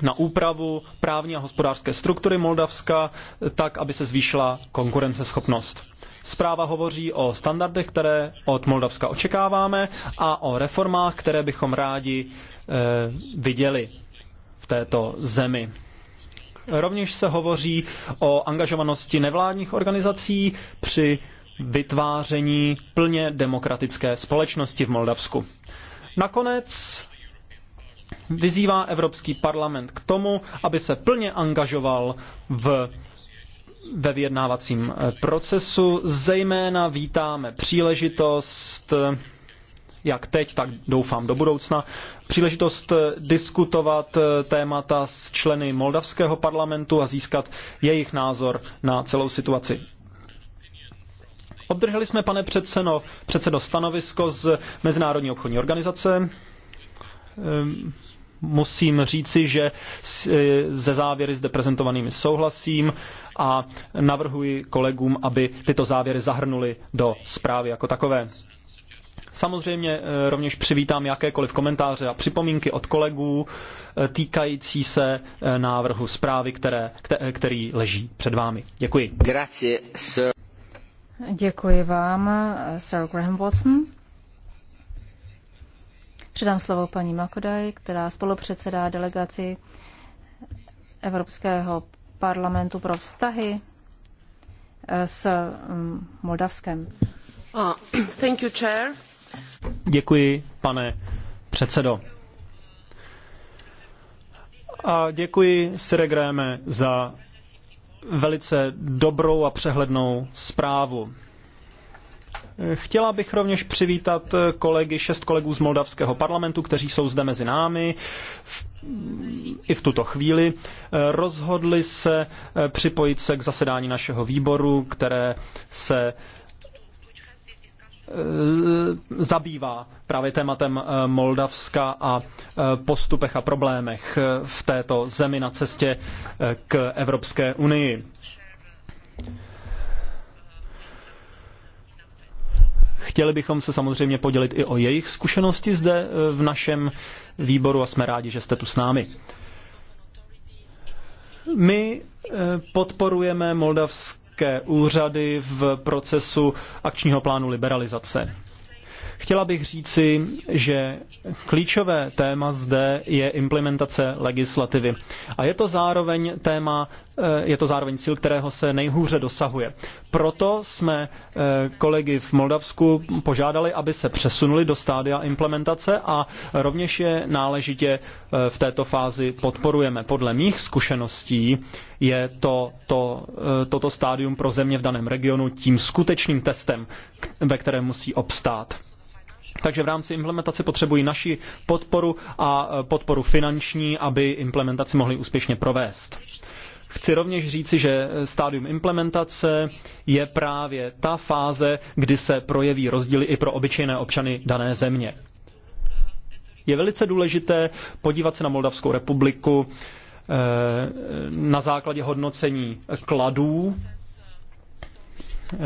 na úpravu právní a hospodářské struktury Moldavska, tak, aby se zvýšila konkurenceschopnost. Zpráva hovoří o standardech, které od Moldavska očekáváme a o reformách, které bychom rádi e, viděli v této zemi. Rovněž se hovoří o angažovanosti nevládních organizací při vytváření plně demokratické společnosti v Moldavsku. Nakonec vyzývá Evropský parlament k tomu, aby se plně angažoval v ve vyjednávacím eh, procesu. Zejména vítáme příležitost, eh, jak teď, tak doufám do budoucna, příležitost eh, diskutovat témata s členy Moldavského parlamentu a získat jejich názor na celou situaci. Obdrželi jsme, pane předseno, předsedo, stanovisko z Mezinárodní obchodní organizace, Ehm, musím říci, že e, ze závěry zde prezentovanými souhlasím a navrhuji kolegům, aby tyto závěry zahrnuli do zprávy jako takové. Samozřejmě e, rovněž přivítám jakékoliv komentáře a připomínky od kolegů e, týkající se návrhu zprávy, které, který leží před vámi. Děkuji. Děkuji vám, Sir Graham Watson. Předám slovo paní Makodaj, která spolupředsedá delegaci Evropského parlamentu pro vztahy eh, s mm, Moldavskem. Ah, thank you, chair. Děkuji, pane předsedo. A děkuji, Sire Gréme, za velice dobrou a přehlednou zprávu. Chtěla bych rovněž přivítat eh, kolegy, šest kolegů z Moldavského parlamentu, kteří jsou zde mezi námi v, i v tuto chvíli. Eh, rozhodli se eh, připojit se k zasedání našeho výboru, které se zabývá právě tématem Moldavska a postupech a problémech v této zemi na cestě k Evropské unii. Chtěli bychom se samozřejmě podělit i o jejich zkušenosti zde eh, v našem výboru a jsme rádi, že jste tu s námi. My eh, podporujeme moldavské úřady v procesu akčního plánu liberalizace. Chtěla bych říci, že klíčové téma zde je implementace legislativy. A je to zároveň téma, eh, je to zároveň cíl, kterého se nejhůře dosahuje. Proto jsme eh, kolegy v Moldavsku požádali, aby se přesunuli do stádia implementace a rovněž je náležitě eh, v této fázi podporujeme. Podle mých zkušeností je to, to, toto stádium pro země v daném regionu tím skutečným testem, ve kterém musí obstát. Takže v rámci implementace potřebují naši podporu a eh, podporu finanční, aby implementaci mohli úspěšně provést. Chci rovněž říci, že eh, stádium implementace je právě ta fáze, kdy se projeví rozdíly i pro obyčejné občany dané země. Je velice důležité podívat se na Moldavskou republiku eh, na základě hodnocení kladů Eh,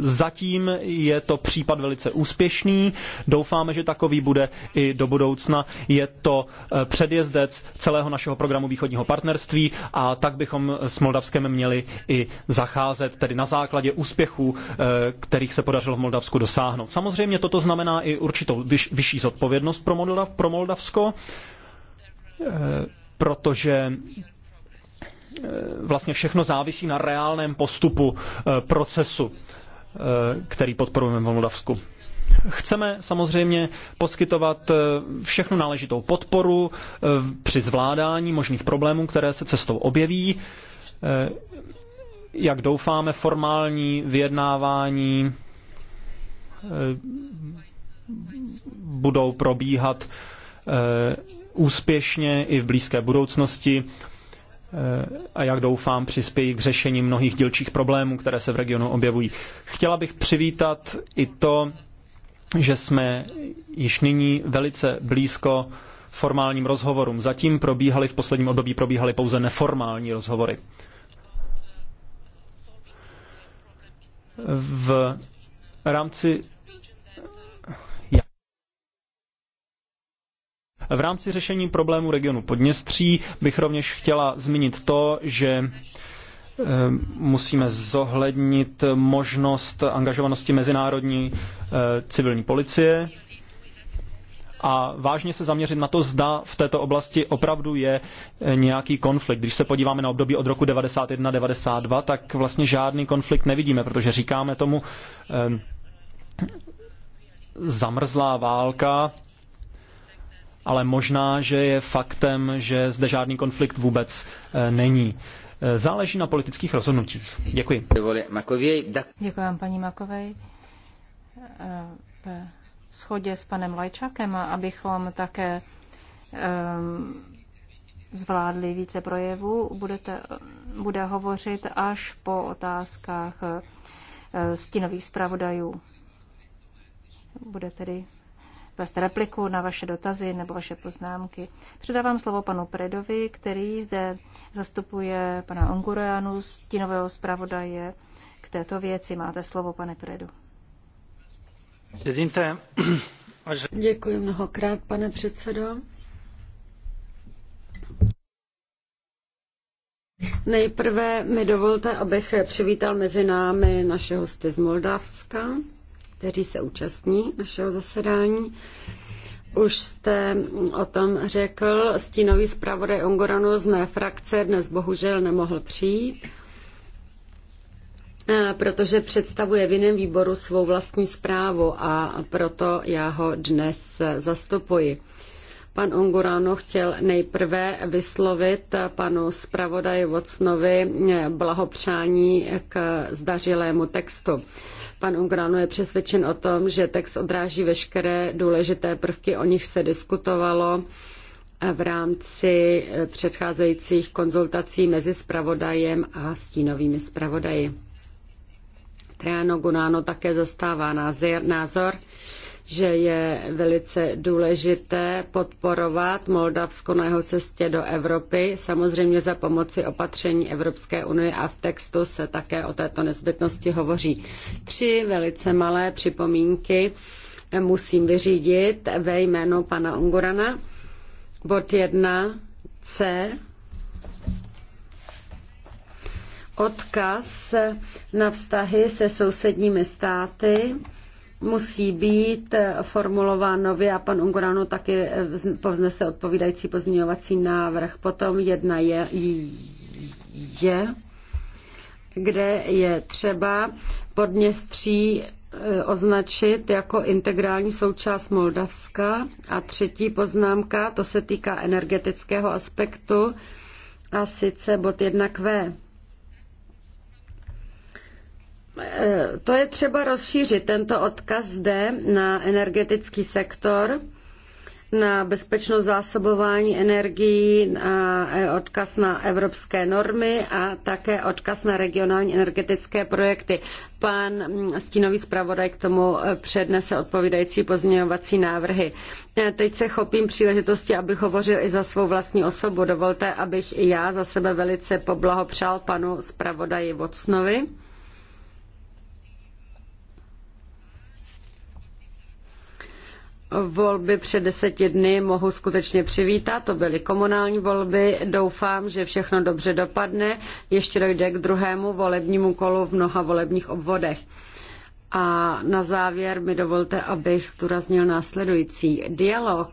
zatím je to případ velice úspěšný. Doufáme, že takový bude i do budoucna. Je to eh, předjezdec celého našeho programu východního partnerství a tak bychom s Moldavskem měli i zacházet, tedy na základě úspěchů, eh, kterých se podařilo v Moldavsku dosáhnout. Samozřejmě toto znamená i určitou vyšší zodpovědnost pro Moldavsko, protože Eh, vlastně všechno závisí na reálném postupu eh, procesu, eh, který podporujeme v Moldavsku. Chceme samozřejmě poskytovat všechnu náležitou podporu při zvládání možných problémů, které se cestou objeví. Jak doufáme, formální vyjednávání budou probíhat úspěšně i v blízké budoucnosti Eh, a jak doufám přispějí k řešení mnohých dílčích problémů, které se v regionu objevují. Chtěla bych přivítat i to, že jsme již nyní velice blízko formálním rozhovorům. Zatím probíhaly v posledním období probíhaly pouze neformální rozhovory. V rámci V rámci řešení problému regionu Podněstří bych rovněž chtěla zmínit to, že eh, musíme zohlednit možnost angažovanosti mezinárodní eh, civilní policie a vážně se zaměřit na to, zda v této oblasti opravdu je eh, nějaký konflikt. Když se podíváme na období od roku 91-92, tak vlastně žádný konflikt nevidíme, protože říkáme tomu zamrzlá válka, ale možná, že je faktem, že zde žádný konflikt vůbec eh, není. Eh, záleží na politických rozhodnutích. Děkuji. Děkuji vám, paní Makovej. Eh, v shodě s panem Lajčákem, abychom také zvládli více projevů, budete, bude hovořit až po otázkách stinových zpravodajů. Bude tedy vést repliku na vaše dotazy nebo vaše poznámky. Předávám slovo panu Predovi, který zde zastupuje pana z Tinového zpravodaje k této věci. Máte slovo, pane Predu. Děkuji mnohokrát, pane předsedo. Nejprve mi dovolte, abych přivítal mezi námi naše hosty z Moldavska kteří se účastní našeho zasedání. Už jste o tom řekl, stínový zpravodaj Ongoranu z mé frakce dnes bohužel nemohl přijít, eh, protože představuje v jiném výboru svou vlastní zprávu a proto já ho dnes zastupuji. Pan Ongurano chtěl nejprve vyslovit panu zpravodaji Vocnovi eh, blahopřání k zdařilému textu. Pan Ungrano je přesvědčen o tom, že text odráží veškeré důležité prvky, o nich se diskutovalo v rámci eh, předcházejících konzultací mezi spravodajem a stínovými spravodaji. Triano Gunano také zastává názor, že je velice důležité podporovat Moldavsko na jeho cestě do Evropy, samozřejmě za pomoci opatření Evropské unie a v textu se také o této nezbytnosti hovoří. Tři velice malé připomínky musím vyřídit ve jménu pana Ungurana. Bod 1 C odkaz na vztahy se sousedními státy musí být formulován nově a pan Ungurano taky eh, povznese odpovídající pozměňovací návrh. Potom jedna je, je kde je třeba Podněstří eh, označit jako integrální součást Moldavska. A třetí poznámka, to se týká energetického aspektu, a sice bod 1Q. Eh, to je třeba rozšířit tento odkaz zde na energetický sektor, na bezpečnost zásobování energií, na eh, odkaz na evropské normy a také odkaz na regionální energetické projekty. Pan mm, stínový zpravodaj k tomu eh, přednese odpovídající pozměňovací návrhy. Teď se chopím příležitosti, abych hovořil i za svou vlastní osobu. Dovolte, abych i já za sebe velice poblahopřál panu zpravodaji Vocnovi volby před deseti dny mohu skutečně přivítat. To byly komunální volby. Doufám, že všechno dobře dopadne. Ještě dojde k druhému volebnímu kolu v mnoha volebních obvodech. A na závěr mi dovolte, abych zdůraznil následující. Dialog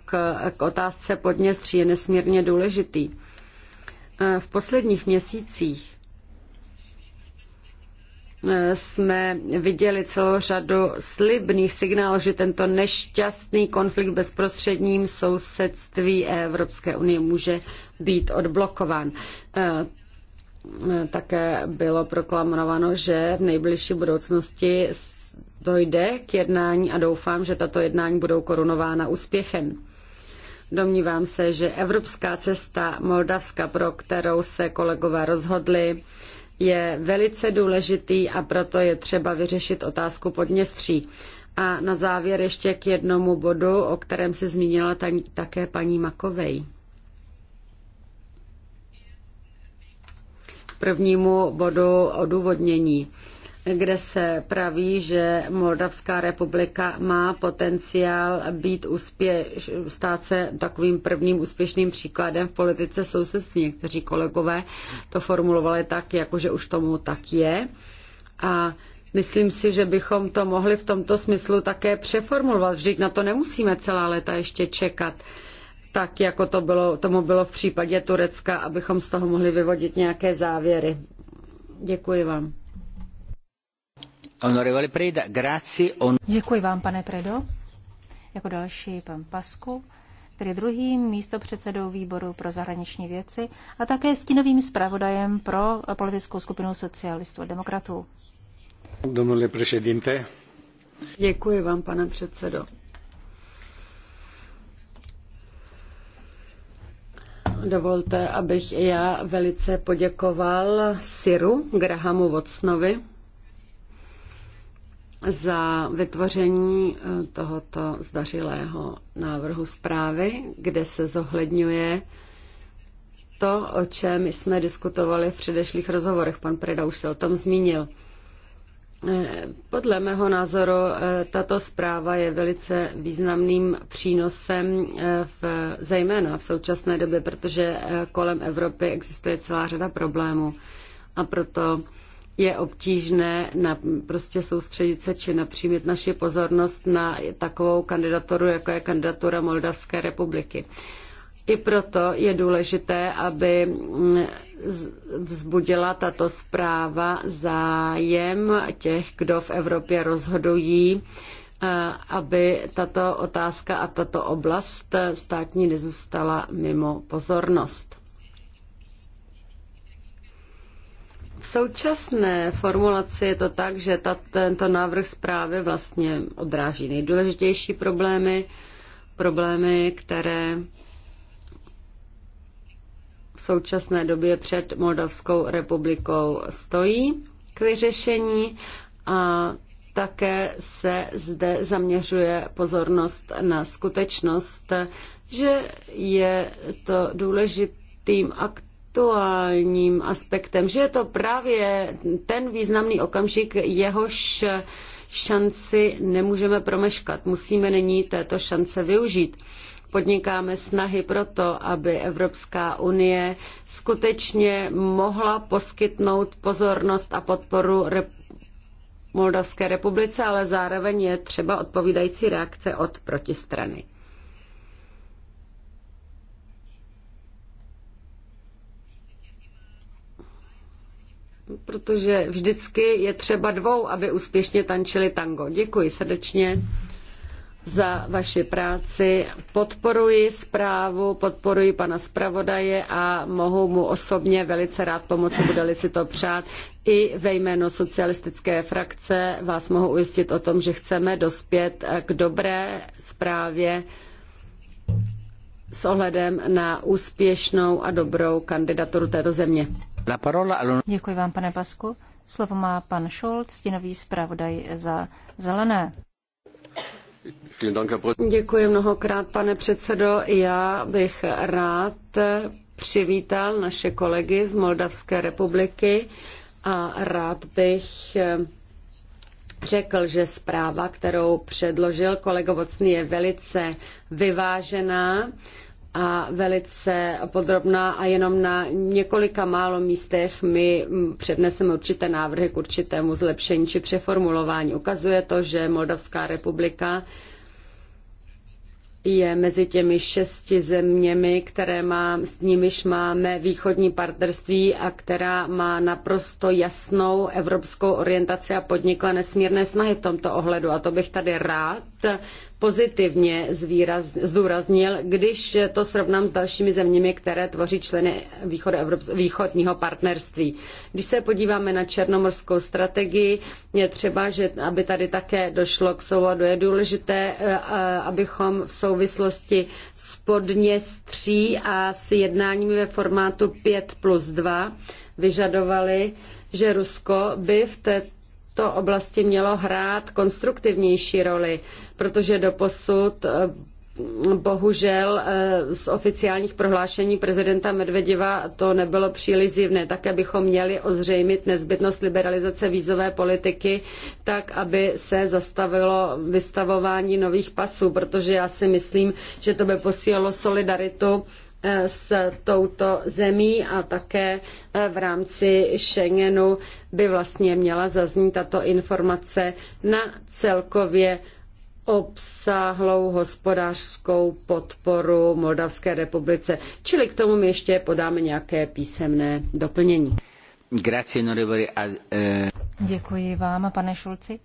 k otázce Podněstří je nesmírně důležitý. V posledních měsících Eh, jsme viděli celou řadu slibných signálů, že tento nešťastný konflikt bezprostředním sousedství Evropské unie může být odblokován. Eh, eh, také bylo proklamováno, že v nejbližší budoucnosti dojde k jednání a doufám, že tato jednání budou korunována úspěchem. Domnívám se, že evropská cesta Moldavska, pro kterou se kolegové rozhodli, je velice důležitý a proto je třeba vyřešit otázku podněstří. A na závěr ještě k jednomu bodu, o kterém se zmínila ta, také paní Makovej. K prvnímu bodu odůvodnění kde se praví, že Moldavská republika má potenciál být úspěš, stát se takovým prvním úspěšným příkladem v politice sousedství. Někteří kolegové to formulovali tak, jako že už tomu tak je. A Myslím si, že bychom to mohli v tomto smyslu také přeformulovat. Vždyť na to nemusíme celá léta ještě čekat, tak jako to bylo, tomu bylo v případě Turecka, abychom z toho mohli vyvodit nějaké závěry. Děkuji vám. Děkuji vám, pane Predo. Jako další pan Pasku, který je druhým místopředsedou výboru pro zahraniční věci a také stínovým zpravodajem pro politickou skupinu socialistů a demokratů. Děkuji vám, pane předsedo. Dovolte, abych i já velice poděkoval Siru Grahamu Vocnovi, za vytvoření eh, tohoto zdařilého návrhu zprávy, kde se zohledňuje to, o čem jsme diskutovali v předešlých rozhovorech. Pan Preda už se o tom zmínil. Eh, podle mého názoru eh, tato zpráva je velice významným přínosem v, zejména v současné době, protože kolem Evropy existuje celá řada problémů. A proto je obtížné na, prostě soustředit se či napřímit naši pozornost na takovou kandidaturu, jako je kandidatura Moldavské republiky. I proto je důležité, aby mm, vzbudila tato zpráva zájem těch, kdo v Evropě rozhodují, eh, aby tato otázka a tato oblast státní nezůstala mimo pozornost. V současné formulaci je to tak, že ta, tento návrh zprávy vlastně odráží nejdůležitější problémy, problémy, které v současné době před Moldavskou republikou stojí k vyřešení a také se zde zaměřuje pozornost na skutečnost, že je to důležitým aktem, aktuálním aspektem, že je to právě ten významný okamžik, jehož šanci nemůžeme promeškat. Musíme nyní této šance využít. Podnikáme snahy proto, aby Evropská unie skutečně mohla poskytnout pozornost a podporu Moldavské republice, ale zároveň je třeba odpovídající reakce od protistrany. protože vždycky je třeba dvou, aby úspěšně tančili tango. Děkuji srdečně za vaši práci. Podporuji zprávu, podporuji pana zpravodaje a mohu mu osobně velice rád pomoci, bude-li si to přát. I ve jménu socialistické frakce vás mohu ujistit o tom, že chceme dospět k dobré zprávě s ohledem na úspěšnou a dobrou kandidaturu této země. La parola Děkuji vám, pane Pasku. Slovo má pan Scholz, stínový zpravodaj za zelené. Děkuji mnohokrát, pane předsedo. Já bych rád přivítal naše kolegy z Moldavské republiky a rád bych eh, řekl, že zpráva, kterou předložil kolega Vocný, je velice vyvážená a velice podrobná a jenom na několika málo místech my předneseme určité návrhy k určitému zlepšení či přeformulování. Ukazuje to, že Moldavská republika je mezi těmi šesti zeměmi, které má, s nimiž máme východní partnerství a která má naprosto jasnou evropskou orientaci a podnikla nesmírné snahy v tomto ohledu. A to bych tady rád pozitivně zvýraz, zdůraznil, když to srovnám s dalšími zeměmi, které tvoří členy východního partnerství. Když se podíváme na černomorskou strategii, je třeba, že aby tady také došlo k souladu. Je důležité, eh, abychom v souvislosti s Podněstří a s jednáními ve formátu 5 plus 2 vyžadovali, že Rusko by v této této oblasti mělo hrát konstruktivnější roli, protože doposud eh, bohužel eh, z oficiálních prohlášení prezidenta Medvedeva to nebylo příliš zjevné. Také bychom měli ozřejmit nezbytnost liberalizace vízové politiky tak, aby se zastavilo vystavování nových pasů, protože já si myslím, že to by posílilo solidaritu s touto zemí a také e, v rámci Schengenu by vlastně měla zaznít tato informace na celkově obsáhlou hospodářskou podporu Moldavské republice. Čili k tomu my ještě podáme nějaké písemné doplnění. E, Děkuji vám, pane Šulci.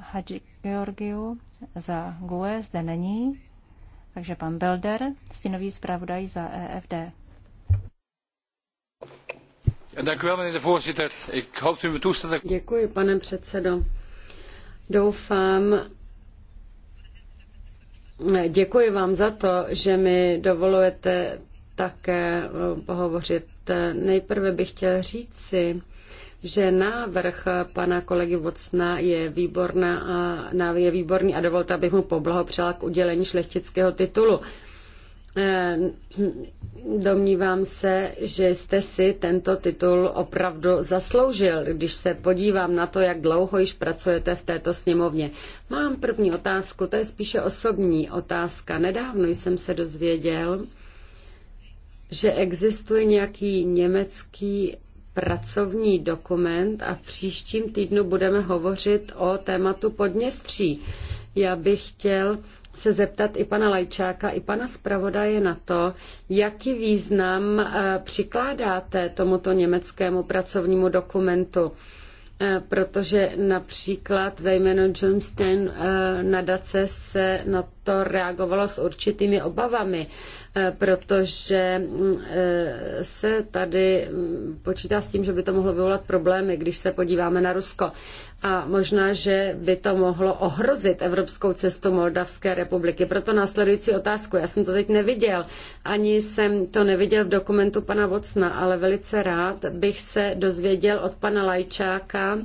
Hadži Georgiu za GUE zde není. Takže pan Belder, stínový zpravodaj za EFD. Děkuji, pane předsedo. Doufám, děkuji vám za to, že mi dovolujete také eh, pohovořit. Eh, nejprve bych chtěl říci, že návrh pana kolegy Vocna je, výborná a, je výborný a dovolte, abych mu poblahopřála k udělení šlechtického titulu. Eh, domnívám se, že jste si tento titul opravdu zasloužil, když se podívám na to, jak dlouho již pracujete v této sněmovně. Mám první otázku, to je spíše osobní otázka. Nedávno jsem se dozvěděl, že existuje nějaký německý pracovní dokument a v příštím týdnu budeme hovořit o tématu Podněstří. Já bych chtěl se zeptat i pana Lajčáka, i pana zpravodaje na to, jaký význam eh, přikládáte tomuto německému pracovnímu dokumentu Eh, protože například ve jménu Johnston eh, nadace se na to reagovalo s určitými obavami, eh, protože se tady mm, počítá s tím, že by to mohlo vyvolat problémy, když se podíváme na Rusko a možná, že by to mohlo ohrozit evropskou cestu Moldavské republiky. Proto následující otázku. Já jsem to teď neviděl, ani jsem to neviděl v dokumentu pana Vocna, ale velice rád bych se dozvěděl od pana Lajčáka,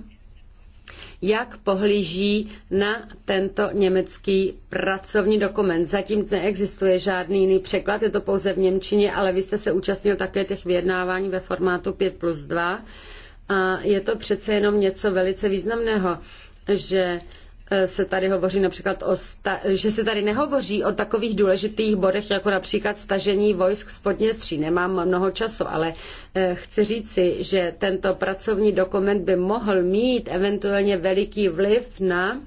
jak pohlíží na tento německý pracovní dokument. Zatím neexistuje žádný jiný překlad, je to pouze v Němčině, ale vy jste se účastnil také těch vyjednávání ve formátu 5 plus 2 a je to přece jenom něco velice významného, že e, se tady hovoří například o sta- že se tady nehovoří o takových důležitých bodech, jako například stažení vojsk z Podněstří. Nemám mnoho času, ale e, chci říci, že tento pracovní dokument by mohl mít eventuálně veliký vliv na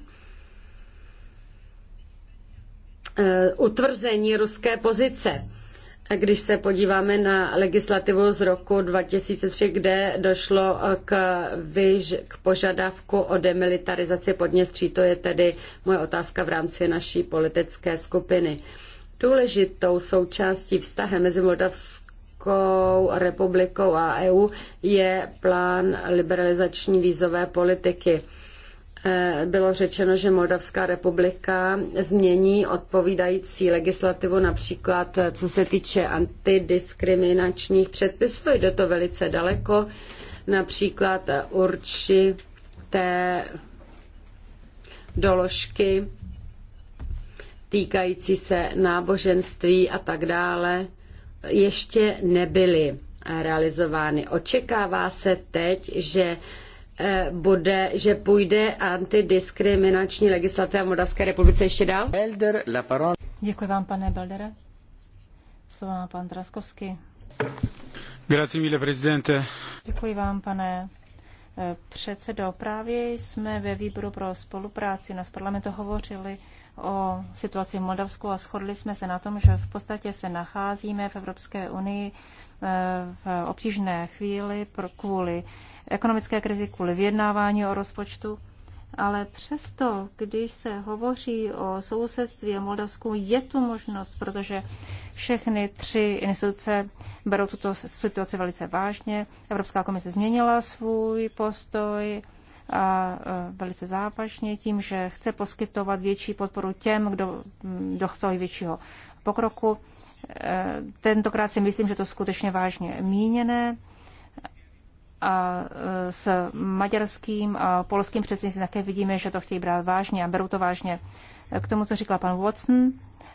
e, utvrzení ruské pozice když se podíváme na legislativu z roku 2003, kde došlo eh, k, vyž, k požadavku o demilitarizaci podněstří, to je tedy moje otázka v rámci naší politické skupiny. Důležitou součástí vztahu mezi Moldavskou republikou a EU je plán liberalizační vízové politiky. Eh, bylo řečeno, že Moldavská republika změní odpovídající legislativu, například eh, co se týče antidiskriminačních předpisů. Jde to velice daleko, například eh, určité doložky týkající se náboženství a tak dále ještě nebyly realizovány. Očekává se teď, že Eh, bude, že půjde antidiskriminační legislativa v Moldavské republice ještě dál? Belder, la parole. Děkuji vám, pane Beldere. Slovo má pan Draskovský. Grazie mille, prezidente. Děkuji vám, pane eh, předsedo. Právě jsme ve výboru pro spolupráci na parlamentu hovořili o situaci v Moldavsku a shodli jsme se na tom, že v podstatě se nacházíme v Evropské unii eh, v obtížné chvíli kvůli ekonomické krizi, kvůli vyjednávání o rozpočtu. Ale přesto, když se hovoří o sousedství a Moldavsku, je tu možnost, protože všechny tři instituce berou tuto situaci velice vážně. Evropská komise změnila svůj postoj a e, velice zápažně tím, že chce poskytovat větší podporu těm, kdo, dochcou většího pokroku. E, tentokrát si myslím, že to skutečně vážně míněné a e, s maďarským a polským předsednictvím také vidíme, že to chtějí brát vážně a berou to vážně. E, k tomu, co říkal pan Watson,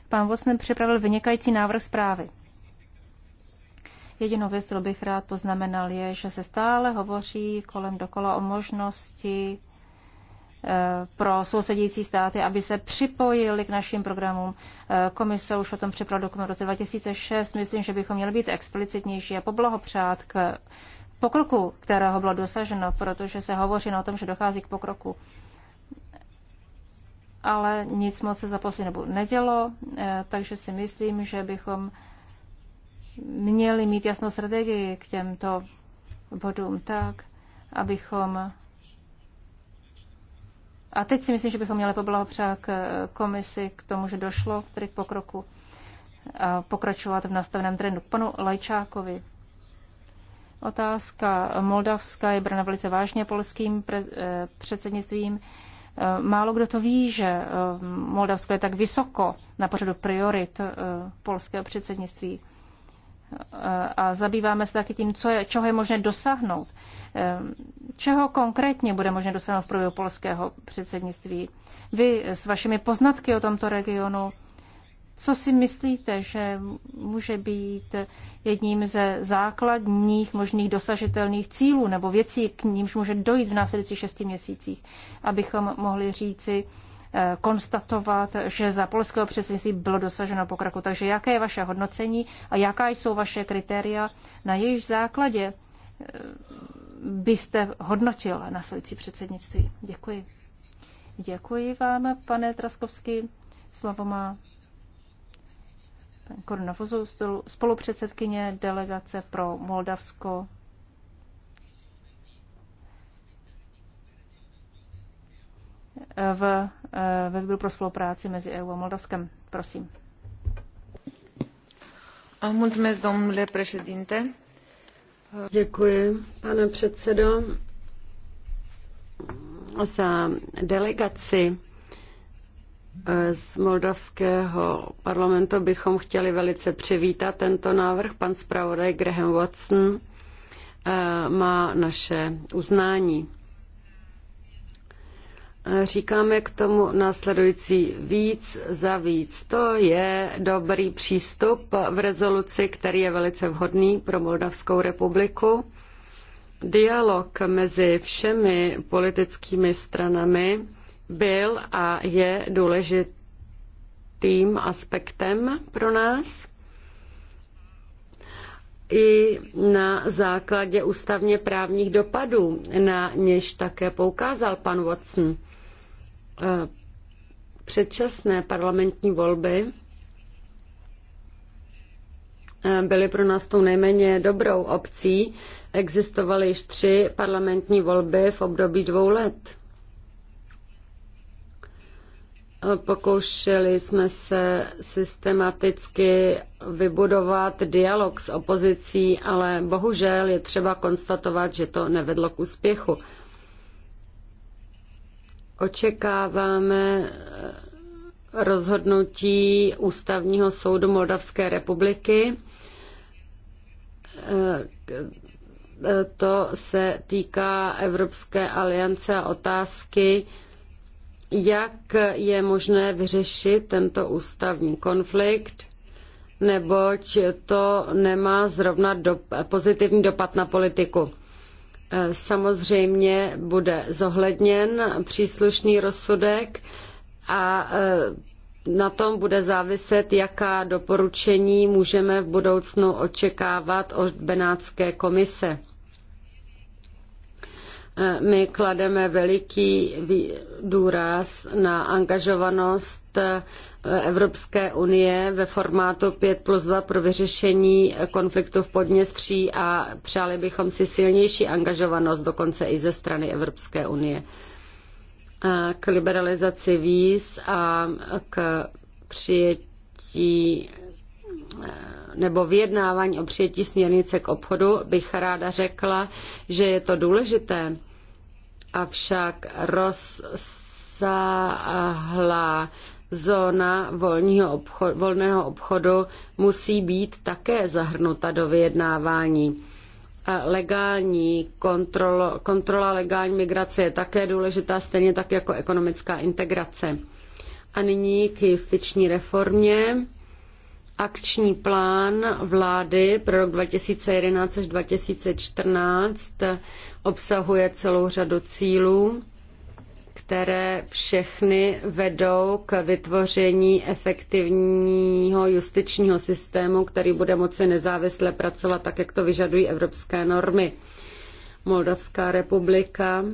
pan Watson připravil vynikající návrh zprávy. Jedinou věc, kterou bych rád poznamenal, je, že se stále hovoří kolem dokola o možnosti e, pro sousedící státy, aby se připojili k našim programům. Komise už o tom připravila dokument v roce 2006. Myslím, že bychom měli být explicitnější a poblahopřát k pokroku, kterého bylo dosaženo, protože se hovoří o tom, že dochází k pokroku. Ale nic moc se za poslední dobu nedělo, eh, takže si myslím, že bychom měli mít jasnou strategii k těmto bodům tak, abychom a teď si myslím, že bychom měli poblahopřát k eh, komisi k tomu, že došlo tedy k pokroku a pokračovat v nastaveném trendu. K panu Lajčákovi. Otázka Moldavska je brna velice vážně polským pre, eh, předsednictvím. Eh, málo kdo to ví, že eh, Moldavsko je tak vysoko na pořadu priorit polského předsednictví. A zabýváme se taky tím, co je, čeho je možné dosáhnout. Čeho konkrétně bude možné dosáhnout v průběhu polského předsednictví? Vy s vašimi poznatky o tomto regionu co si myslíte, že může být jedním ze základních možných dosažitelných cílů nebo věcí, k nímž může dojít v následujících šesti měsících, abychom mohli říci, eh, konstatovat, že za polského předsednictví bylo dosaženo pokraku. Takže jaké je vaše hodnocení a jaká jsou vaše kritéria, na jejich základě eh, byste hodnotil následující předsednictví? Děkuji. Děkuji vám, pane Traskovský. Slovo má Kornafozou, spolupředsedkyně delegace pro Moldavsko. V, eh, ve výboru pro spolupráci mezi EU a Moldavskem. Prosím. Mulțumesc, domnule președinte. Děkuji, pane předsedo, za delegaci Eh, z moldavského parlamentu bychom chtěli velice přivítat tento návrh. Pan zpravodaj Graham Watson eh, má naše uznání. Eh, říkáme k tomu následující víc za víc. To je dobrý přístup v rezoluci, který je velice vhodný pro Moldavskou republiku. Dialog mezi všemi politickými stranami byl a je důležitým aspektem pro nás i na základě ústavně právních dopadů, na něž také poukázal pan Watson. Eh, předčasné parlamentní volby eh, byly pro nás tou nejméně dobrou opcí. Existovaly již tři parlamentní volby v období dvou let. Pokoušeli jsme se systematicky vybudovat dialog s opozicí, ale bohužel je třeba konstatovat, že to nevedlo k úspěchu. Očekáváme eh, rozhodnutí Ústavního soudu Moldavské republiky. Eh, eh, to se týká Evropské aliance a otázky, jak je možné vyřešit tento ústavní konflikt, neboť to nemá zrovna do, pozitivní dopad na politiku. E, samozřejmě bude zohledněn příslušný rozsudek a e, na tom bude záviset, jaká doporučení můžeme v budoucnu očekávat od Benátské komise. E, my klademe veliký důraz na angažovanost e, Evropské unie ve formátu 5 plus 2 pro vyřešení konfliktu v Podněstří a přáli bychom si silnější angažovanost dokonce i ze strany Evropské unie e, k liberalizaci víz a k přijetí nebo vyjednávání o přijetí směrnice k obchodu bych ráda řekla, že je to důležité, avšak rozsáhlá zóna volního volného obchodu musí být také zahrnuta do vyjednávání legální kontrolo, kontrola legální migrace je také důležitá, stejně tak jako ekonomická integrace. A nyní k justiční reformě akční plán vlády pro rok 2011 až 2014 obsahuje celou řadu cílů, které všechny vedou k vytvoření efektivního justičního systému, který bude moci nezávisle pracovat tak, jak to vyžadují evropské normy. Moldavská republika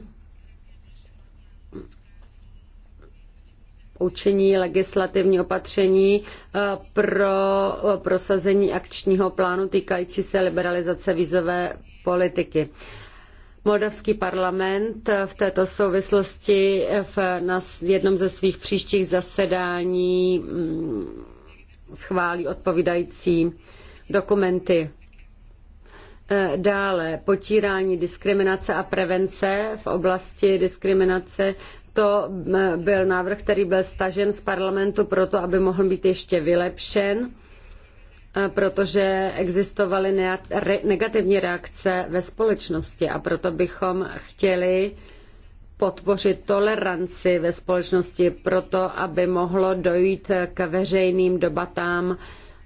učiní legislativní opatření eh, pro prosazení akčního plánu týkající se liberalizace vízové politiky. Moldavský parlament v této souvislosti v, na jednom ze svých příštích zasedání mm, schválí odpovídající dokumenty. Eh, dále potírání diskriminace a prevence v oblasti diskriminace to eh, byl návrh, který byl stažen z parlamentu proto, aby mohl být ještě vylepšen, eh, protože existovaly negativní reakce ve společnosti a proto bychom chtěli podpořit toleranci ve společnosti proto, aby mohlo dojít k veřejným debatám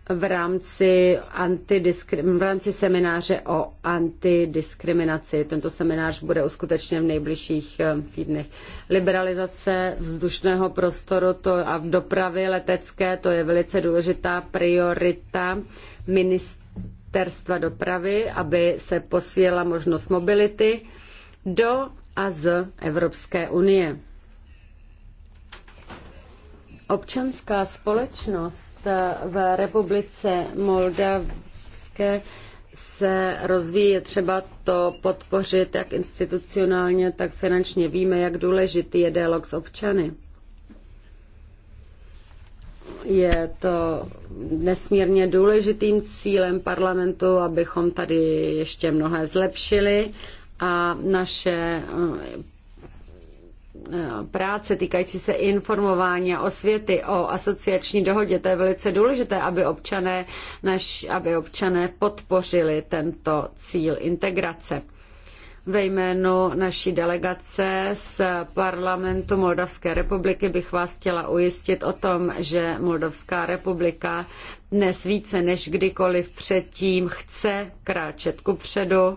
v rámci, v rámci semináře o antidiskriminaci. Tento seminář bude uskutečněn v nejbližších eh, týdnech. Liberalizace vzdušného prostoru to a v dopravy letecké, to je velice důležitá priorita ministerstva dopravy, aby se posílila možnost mobility do a z Evropské unie. Občanská společnost Eh, v republice Moldavské se rozvíjí, třeba to podpořit jak institucionálně, tak finančně. Víme, jak důležitý je dialog s občany. Je to nesmírně důležitým cílem parlamentu, abychom tady ještě mnohé zlepšili a naše eh, práce týkající se informování a osvěty o asociační dohodě. To je velice důležité, aby občané, naš, aby občané podpořili tento cíl integrace ve jménu naší delegace z parlamentu Moldavské republiky bych vás chtěla ujistit o tom, že Moldavská republika dnes více než kdykoliv předtím chce kráčet kupředu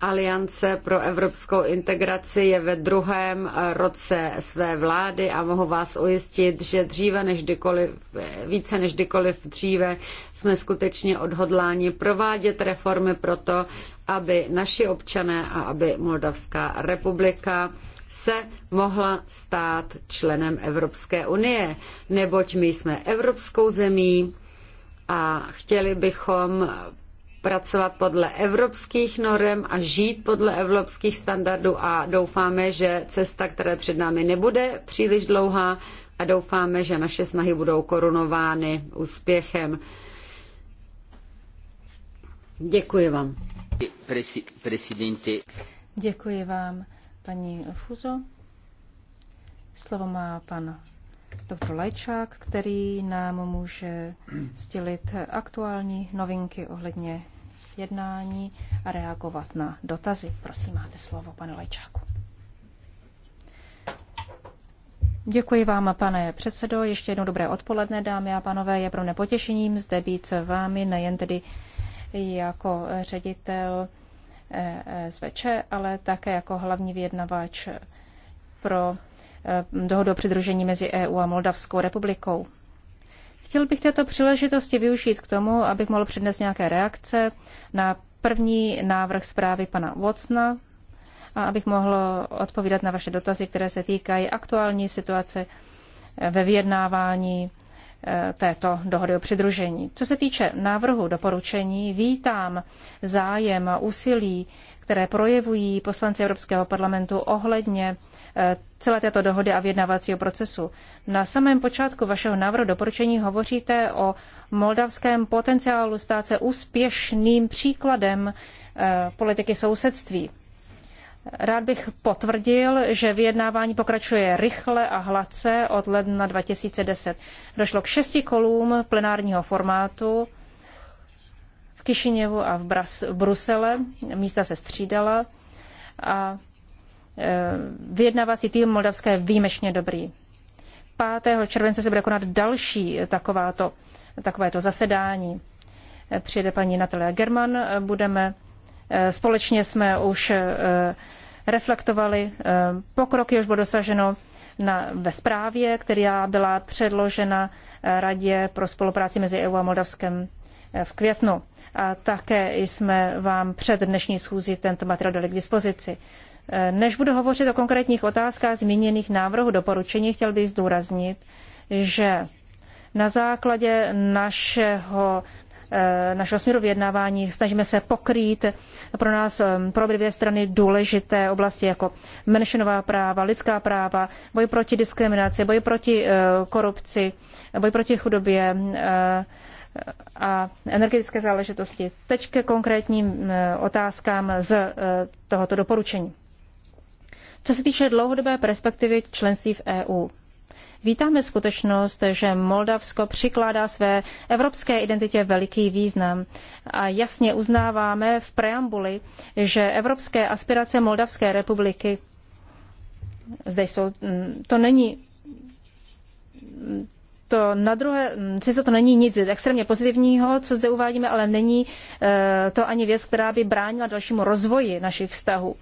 Aliance pro evropskou integraci je ve druhém eh, roce své vlády a mohu vás ujistit, že dříve než kdykoliv, eh, více než kdykoliv dříve jsme skutečně odhodláni provádět reformy proto, aby naši občané a aby Moldavská republika se mohla stát členem Evropské unie, neboť my jsme evropskou zemí a chtěli bychom pracovat podle evropských norem a žít podle evropských standardů a doufáme, že cesta, která před námi nebude příliš dlouhá a doufáme, že naše snahy budou korunovány úspěchem. Děkuji vám. Děkuji vám, paní Fuzo. Slovo má pan doktor Lajčák, který nám může sdělit aktuální novinky ohledně jednání a reagovat na dotazy. Prosím, máte slovo, pane Lajčáku. Děkuji vám, pane předsedo. Ještě jednou dobré odpoledne, dámy a pánové. Je pro mě potěšením zde být s vámi, nejen tedy jako ředitel eh, eh, SVČ, ale také jako hlavní vyjednavač pro Eh, dohodu o přidružení mezi EU a Moldavskou republikou. Chtěl bych této příležitosti využít k tomu, abych mohl přednést nějaké reakce na první návrh zprávy pana Watsona a abych mohl odpovídat na vaše dotazy, které se týkají aktuální situace eh, ve vyjednávání eh, této dohody o přidružení. Co se týče návrhu doporučení, vítám zájem a úsilí, které projevují poslanci Evropského parlamentu ohledně celé této dohody a vyjednávacího procesu. Na samém počátku vašeho návrhu doporučení hovoříte o moldavském potenciálu stát se úspěšným příkladem eh, politiky sousedství. Rád bych potvrdil, že vyjednávání pokračuje rychle a hladce od ledna 2010. Došlo k šesti kolům plenárního formátu v Kišiněvu a v, Bras- v Brusele. Místa se střídala a Eh, vyjednávací tým Moldavska je výjimečně dobrý. 5. července se bude konat další takováto, takovéto zasedání. Eh, přijede paní Natalia German, eh, budeme, společně jsme už reflektovali pokrok, jež bylo dosaženo na, ve zprávě, která byla předložena Radě pro spolupráci mezi EU a Moldavskem v květnu. A také jsme vám před dnešní schůzi tento materiál dali k dispozici. Než budu hovořit o konkrétních otázkách zmíněných návrhů doporučení, chtěl bych zdůraznit, že na základě našeho eh, našeho směru vyjednávání. Snažíme se pokrýt pro nás, eh, pro obě dvě strany důležité oblasti jako menšinová práva, lidská práva, boj proti diskriminaci, boj proti eh, korupci, boj proti chudobě a energetické záležitosti. Teď ke konkrétním otázkám z tohoto doporučení. Co se týče dlouhodobé perspektivy členství v EU, vítáme skutečnost, že Moldavsko přikládá své evropské identitě veliký význam a jasně uznáváme v preambuli, že evropské aspirace Moldavské republiky zde jsou, mm, to není mm, to na druhé, mm, sice to není nic extrémně pozitivního, co zde uvádíme, ale není eh, to ani věc, která by bránila dalšímu rozvoji našich vztahů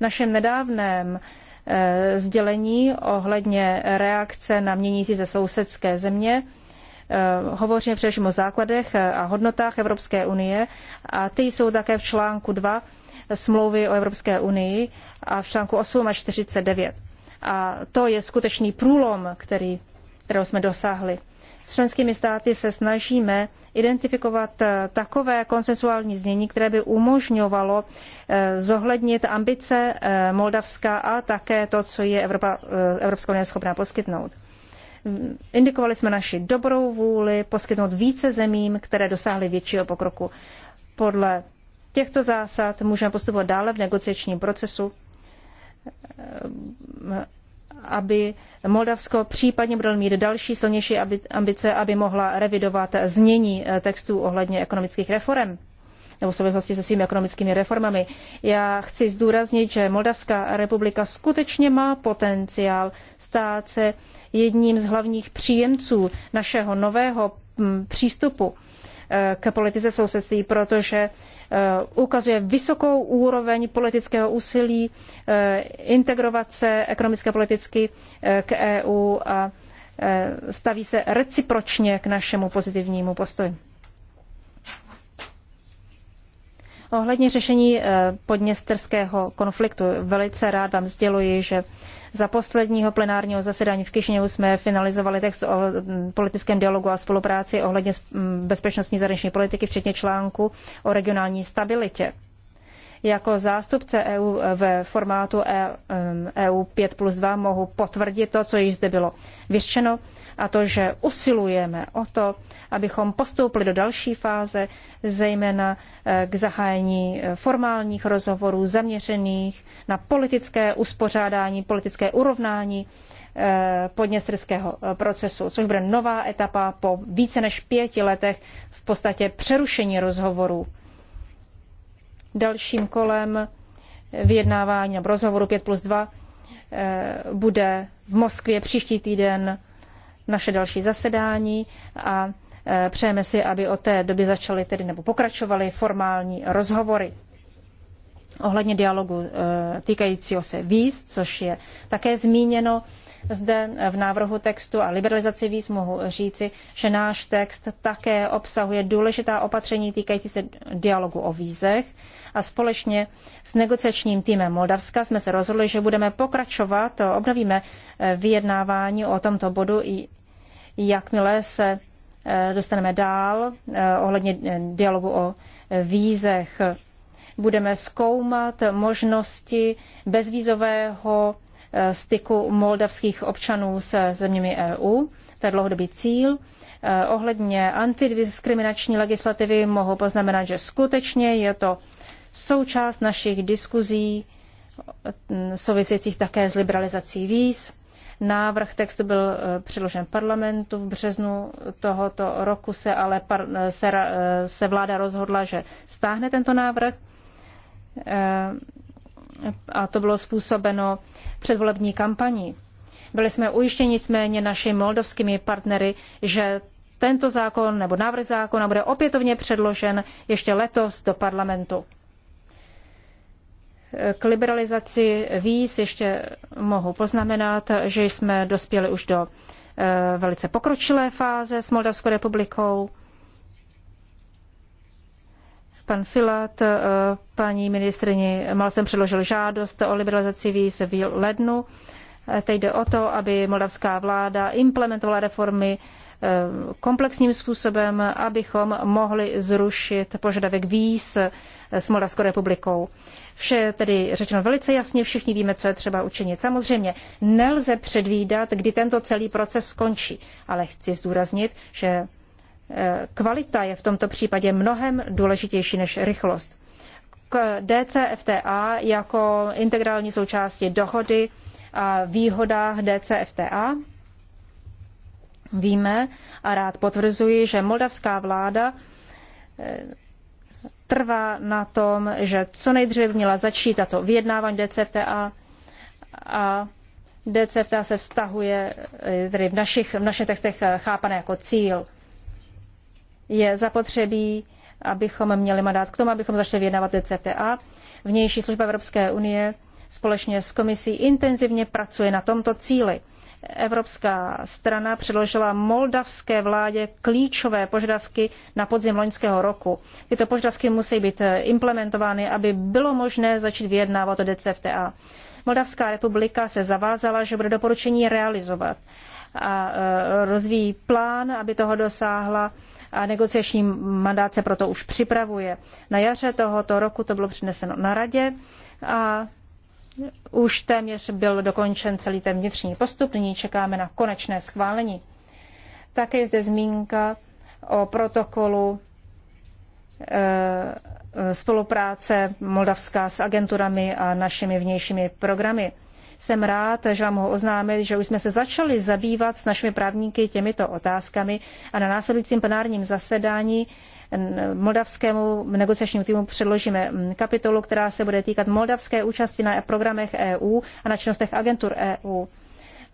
našem nedávném eh, sdělení ohledně reakce na měnící ze sousedské země eh, hovoříme především o základech eh, a hodnotách Evropské unie a ty jsou také v článku 2 smlouvy o Evropské unii a v článku 8 a 49. A to je skutečný průlom, který, kterého jsme dosáhli. S členskými státy se snažíme identifikovat eh, takové konsensuální znění, které by umožňovalo eh, zohlednit ambice eh, Moldavska a také to, co je Evropa, Evropská unie schopná poskytnout. Mm, indikovali jsme naši dobrou vůli poskytnout více zemím, které dosáhly většího pokroku. Podle těchto zásad můžeme postupovat dále v negociačním procesu aby Moldavsko případně bude mít další silnější ambice, aby mohla revidovat znění eh, textů ohledně ekonomických reform nebo v souvislosti se svými ekonomickými reformami. Já chci zdůraznit, že Moldavská republika skutečně má potenciál stát se jedním z hlavních příjemců našeho nového mm, přístupu eh, k politice sousedství, protože Eh, ukazuje vysokou úroveň politického úsilí eh, integrovat se ekonomicky a politicky eh, k EU a staví se recipročně k našemu pozitivnímu postoji. Ohledně řešení eh, podněsterského konfliktu velice rád vám sděluji, že za posledního plenárního zasedání v Kišiněvu jsme finalizovali text o mm, politickém dialogu a spolupráci ohledně mm, bezpečnostní zahraniční politiky, včetně článku o regionální stabilitě. Jako zástupce EU ve formátu EU mm, e 5 plus 2 mohu potvrdit to, co již zde bylo vyřčeno a to, že usilujeme o to, abychom postoupili do další fáze, zejména eh, k zahájení eh, formálních rozhovorů zaměřených na politické uspořádání, politické urovnání eh, podněstrského procesu, což bude nová etapa po více než pěti letech v podstatě přerušení rozhovorů. Dalším kolem vyjednávání nebo rozhovoru 5 plus 2 bude v Moskvě příští týden naše další zasedání a e, přejeme si, aby od té doby začaly tedy nebo pokračovaly formální rozhovory ohledně dialogu e, týkajícího se víz, což je také zmíněno zde v návrhu textu a liberalizaci víz mohu říci, že náš text také obsahuje důležitá opatření týkající se dialogu o vízech a společně s negociačním týmem Moldavska jsme se rozhodli, že budeme pokračovat, obnovíme e, vyjednávání o tomto bodu i jakmile se eh, dostaneme dál eh, ohledně eh, dialogu o vízech. Budeme zkoumat možnosti bezvízového styku moldavských občanů se zeměmi EU. To je dlouhodobý cíl. Ohledně antidiskriminační legislativy mohu poznamenat, že skutečně je to součást našich diskuzí mm, souvisejících také s liberalizací víz. Návrh textu byl eh, předložen parlamentu. V březnu tohoto roku se ale par, eh, se, eh, se vláda rozhodla, že stáhne tento návrh. A to bylo způsobeno předvolební kampaní. Byli jsme ujištěni nicméně našimi moldovskými partnery, že tento zákon nebo návrh zákona bude opětovně předložen ještě letos do parlamentu. K liberalizaci víz ještě mohu poznamenat, že jsme dospěli už do eh, velice pokročilé fáze s Moldavskou republikou. Pan Filat, eh, paní ministrině jsem předložil žádost o liberalizaci víz v lednu. Eh, teď jde o to, aby moldavská vláda implementovala reformy Eh, komplexním způsobem, abychom mohli zrušit požadavek víz s Moldavskou republikou. Vše tedy řečeno velice jasně, všichni víme, co je třeba učinit. Samozřejmě nelze předvídat, kdy tento celý proces skončí, ale chci zdůraznit, že eh, kvalita je v tomto případě mnohem důležitější než rychlost. K DCFTA jako integrální součásti dohody a výhodách DCFTA Víme a rád potvrzuji, že moldavská vláda eh, trvá na tom, že co nejdříve měla začít tato vyjednávání DCFTA a DCFTA se vztahuje eh, tedy v našich, v našich textech eh, chápané jako cíl. Je zapotřebí, abychom měli mandát k tomu, abychom začali vyjednávat DCFTA. Vnější služba Evropské unie společně s komisí intenzivně pracuje na tomto cíli. Evropská strana předložila moldavské vládě klíčové požadavky na podzim loňského roku. Tyto požadavky musí být eh, implementovány, aby bylo možné začít vyjednávat o DCFTA. Moldavská republika se zavázala, že bude doporučení realizovat a eh, rozvíjí plán, aby toho dosáhla a negociační mandát se proto už připravuje. Na jaře tohoto roku to bylo přineseno na radě a už téměř byl dokončen celý ten vnitřní postup, nyní čekáme na konečné schválení. Také je zde zmínka o protokolu eh, spolupráce Moldavská s agenturami a našimi vnějšími programy. Jsem rád, že vám mohu oznámit, že už jsme se začali zabývat s našimi právníky těmito otázkami a na následujícím plenárním zasedání moldavskému negociačnímu týmu předložíme kapitolu, která se bude týkat moldavské účasti na programech EU a na činnostech agentur EU.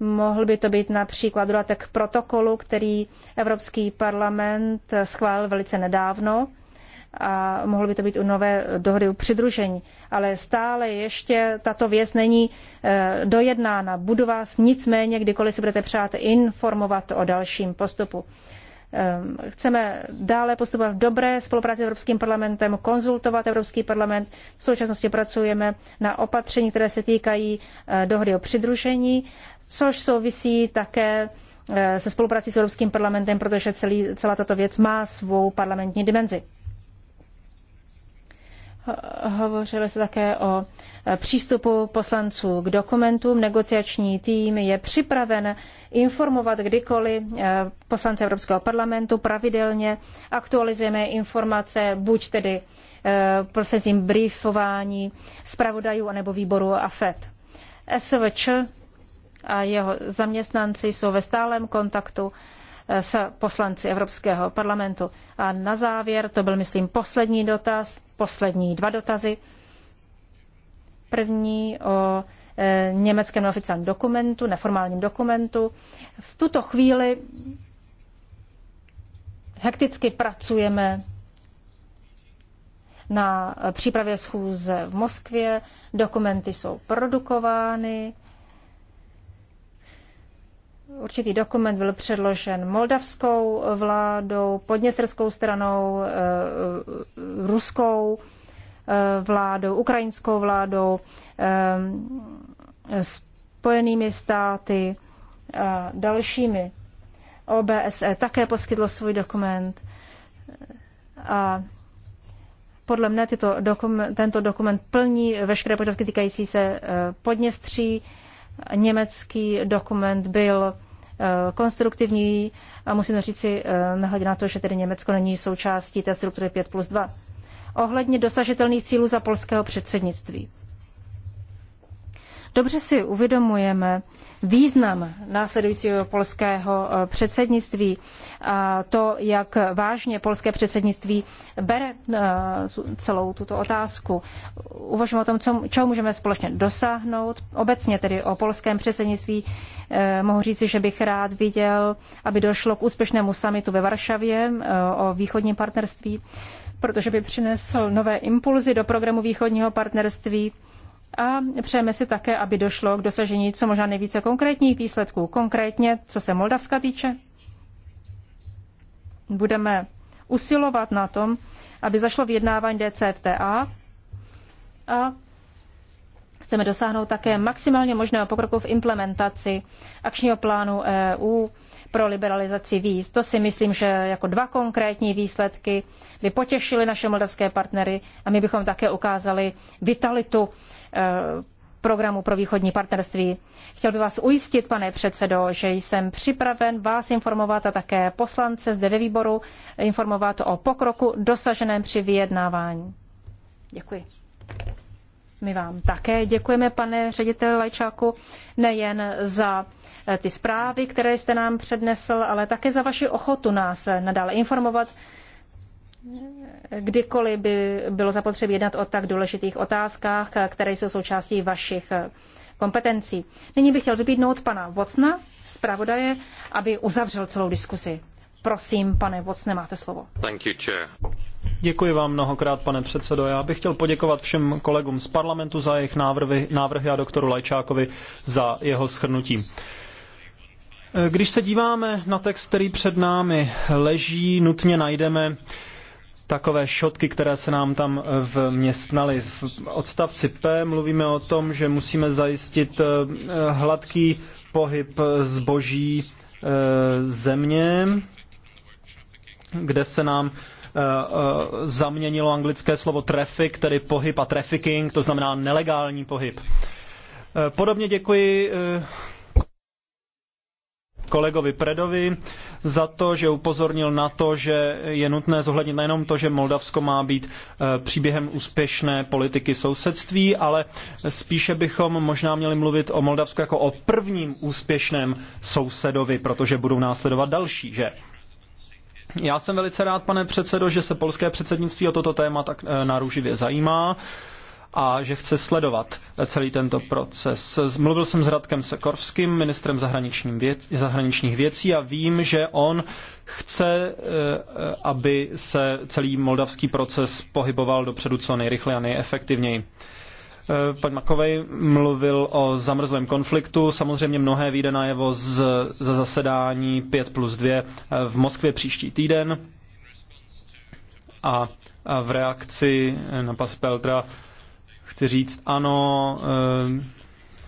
Mohl by to být například dodatek protokolu, který Evropský parlament schválil velice nedávno a mohlo by to být u nové dohody u přidružení. Ale stále ještě tato věc není e, dojednána. Budu vás nicméně, kdykoliv si budete přát, informovat o dalším postupu. Ehm, chceme dále postupovat v dobré spolupráci s Evropským parlamentem, konzultovat Evropský parlament. V současnosti pracujeme na opatření, které se týkají eh, dohody o přidružení, což souvisí také eh, se spoluprací s Evropským parlamentem, protože celý, celá tato věc má svou parlamentní dimenzi. Hovořilo se také o přístupu poslanců k dokumentům. Negociační tým je připraven informovat kdykoliv eh, poslance Evropského parlamentu pravidelně. Aktualizujeme informace buď tedy eh, prostřednictvím briefování zpravodajů anebo výboru AFET. SVČ a jeho zaměstnanci jsou ve stálém kontaktu s poslanci Evropského parlamentu. A na závěr, to byl, myslím, poslední dotaz, poslední dva dotazy. První o e, německém oficiálním dokumentu, neformálním dokumentu. V tuto chvíli hekticky pracujeme na přípravě schůze v Moskvě. Dokumenty jsou produkovány Určitý dokument byl předložen moldavskou vládou, podněstrskou stranou, eh, ruskou eh, vládou, ukrajinskou vládou, eh, spojenými státy a dalšími. OBSE také poskytlo svůj dokument a podle mne tyto dokum- tento dokument plní veškeré požadavky týkající se Podněstří Německý dokument byl eh, konstruktivní a musím říci, eh, nehledě na to, že tedy Německo není součástí té struktury 5 plus 2. Ohledně dosažitelných cílů za polského předsednictví. Dobře si uvědomujeme význam následujícího polského eh, předsednictví a to, jak vážně polské předsednictví bere eh, celou tuto otázku. Uvažujeme o tom, co, čeho můžeme společně dosáhnout. Obecně tedy o polském předsednictví eh, mohu říci, že bych rád viděl, aby došlo k úspěšnému samitu ve Varšavě o východním partnerství, protože by přinesl nové impulzy do programu východního partnerství a přejeme si také, aby došlo k dosažení co možná nejvíce konkrétních výsledků. Konkrétně, co se Moldavska týče, budeme usilovat na tom, aby zašlo vyjednávání DCFTA a Chceme dosáhnout také maximálně možného pokroku v implementaci akčního plánu EU pro liberalizaci víz. To si myslím, že jako dva konkrétní výsledky by potěšily naše moldavské partnery a my bychom také ukázali vitalitu eh, programu pro východní partnerství. Chtěl bych vás ujistit, pane předsedo, že jsem připraven vás informovat a také poslance zde ve výboru informovat o pokroku dosaženém při vyjednávání. Děkuji. My vám také děkujeme, pane ředitel Lajčáku, nejen za eh, ty zprávy, které jste nám přednesl, ale také za vaši ochotu nás eh, nadále informovat, kdykoliv by bylo zapotřebí jednat o tak důležitých otázkách, eh, které jsou součástí vašich kompetencí. Nyní bych chtěl vybídnout pana Vocna, zpravodaje, aby uzavřel celou diskusi. Prosím, pane Vocne, máte slovo. Thank you, chair. Děkuji vám mnohokrát, pane předsedo. Já bych chtěl poděkovat všem kolegům z parlamentu za jejich návrhy, návrhy a doktoru Lajčákovi za jeho shrnutí. Když se díváme na text, který před námi leží, nutně najdeme takové šotky, které se nám tam vměstnaly. V odstavci P mluvíme o tom, že musíme zajistit eh, hladký pohyb zboží eh, země, kde se nám Eh, eh, zaměnilo anglické slovo traffic, tedy pohyb a trafficking, to znamená nelegální pohyb. Eh, podobně děkuji kolegovi Predovi za to, že upozornil na to, že je nutné zohlednit nejenom to, že Moldavsko má být příběhem úspěšné politiky sousedství, ale spíše bychom možná měli mluvit o Moldavsku jako o prvním úspěšném sousedovi, protože budou následovat další, že? Já jsem velice rád, pane předsedo, že se polské předsednictví o toto téma tak eh, náruživě zajímá a že chce sledovat eh, celý tento proces. Mluvil jsem s Radkem Sekorským, ministrem zahraničních věcí a vím, že on chce, eh, aby se celý moldavský proces pohyboval dopředu co nejrychleji a nejefektivněji. Eh, pan Makovej mluvil o zamrzlém konfliktu. Samozřejmě mnohé vyjde najevo z, ze zasedání 5 plus 2 eh, v Moskvě příští týden. A, a v reakci na Paspeltra chci říct, ano, eh,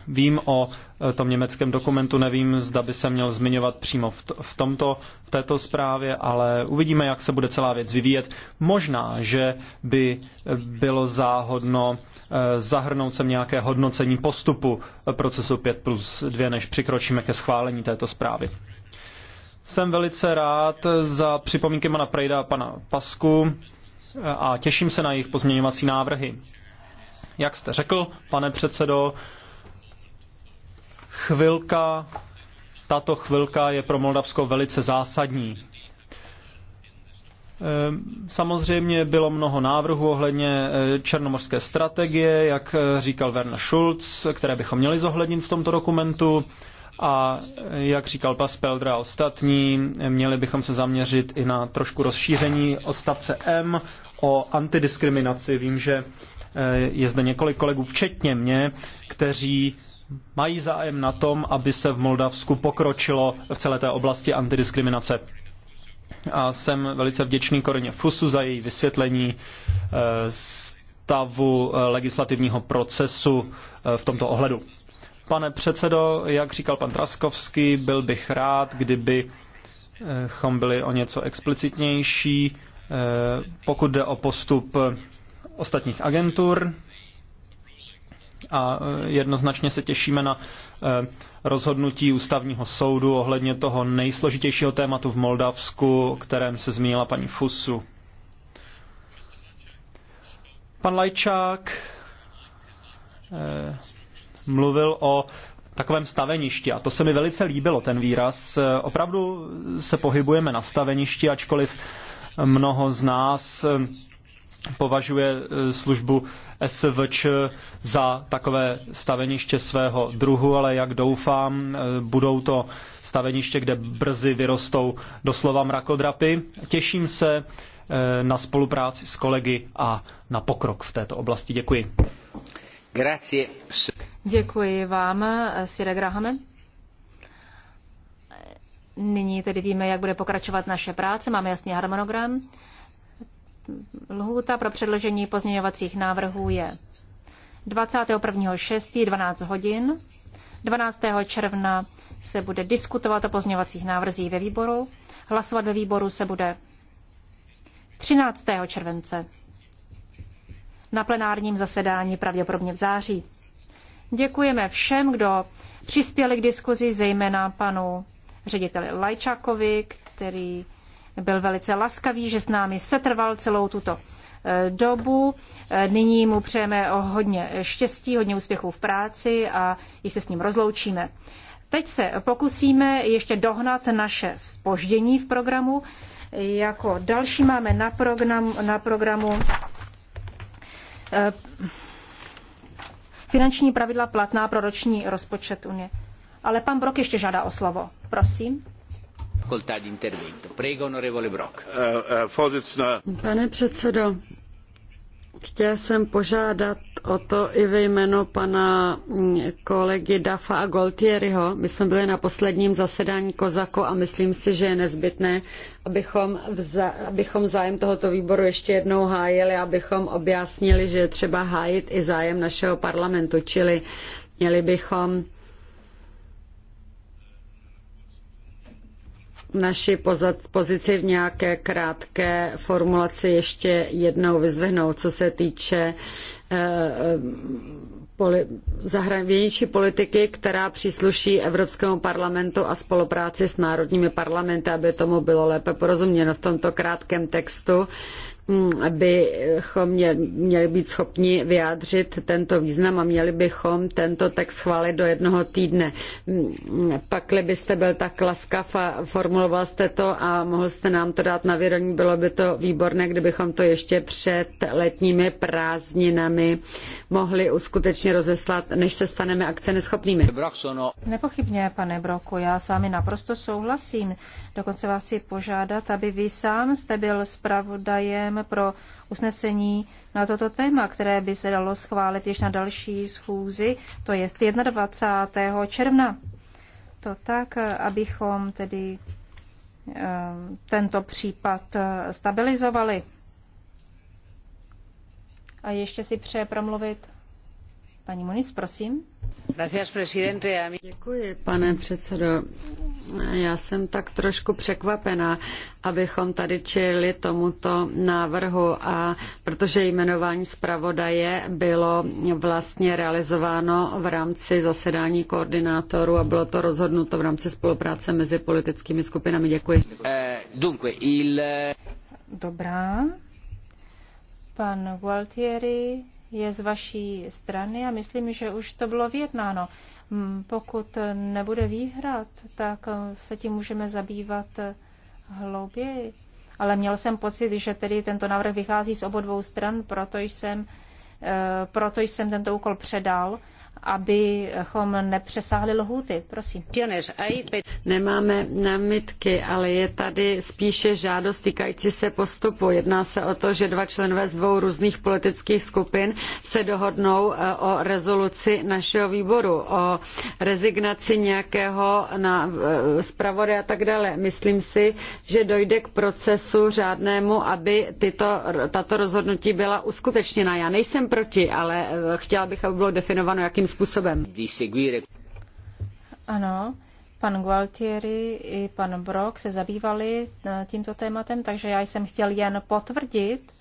Vím o eh, tom německém dokumentu, nevím, zda by se měl zmiňovat přímo v, tomto, v této zprávě, ale uvidíme, jak se bude celá věc vyvíjet. Možná, že by eh, bylo záhodno eh, zahrnout sem nějaké hodnocení postupu procesu 5 plus 2, než přikročíme ke schválení této zprávy. Jsem velice rád za připomínky pana Prejda a pana Pasku a těším se na jejich pozměňovací návrhy. Jak jste řekl, pane předsedo, chvilka, tato chvilka je pro Moldavsko velice zásadní. Ehm, samozřejmě bylo mnoho návrhů ohledně eh, černomorské strategie, jak eh, říkal Werner Schulz, které bychom měli zohlednit v tomto dokumentu. A eh, jak říkal pas Peldra a ostatní, měli bychom se zaměřit i na trošku rozšíření odstavce M o antidiskriminaci. Vím, že je zde několik kolegů, včetně mě, kteří mají zájem na tom, aby se v Moldavsku pokročilo v celé té oblasti antidiskriminace. A jsem velice vděčný Korině Fusu za její vysvětlení eh, stavu eh, legislativního procesu eh, v tomto ohledu. Pane předsedo, jak říkal pan Traskovský, byl bych rád, kdyby chom byli o něco explicitnější, pokud jde o postup ostatních agentur a e, jednoznačně se těšíme na e, rozhodnutí ústavního soudu ohledně toho nejsložitějšího tématu v Moldavsku, o kterém se zmínila paní Fusu. Pan Lajčák e, mluvil o takovém staveništi a to se mi velice líbilo, ten výraz. Opravdu se pohybujeme na staveništi, ačkoliv mnoho z nás považuje e, službu SVČ za takové staveniště svého druhu, ale jak doufám, e, budou to staveniště, kde brzy vyrostou doslova mrakodrapy. Těším se e, na spolupráci s kolegy a na pokrok v této oblasti. Děkuji. Grazie. Děkuji vám, Sire Grahame. Nyní tedy víme, jak bude pokračovat naše práce. Máme jasný harmonogram. Lhůta pro předložení pozměňovacích návrhů je 21.6. 12 hodin. 12. června se bude diskutovat o pozměňovacích návrzích ve výboru. Hlasovat ve výboru se bude 13. července. Na plenárním zasedání pravděpodobně v září. Děkujeme všem, kdo přispěli k diskuzi, zejména panu řediteli Lajčákovi, který byl velice laskavý, že s námi setrval celou tuto eh, dobu. Eh, nyní mu přejeme o hodně štěstí, hodně úspěchů v práci a již se s ním rozloučíme. Teď se pokusíme ještě dohnat naše spoždění v programu. Jako další máme na, program, na programu eh, finanční pravidla platná pro roční rozpočet Unie. Ale pan Brok ještě žádá o slovo. Prosím. Eh, eh, eh, Pane předsedo, chtěl jsem požádat o to i ve jménu pana mm, kolegy Dafa a gualtieriho My jsme byli na posledním zasedání cosaco a myslím si, že je nezbytné, abychom, vza, abychom zájem tohoto výboru ještě jednou hájili, abychom objasnili, že je třeba hájit i zájem našeho parlamentu, čili měli bychom naši pozici v nějaké krátké formulaci ještě jednou vyzvihnout, co se týče eh, eh, zahraniční politiky, která přísluší Evropskému parlamentu a spolupráci s národními parlamenty, aby tomu bylo lépe porozuměno v tomto krátkém textu bychom měli být schopni vyjádřit tento význam a měli bychom tento text schválit do jednoho týdne. Pakli byste byl tak laskav a formuloval jste to a mohl jste nám to dát na vědomí, bylo by to výborné, kdybychom to ještě před letními prázdninami mohli uskutečně rozeslat, než se staneme akce neschopnými. Nepochybně, pane Broku, já s vámi naprosto souhlasím. Dokonce vás si požádat, aby vy sám jste byl zpravodajem pro usnesení na toto téma, které by se dalo schválit již na další schůzi, to je 21. června. To tak, abychom tedy eh, tento případ eh, stabilizovali. A ještě si přeje promluvit Paní prosím. Děkuji, pane předsedo. Já jsem tak trošku překvapena, abychom tady čili tomuto návrhu, a protože jmenování zpravodaje bylo vlastně realizováno v rámci zasedání koordinátorů a bylo to rozhodnuto v rámci spolupráce mezi politickými skupinami. Děkuji. Eh, Dobrá. Pan Gualtieri je z vaší strany a myslím, že už to bylo vyjednáno. Mm, pokud nebude výhrad, tak eh, se tím můžeme zabývat eh, hlouběji. Ale měl jsem pocit, že tedy tento návrh vychází z obou dvou stran, proto jsem, eh, proto jsem tento úkol předal abychom nepřesáhli lhůty. Prosím. Nemáme námitky, ale je tady spíše žádost týkající se postupu. Jedná se o to, že dva členové z dvou různých politických skupin se dohodnou eh, o rezoluci našeho výboru, o rezignaci nějakého na eh, zpravody a tak dále. Myslím si, že dojde k procesu řádnému, aby tyto, tato rozhodnutí byla uskutečněna. Já nejsem proti, ale eh, chtěla bych, aby bylo definováno, jakým způsobem. Ano, pan Gualtieri i pan Brok se zabývali eh, tímto tématem, takže já jsem chtěl jen potvrdit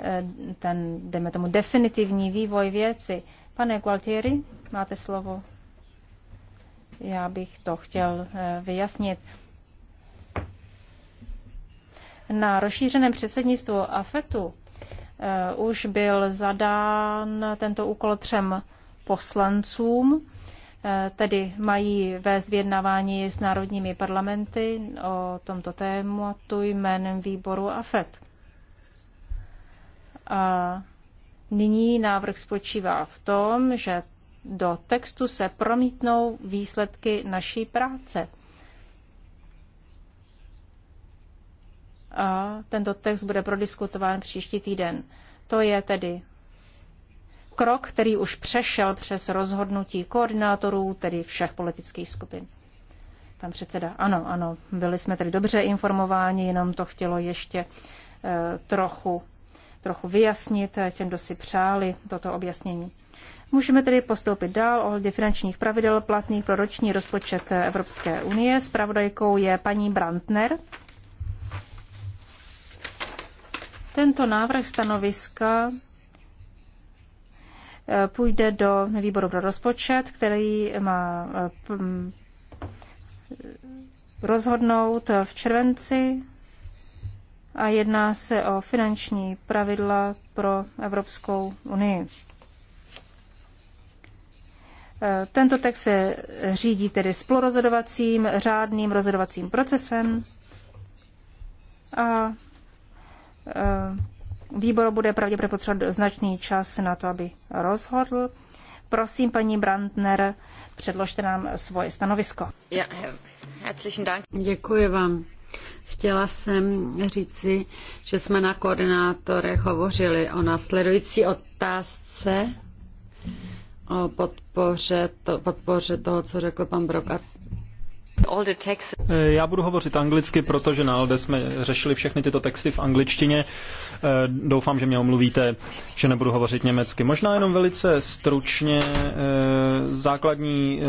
eh, ten, jdeme tomu, definitivní vývoj věci. Pane Gualtieri, máte slovo. Já bych to chtěl eh, vyjasnit. Na rozšířeném předsednictvu AFETu už byl zadán tento úkol třem poslancům, eh, tedy mají vést vyjednávání s národními parlamenty o tomto tématu jménem výboru AFET. A nyní návrh spočívá v tom, že do textu se promítnou výsledky naší práce. A tento text bude prodiskutován příští týden. To je tedy krok, který už přešel přes rozhodnutí koordinátorů, tedy všech politických skupin. Pan předseda, ano, ano, byli jsme tedy dobře informováni, jenom to chtělo ještě eh, trochu, trochu vyjasnit eh, těm, kdo si přáli toto objasnění. Můžeme tedy postoupit dál O finančních pravidel platných pro roční rozpočet eh, Evropské unie. Spravodajkou je paní Brandner. Tento návrh stanoviska půjde do výboru pro rozpočet, který má eh, rozhodnout v červenci a jedná se o finanční pravidla pro Evropskou unii. Eh, tento text se řídí tedy splorozhodovacím řádným rozhodovacím procesem a eh, Výbor bude pravděpodobně potřebovat značný čas na to, aby rozhodl. Prosím, paní Brandner, předložte nám svoje stanovisko. Děkuji vám. Chtěla jsem říci, že jsme na koordinátorech hovořili o následující otázce, o podpoře, to, podpoře toho, co řekl pan Brok Eh, já budu hovořit anglicky, protože na LDE jsme řešili všechny tyto texty v angličtině. Eh, doufám, že mě omluvíte, že nebudu hovořit německy. Možná jenom velice stručně eh, základní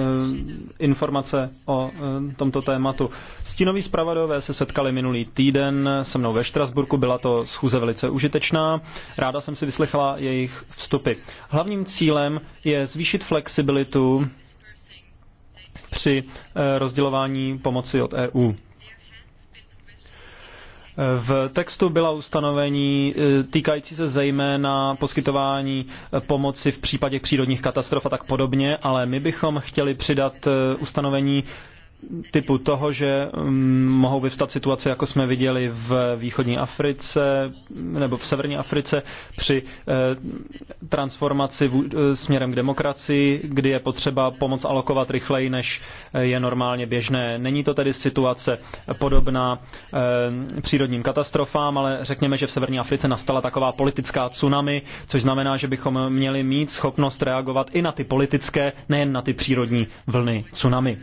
informace o tomto tématu. Stínoví zpravodajové se setkali minulý týden se mnou ve Štrasburku. Byla to schůze velice užitečná. Ráda jsem si vyslechla jejich vstupy. Hlavním cílem je zvýšit flexibilitu při eh, rozdělování pomoci od EU. V textu byla ustanovení eh, týkající se zejména poskytování eh, pomoci v případě přírodních katastrof a tak podobně, ale my bychom chtěli přidat ustanovení typu toho, že mm, mohou vyvstat situace, jako jsme viděli v východní Africe nebo v severní Africe při eh, transformaci eh, směrem k demokracii, kdy je potřeba pomoc alokovat rychleji, než eh, je normálně běžné. Není to tedy situace podobná přírodním katastrofám, ale řekněme, že v severní Africe nastala taková politická tsunami, což znamená, že bychom měli mít schopnost reagovat i na ty politické, nejen na ty přírodní vlny tsunami.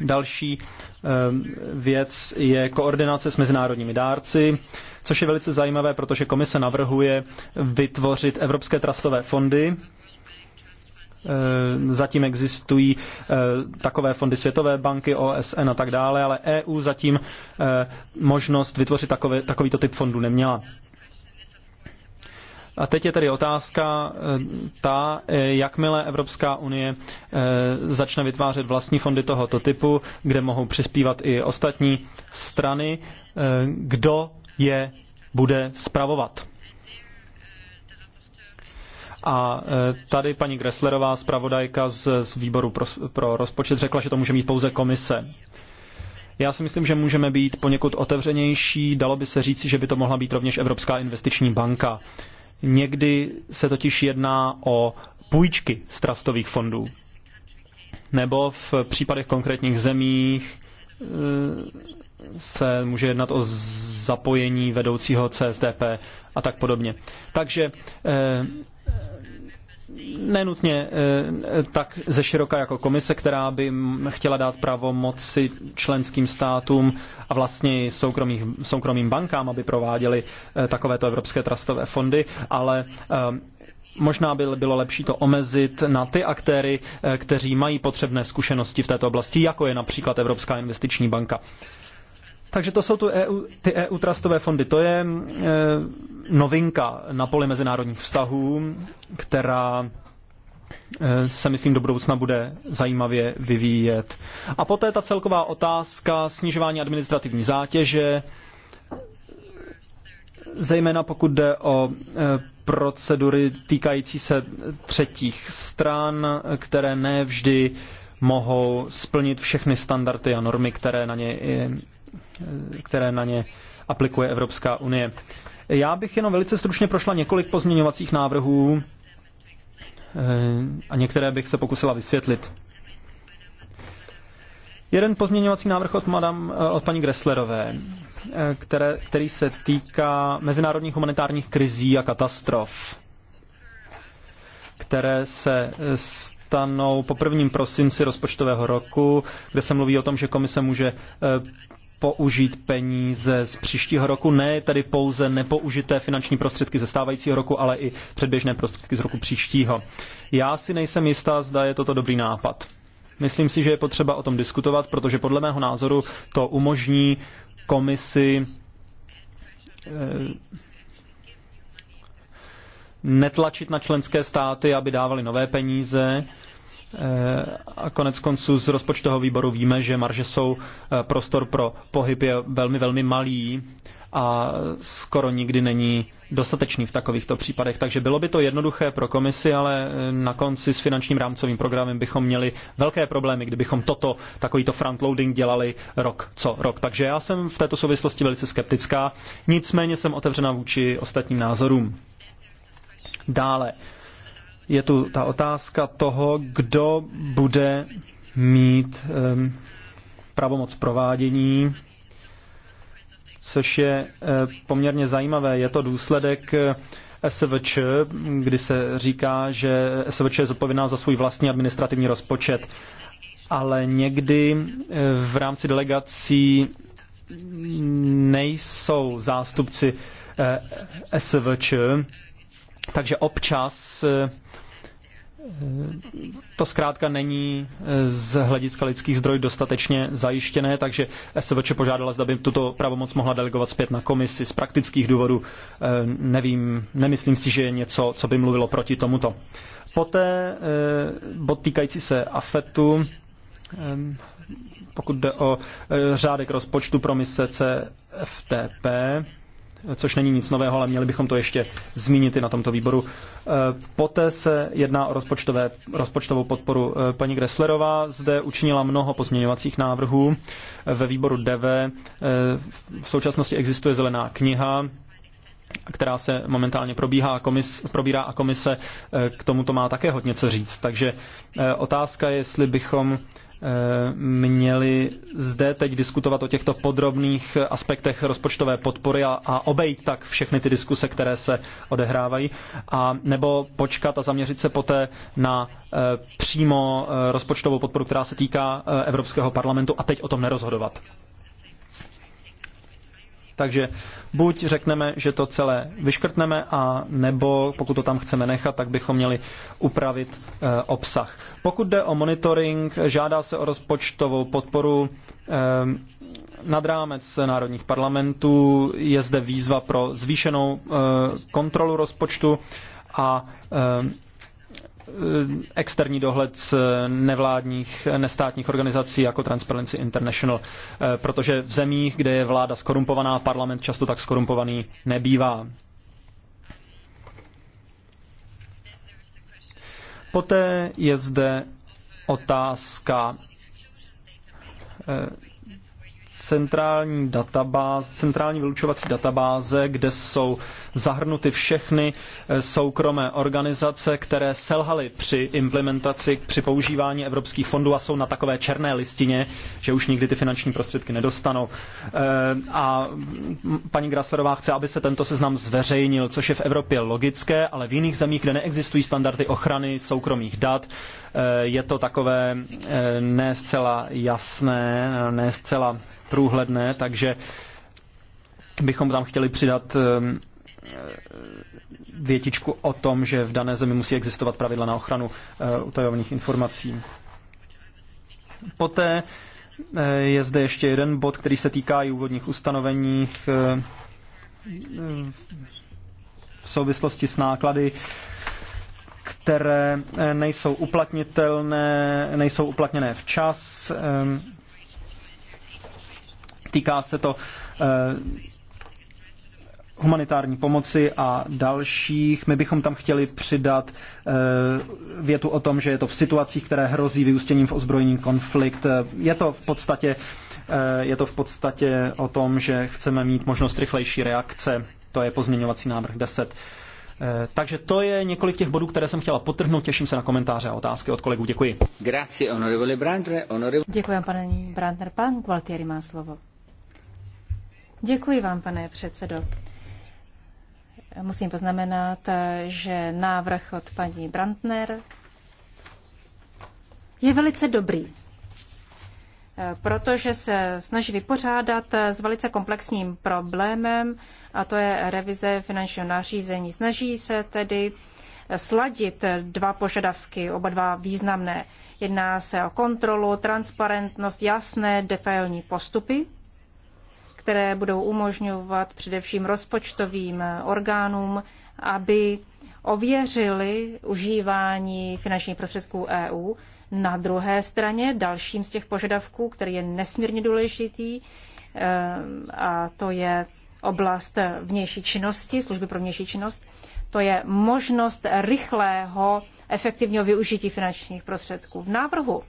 Další ehm, věc je koordinace s mezinárodními dárci, což je velice zajímavé, protože komise navrhuje vytvořit evropské trustové fondy, ehm, Zatím existují eh, takové fondy Světové banky, OSN a tak dále, ale EU zatím eh, možnost vytvořit takové, takovýto typ fondů neměla. A teď je tedy otázka eh, ta, eh, jakmile Evropská unie eh, začne vytvářet vlastní fondy tohoto typu, kde mohou přispívat i ostatní strany, kdo je bude spravovat. A tady paní Gresslerová, zpravodajka z, z výboru pro, pro rozpočet, řekla, že to může mít pouze komise. Já si myslím, že můžeme být poněkud otevřenější. Dalo by se říci, že by to mohla být rovněž Evropská investiční banka. Někdy se totiž jedná o půjčky z trastových fondů. Nebo v případech konkrétních zemích eh, se může jednat o zapojení vedoucího CSDP a tak podobně. Takže eh, nenutně eh, tak ze široka jako komise, která by chtěla dát moci členským státům a vlastně i soukromým bankám, aby prováděli eh, takovéto evropské trustové fondy, ale eh, možná by bylo lepší to omezit na ty aktéry, kteří mají potřebné zkušenosti v této oblasti, jako je například Evropská investiční banka. Takže to jsou tu EU, ty EU trustové fondy. To je e, novinka na poli mezinárodních vztahů, která e, se myslím do budoucna bude zajímavě vyvíjet. A poté ta celková otázka snižování administrativní zátěže, zejména pokud jde o e, procedury týkající se třetích stran, které nevždy mohou splnit všechny standardy a normy, které na ně Eh, které na ně aplikuje Evropská unie. Já bych jenom velice stručně prošla několik pozměňovacích návrhů eh, a některé bych se pokusila vysvětlit. Jeden pozměňovací návrh od, madam, eh, od paní Gresslerové, které, který se týká mezinárodních humanitárních krizí a katastrof, které se stanou po prvním prosinci rozpočtového roku, kde se mluví o tom, že komise může použít peníze z příštího roku, ne tedy pouze nepoužité finanční prostředky ze stávajícího roku, ale i předběžné prostředky z roku příštího. Já si nejsem jistá, zda je toto dobrý nápad. Myslím si, že je potřeba o tom diskutovat, protože podle mého názoru to umožní komisi eh, netlačit na členské státy, aby dávali nové peníze, Eh, a konec konců z rozpočtového výboru víme, že marže jsou eh, prostor pro pohyb je velmi, velmi malý a skoro nikdy není dostatečný v takovýchto případech. Takže bylo by to jednoduché pro komisi, ale eh, na konci s finančním rámcovým programem bychom měli velké problémy, kdybychom toto, takovýto frontloading dělali rok co rok. Takže já jsem v této souvislosti velice skeptická, nicméně jsem otevřena vůči ostatním názorům. Dále, je tu ta otázka toho, kdo bude mít um, pravomoc provádění, což je eh, poměrně zajímavé. Je to důsledek eh, SVČ, kdy se říká, že SVČ je zodpovědná za svůj vlastní administrativní rozpočet, ale někdy eh, v rámci delegací nejsou zástupci SVČ, takže občas eh, to zkrátka není eh, z hlediska lidských zdrojů dostatečně zajištěné, takže SVČ požádala, zda by tuto pravomoc mohla delegovat zpět na komisi. Z praktických důvodů eh, nevím, nemyslím si, že je něco, co by mluvilo proti tomuto. Poté bod týkající se AFETu, pokud jde o řádek rozpočtu pro mise CFTP, což není nic nového, ale měli bychom to ještě zmínit i na tomto výboru. E, poté se jedná o rozpočtové, rozpočtovou podporu. E, paní Gresslerová zde učinila mnoho pozměňovacích návrhů e, ve výboru DV. V současnosti existuje zelená kniha, která se momentálně probíhá a komis, probírá a komise k tomuto má také hodně co říct. Takže otázka je, jestli bychom měli zde teď diskutovat o těchto podrobných aspektech rozpočtové podpory a, a obejít tak všechny ty diskuse, které se odehrávají, a nebo počkat a zaměřit se poté na e, přímo e, rozpočtovou podporu, která se týká e, Evropského parlamentu a teď o tom nerozhodovat. Takže buď řekneme, že to celé vyškrtneme, a nebo pokud to tam chceme nechat, tak bychom měli upravit e, obsah. Pokud jde o monitoring, žádá se o rozpočtovou podporu e, nad rámec národních parlamentů. Je zde výzva pro zvýšenou e, kontrolu rozpočtu a Eh, externí dohled z nevládních nestátních organizací jako Transparency International, eh, protože v zemích, kde je vláda skorumpovaná, parlament často tak skorumpovaný nebývá. Poté je zde otázka eh, centrální databáze, centrální vylučovací databáze, kde jsou zahrnuty všechny eh, soukromé organizace, které selhaly při implementaci, při používání evropských fondů a jsou na takové černé listině, že už nikdy ty finanční prostředky nedostanou. Eh, a paní Graslerová chce, aby se tento seznam zveřejnil, což je v Evropě logické, ale v jiných zemích, kde neexistují standardy ochrany soukromých dat, eh, je to takové ne zcela jasné, ne zcela průhledné, takže bychom tam chtěli přidat ehm, větičku o tom, že v dané zemi musí existovat pravidla na ochranu eh, utajovaných informací. Poté eh, je zde ještě jeden bod, který se týká i úvodních ustanovení eh, v souvislosti s náklady, které nejsou uplatnitelné, nejsou uplatněné včas. Ehm, Týká se to eh, humanitární pomoci a dalších. My bychom tam chtěli přidat eh, větu o tom, že je to v situacích, které hrozí vyústěním v ozbrojený konflikt. Je to v podstatě, eh, je to v podstatě o tom, že chceme mít možnost rychlejší reakce. To je pozměňovací návrh 10. Takže to je několik těch bodů, které jsem chtěla potrhnout. Těším se na komentáře a otázky od kolegů. Děkuji. Grazie, onorevole Brandner. Děkuji, pane Brandner. Pan Gualtieri má slovo. Děkuji vám, pane předsedo. Musím poznamenat, že návrh od paní Brandner je velice dobrý, protože se snaží vypořádat s velice komplexním problémem, a to je revize finančního nařízení. Snaží se tedy sladit dva požadavky, oba dva významné. Jedná se o kontrolu, transparentnost, jasné, detailní postupy které budou umožňovat především rozpočtovým orgánům, aby ověřili užívání finančních prostředků EU. Na druhé straně dalším z těch požadavků, který je nesmírně důležitý, eh, a to je oblast vnější činnosti, služby pro vnější činnost, to je možnost rychlého efektivního využití finančních prostředků. V návrhu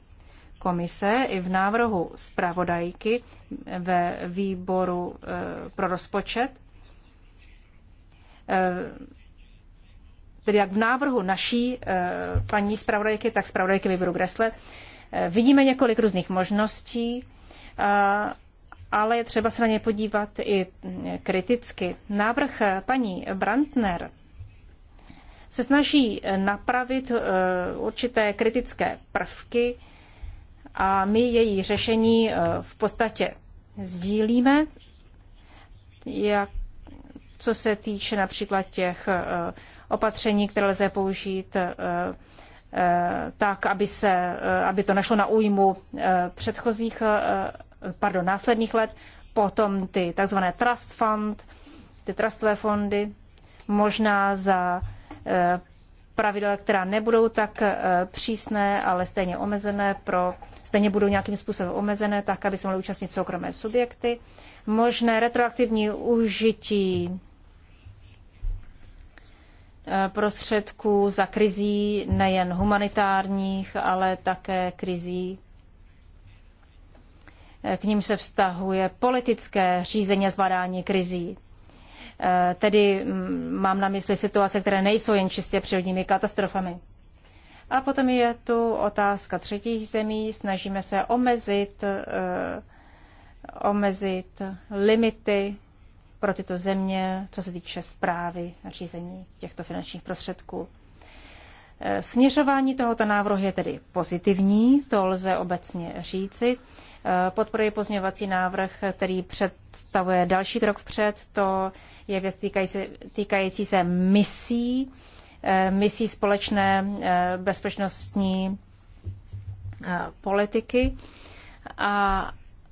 komise i v návrhu zpravodajky ve výboru eh, pro rozpočet, eh, tedy jak v návrhu naší eh, paní zpravodajky, tak zpravodajky výboru Gressler, vidíme několik různých možností, ale je třeba se na ně podívat i kriticky. Návrh paní Brandner se snaží napravit určité kritické prvky, a my její řešení eh, v podstatě sdílíme, jak, co se týče například těch eh, opatření, které lze použít eh, tak, aby, se, aby to našlo na újmu předchozích, pardon, následných let, potom ty takzvané trust fund, ty trustové fondy, možná za pravidla, která nebudou tak přísné, ale stejně omezené pro stejně budou nějakým způsobem omezené, tak aby se mohly účastnit soukromé subjekty. Možné retroaktivní užití eh, prostředků za krizí nejen humanitárních, ale také krizí, eh, k ním se vztahuje politické řízení a zvládání krizí. Eh, tedy mm, mám na mysli situace, které nejsou jen čistě přírodními katastrofami. A potom je tu otázka třetích zemí. Snažíme se omezit, eh, omezit limity pro tyto země, co se týče zprávy a řízení těchto finančních prostředků. Eh, směřování tohoto návrhu je tedy pozitivní, to lze obecně říci. Eh, Podporuje pozměňovací návrh, který představuje další krok vpřed, to je věc týkající se misí Eh, misí společné eh, bezpečnostní eh, politiky a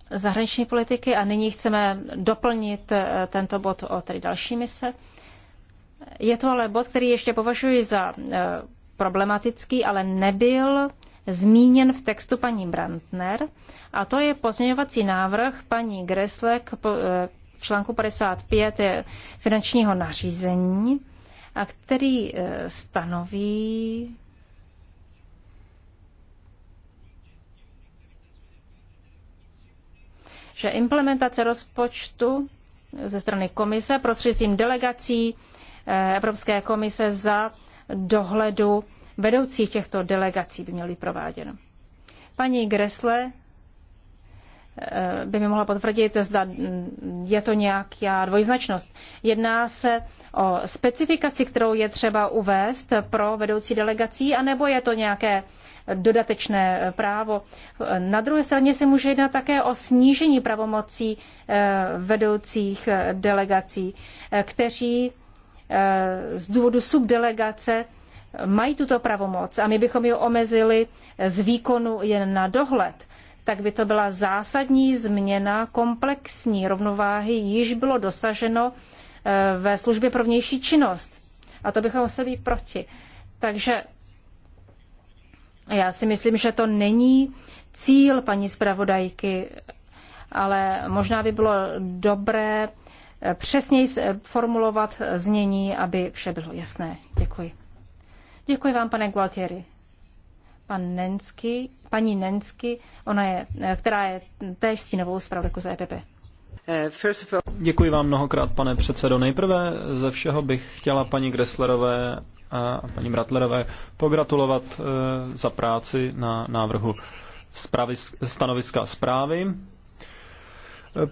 zahraniční politiky a nyní chceme doplnit tento bod o tedy další mise. Je to ale bod, který ještě považuji za problematický, ale nebyl zmíněn v textu paní Brandner a to je pozměňovací návrh paní Gresle k článku 55 finančního nařízení a který eh, stanoví že implementace rozpočtu ze strany komise prostřednictvím delegací eh, Evropské komise za dohledu vedoucích těchto delegací by měly prováděno. Paní Gresle Eh, by mi mohla potvrdit, zda je to nějaká dvojznačnost. Jedná se o specifikaci, kterou je třeba uvést pro vedoucí delegací, anebo je to nějaké dodatečné právo. Na druhé straně se může jednat také o snížení pravomocí eh, vedoucích eh, delegací, kteří z důvodu subdelegace mají tuto pravomoc a my bychom ji omezili z výkonu jen na dohled tak by to byla zásadní změna komplexní rovnováhy, již bylo dosaženo eh, ve službě pro vnější činnost. A to bychom museli být proti. Takže já si myslím, že to není cíl paní zpravodajky, ale možná by bylo dobré eh, přesněji formulovat znění, aby vše bylo jasné. Děkuji. Děkuji vám, pane Gualtieri pan Nensky, paní Nensky, ona je, eh, která je též stínovou zpravodajkou za EPP. Děkuji vám mnohokrát, pane předsedo. Nejprve ze všeho bych chtěla paní Gresslerové a paní Bratlerové pogratulovat eh, za práci na návrhu stanoviska zprávy.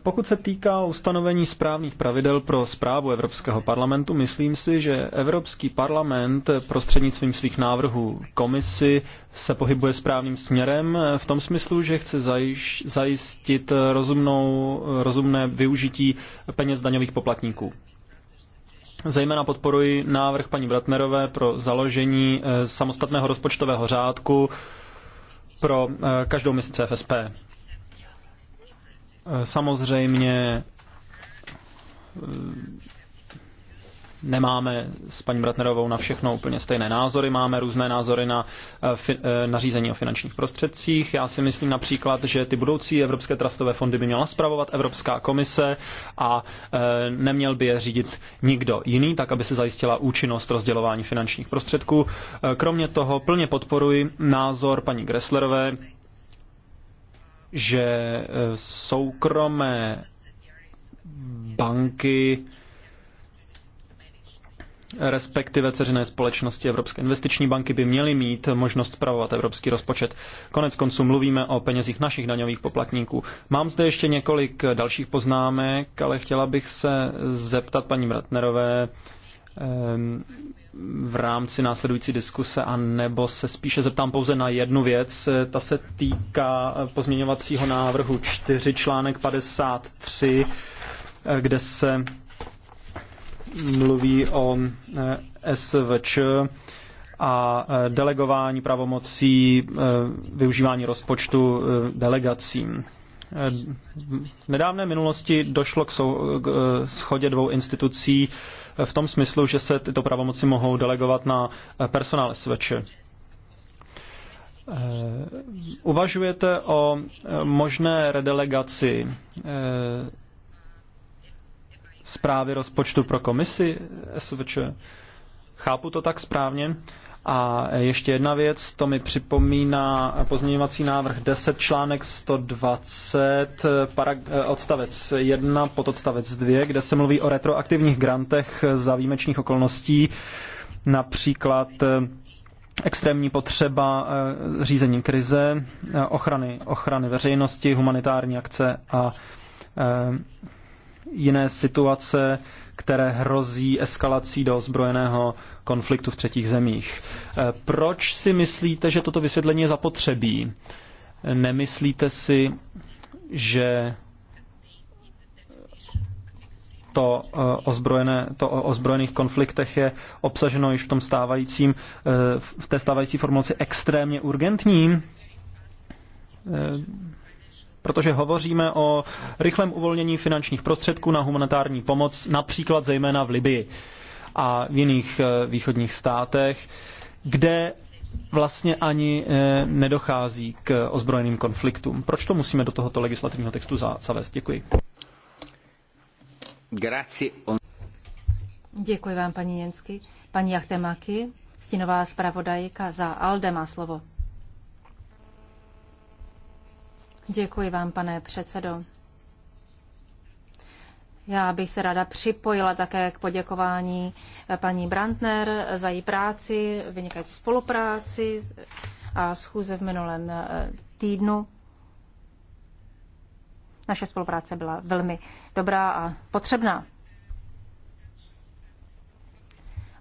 Pokud se týká ustanovení správných pravidel pro zprávu Evropského parlamentu, myslím si, že Evropský parlament prostřednictvím svých návrhů komisi se pohybuje správným směrem v tom smyslu, že chce zajistit rozumnou, rozumné využití peněz daňových poplatníků. Zejména podporuji návrh paní Bratnerové pro založení eh, samostatného rozpočtového řádku pro eh, každou misi CFSP. Eh, samozřejmě eh, nemáme s paní Bratnerovou na všechno úplně stejné názory, máme různé názory na eh, nařízení o finančních prostředcích. Já si myslím například, že ty budoucí evropské trastové fondy by měla zpravovat Evropská komise a neměl by je řídit nikdo jiný, tak aby se zajistila účinnost rozdělování finančních prostředků. Kromě toho plně podporuji názor paní Gresslerové, že e, soukromé banky respektive ceřené společnosti Evropské investiční banky by měly mít možnost spravovat evropský rozpočet. Konec konců mluvíme o penězích našich daňových poplatníků. Mám zde ještě několik dalších poznámek, ale chtěla bych se zeptat paní Bratnerové, Ehm, v rámci následující diskuse, a nebo se spíše zeptám pouze na jednu věc. Ta se týká eh, pozměňovacího návrhu 4 článek 53, eh, kde se mluví o eh, SVČ a delegování pravomocí, využívání rozpočtu delegacím. V nedávné minulosti došlo k, sou, k schodě dvou institucí v tom smyslu, že se tyto pravomoci mohou delegovat na eh, personál SVČ. Eh, uvažujete o eh, možné redelegaci zprávy rozpočtu pro komisi SVČ? Chápu to tak správně? A ještě jedna věc, to mi připomíná pozměňovací návrh 10 článek 120 para, odstavec 1 pod odstavec 2, kde se mluví o retroaktivních grantech za výjimečných okolností, například eh, extrémní potřeba eh, řízení krize, eh, ochrany, ochrany veřejnosti, humanitární akce a jiné situace, které hrozí eskalací do zbrojeného konfliktu v třetích zemích. Eh, proč si myslíte, že toto vysvětlení je zapotřebí? Nemyslíte si, že to, eh, ozbrojené, to o ozbrojených konfliktech je obsaženo již v tom stávajícím, eh, v té stávající formulaci extrémně urgentní? protože hovoříme o rychlém uvolnění finančních prostředků na humanitární pomoc, například zejména v Libii a v jiných eh, východních státech, kde vlastně ani eh, nedochází k ozbrojeným konfliktům. Proč to musíme do tohoto legislativního textu zavést? Děkuji. Děkuji vám, paní Jensky. Paní Jachtemaki, stinová zpravodajka za ALDE má slovo. Děkuji vám, pane předsedo. Já bych se ráda připojila také k poděkování eh, paní Brandner za její práci, vynikající spolupráci a schůze v minulém eh, týdnu. Naše spolupráce byla velmi dobrá a potřebná.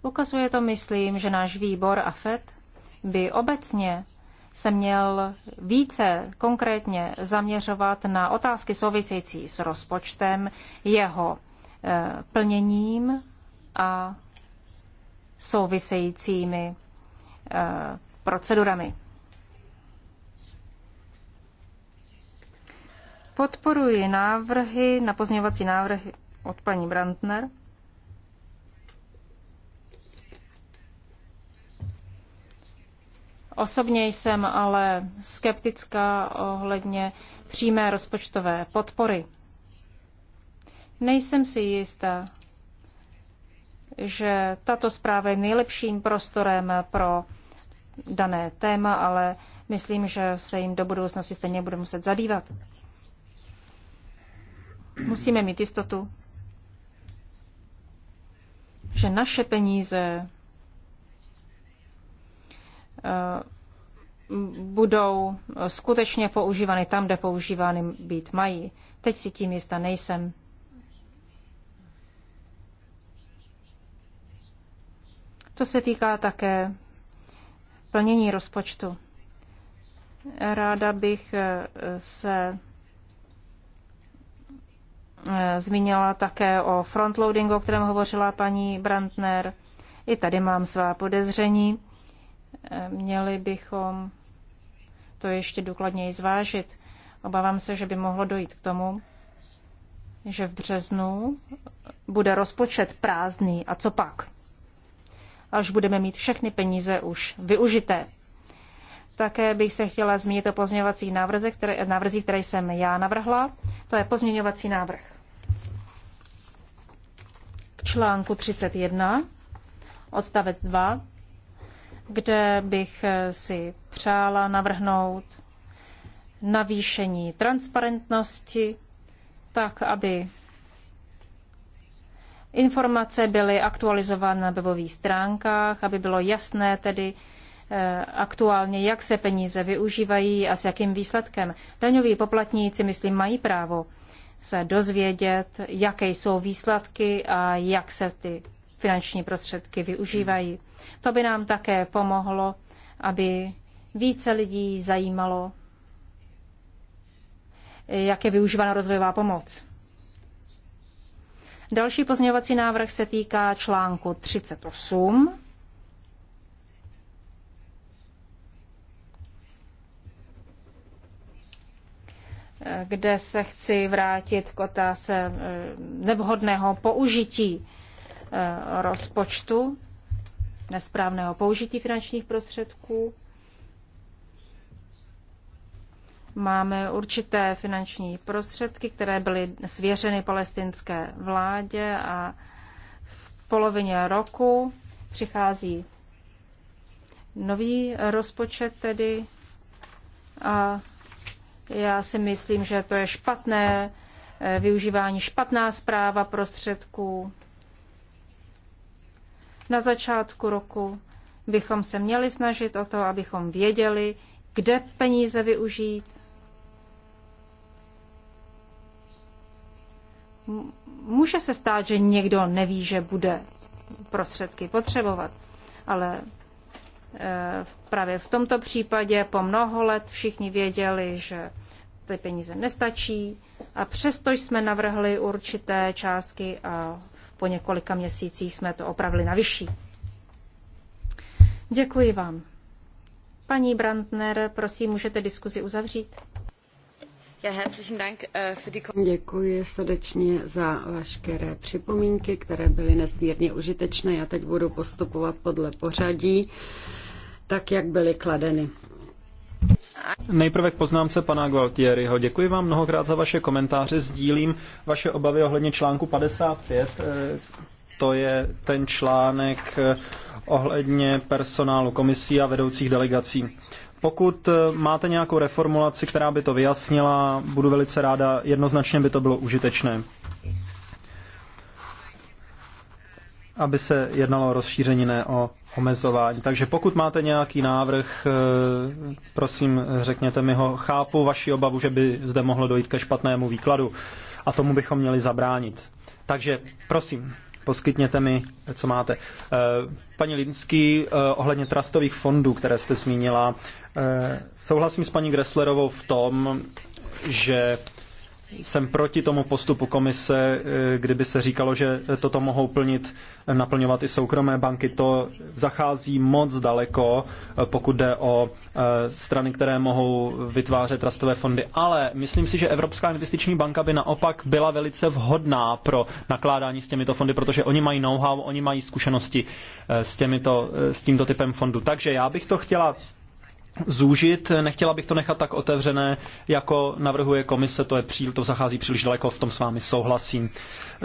Ukazuje to, myslím, že náš výbor AFET by obecně se měl více konkrétně zaměřovat na otázky související s rozpočtem, jeho eh, plněním a souvisejícími eh, procedurami. Podporuji návrhy na pozměňovací návrhy od paní Brandner. Osobně jsem ale skeptická ohledně přímé rozpočtové podpory. Nejsem si jistá, že tato zpráva je nejlepším prostorem pro dané téma, ale myslím, že se jim do budoucnosti stejně bude muset zabývat. Musíme mít jistotu, že naše peníze Eh, budou skutečně používány tam, kde používány být mají. Teď si tím jistá nejsem. To se týká také plnění rozpočtu. Ráda bych eh, se eh, zmínila také o frontloadingu, o kterém hovořila paní Brandner. I tady mám svá podezření Měli bychom to ještě důkladněji zvážit. Obávám se, že by mohlo dojít k tomu, že v březnu bude rozpočet prázdný a co pak? Až budeme mít všechny peníze už využité. Také bych se chtěla zmínit o pozměňovacích návrzích, které, návrzích, které jsem já navrhla. To je pozměňovací návrh. K článku 31, odstavec 2, kde bych eh, si přála navrhnout navýšení transparentnosti, tak aby informace byly aktualizovány na webových stránkách, aby bylo jasné tedy eh, aktuálně, jak se peníze využívají a s jakým výsledkem. Daňoví poplatníci, myslím, mají právo se dozvědět, jaké jsou výsledky a jak se ty finanční prostředky využívají. To by nám také pomohlo, aby více lidí zajímalo, jak je využívána rozvojová pomoc. Další pozměňovací návrh se týká článku 38. kde se chci vrátit k otázce eh, nevhodného použití Eh, rozpočtu, nesprávného použití finančních prostředků. Máme určité finanční prostředky, které byly svěřeny palestinské vládě a v polovině roku přichází nový rozpočet tedy a já si myslím, že to je špatné eh, využívání, špatná zpráva prostředků na začátku roku bychom se měli snažit o to, abychom věděli, kde peníze využít. Může se stát, že někdo neví, že bude prostředky potřebovat, ale e, právě v tomto případě po mnoho let všichni věděli, že ty peníze nestačí a přesto jsme navrhli určité částky a po několika měsících jsme to opravili na vyšší. Děkuji vám. Paní Brandner, prosím, můžete diskuzi uzavřít. Äh, Děkuji srdečně za vaškeré připomínky, které byly nesmírně užitečné. Já teď budu postupovat podle pořadí, tak jak byly kladeny. Nejprve k poznámce pana Gualtieriho. Děkuji vám mnohokrát za vaše komentáře. Sdílím vaše obavy ohledně článku 55. Eh, to je ten článek eh, ohledně personálu komisí a vedoucích delegací. Pokud eh, máte nějakou reformulaci, která by to vyjasnila, budu velice ráda, jednoznačně by to bylo užitečné. aby se jednalo o rozšíření, ne o omezování. Takže pokud máte nějaký návrh, eh, prosím, řekněte mi ho. Chápu vaši obavu, že by zde mohlo dojít ke špatnému výkladu a tomu bychom měli zabránit. Takže prosím, poskytněte mi, co máte. Eh, paní Linský, eh, ohledně trastových fondů, které jste zmínila, souhlasím s paní Gresslerovou v tom, že jsem proti tomu postupu komise, eh, kdyby se říkalo, že toto mohou plnit, eh, naplňovat i soukromé banky. To zachází moc daleko, eh, pokud jde o strany, které mohou vytvářet trustové fondy. Ale myslím si, že Evropská investiční banka by naopak byla velice vhodná pro nakládání s těmito fondy, protože oni mají know-how, oni mají zkušenosti s, těmito, s tímto typem fondu. Takže já bych to chtěla zúžit. Nechtěla bych to nechat tak otevřené, jako navrhuje komise, to, je příliš, to zachází příliš daleko, v tom s vámi souhlasím.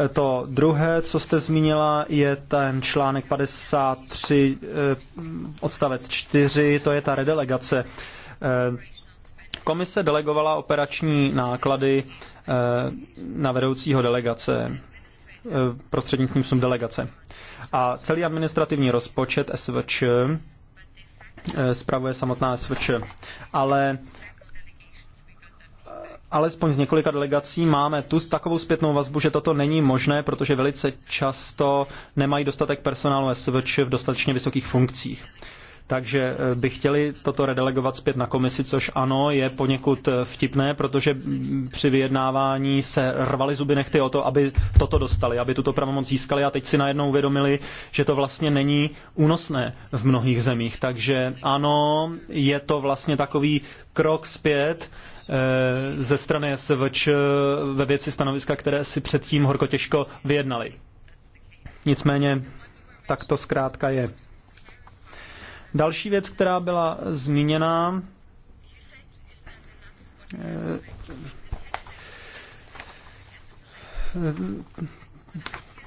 E, to druhé, co jste zmínila, je ten článek 53 e, odstavec 4, to je ta redelegace. E, komise delegovala operační náklady na vedoucího delegace prostřednictvím delegace. A celý administrativní rozpočet SVČ Eh, spravuje samotná SVČ. Ale eh, alespoň z několika delegací máme tu takovou zpětnou vazbu, že toto není možné, protože velice často nemají dostatek personálu SVČ v dostatečně vysokých funkcích. Takže eh, by chtěli toto redelegovat zpět na komisi, což ano, je poněkud eh, vtipné, protože mm, při vyjednávání se rvali zuby nechty o to, aby toto dostali, aby tuto pravomoc získali a teď si najednou uvědomili, že to vlastně není únosné v mnohých zemích. Takže ano, je to vlastně takový krok zpět, eh, ze strany SVČ ve věci stanoviska, které si předtím horko těžko vyjednali. Nicméně tak to zkrátka je. Další věc, která byla zmíněna, eh,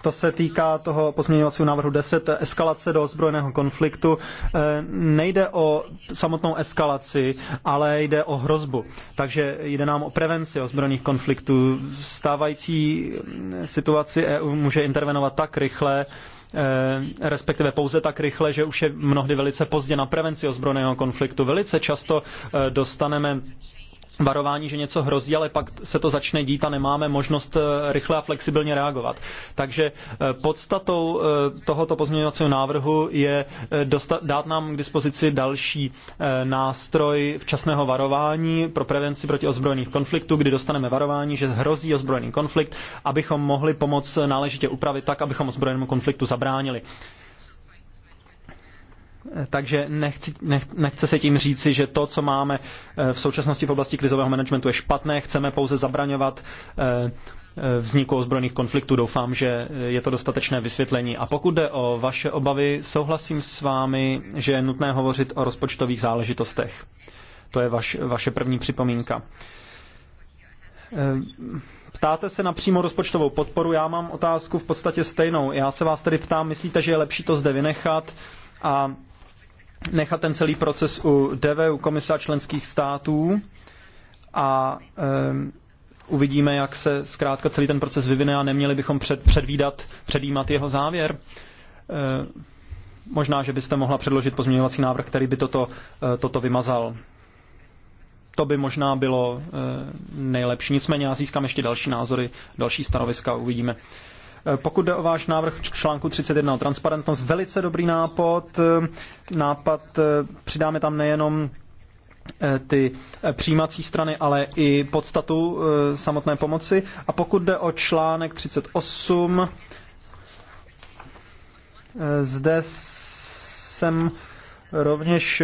to se týká toho pozměňovacího návrhu 10, eskalace do ozbrojeného konfliktu. Eh, nejde o samotnou eskalaci, ale jde o hrozbu. Takže jde nám o prevenci ozbrojených konfliktů. V stávající eh, situaci EU může intervenovat tak rychle, Eh, respektive pouze tak rychle, že už je mnohdy velice pozdě na prevenci ozbrojeného konfliktu. Velice často eh, dostaneme varování, že něco hrozí, ale pak se to začne dít a nemáme možnost eh, rychle a flexibilně reagovat. Takže eh, podstatou eh, tohoto pozměňovacího návrhu je dostat, dát nám k dispozici další nástroj včasného varování pro prevenci proti ozbrojených konfliktů, kdy dostaneme varování, že hrozí ozbrojený konflikt, abychom mohli pomoc náležitě upravit tak, abychom ozbrojenému konfliktu zabránili. Takže nechci, nech, nechce se tím říci, že to, co máme eh, v současnosti v oblasti krizového managementu, je špatné. Chceme pouze zabraňovat eh, eh, vzniku ozbrojených konfliktů. Doufám, že je to dostatečné vysvětlení. A pokud jde o vaše obavy, souhlasím s vámi, že je nutné hovořit o rozpočtových záležitostech. To je vaš, vaše první připomínka. Ptáte se na přímo rozpočtovou podporu, já mám otázku v podstatě stejnou. Já se vás tedy ptám, myslíte, že je lepší to zde vynechat a nechat ten celý proces u DV, u komisa členských států a um, uvidíme, jak se zkrátka celý ten proces vyvine a neměli bychom před, předvídat, předjímat jeho závěr. E, možná, že byste mohla předložit pozměňovací návrh, který by toto, e, toto vymazal. To by možná bylo e, nejlepší. Nicméně já získám ještě další názory, další stanoviska, uvidíme. E, pokud jde o váš návrh článku 31 o transparentnost, velice dobrý nápad. Nápad eh, přidáme tam nejenom eh, ty eh, přijímací strany, ale i podstatu samotné pomoci. A pokud jde o článek 38, zde jsem rovněž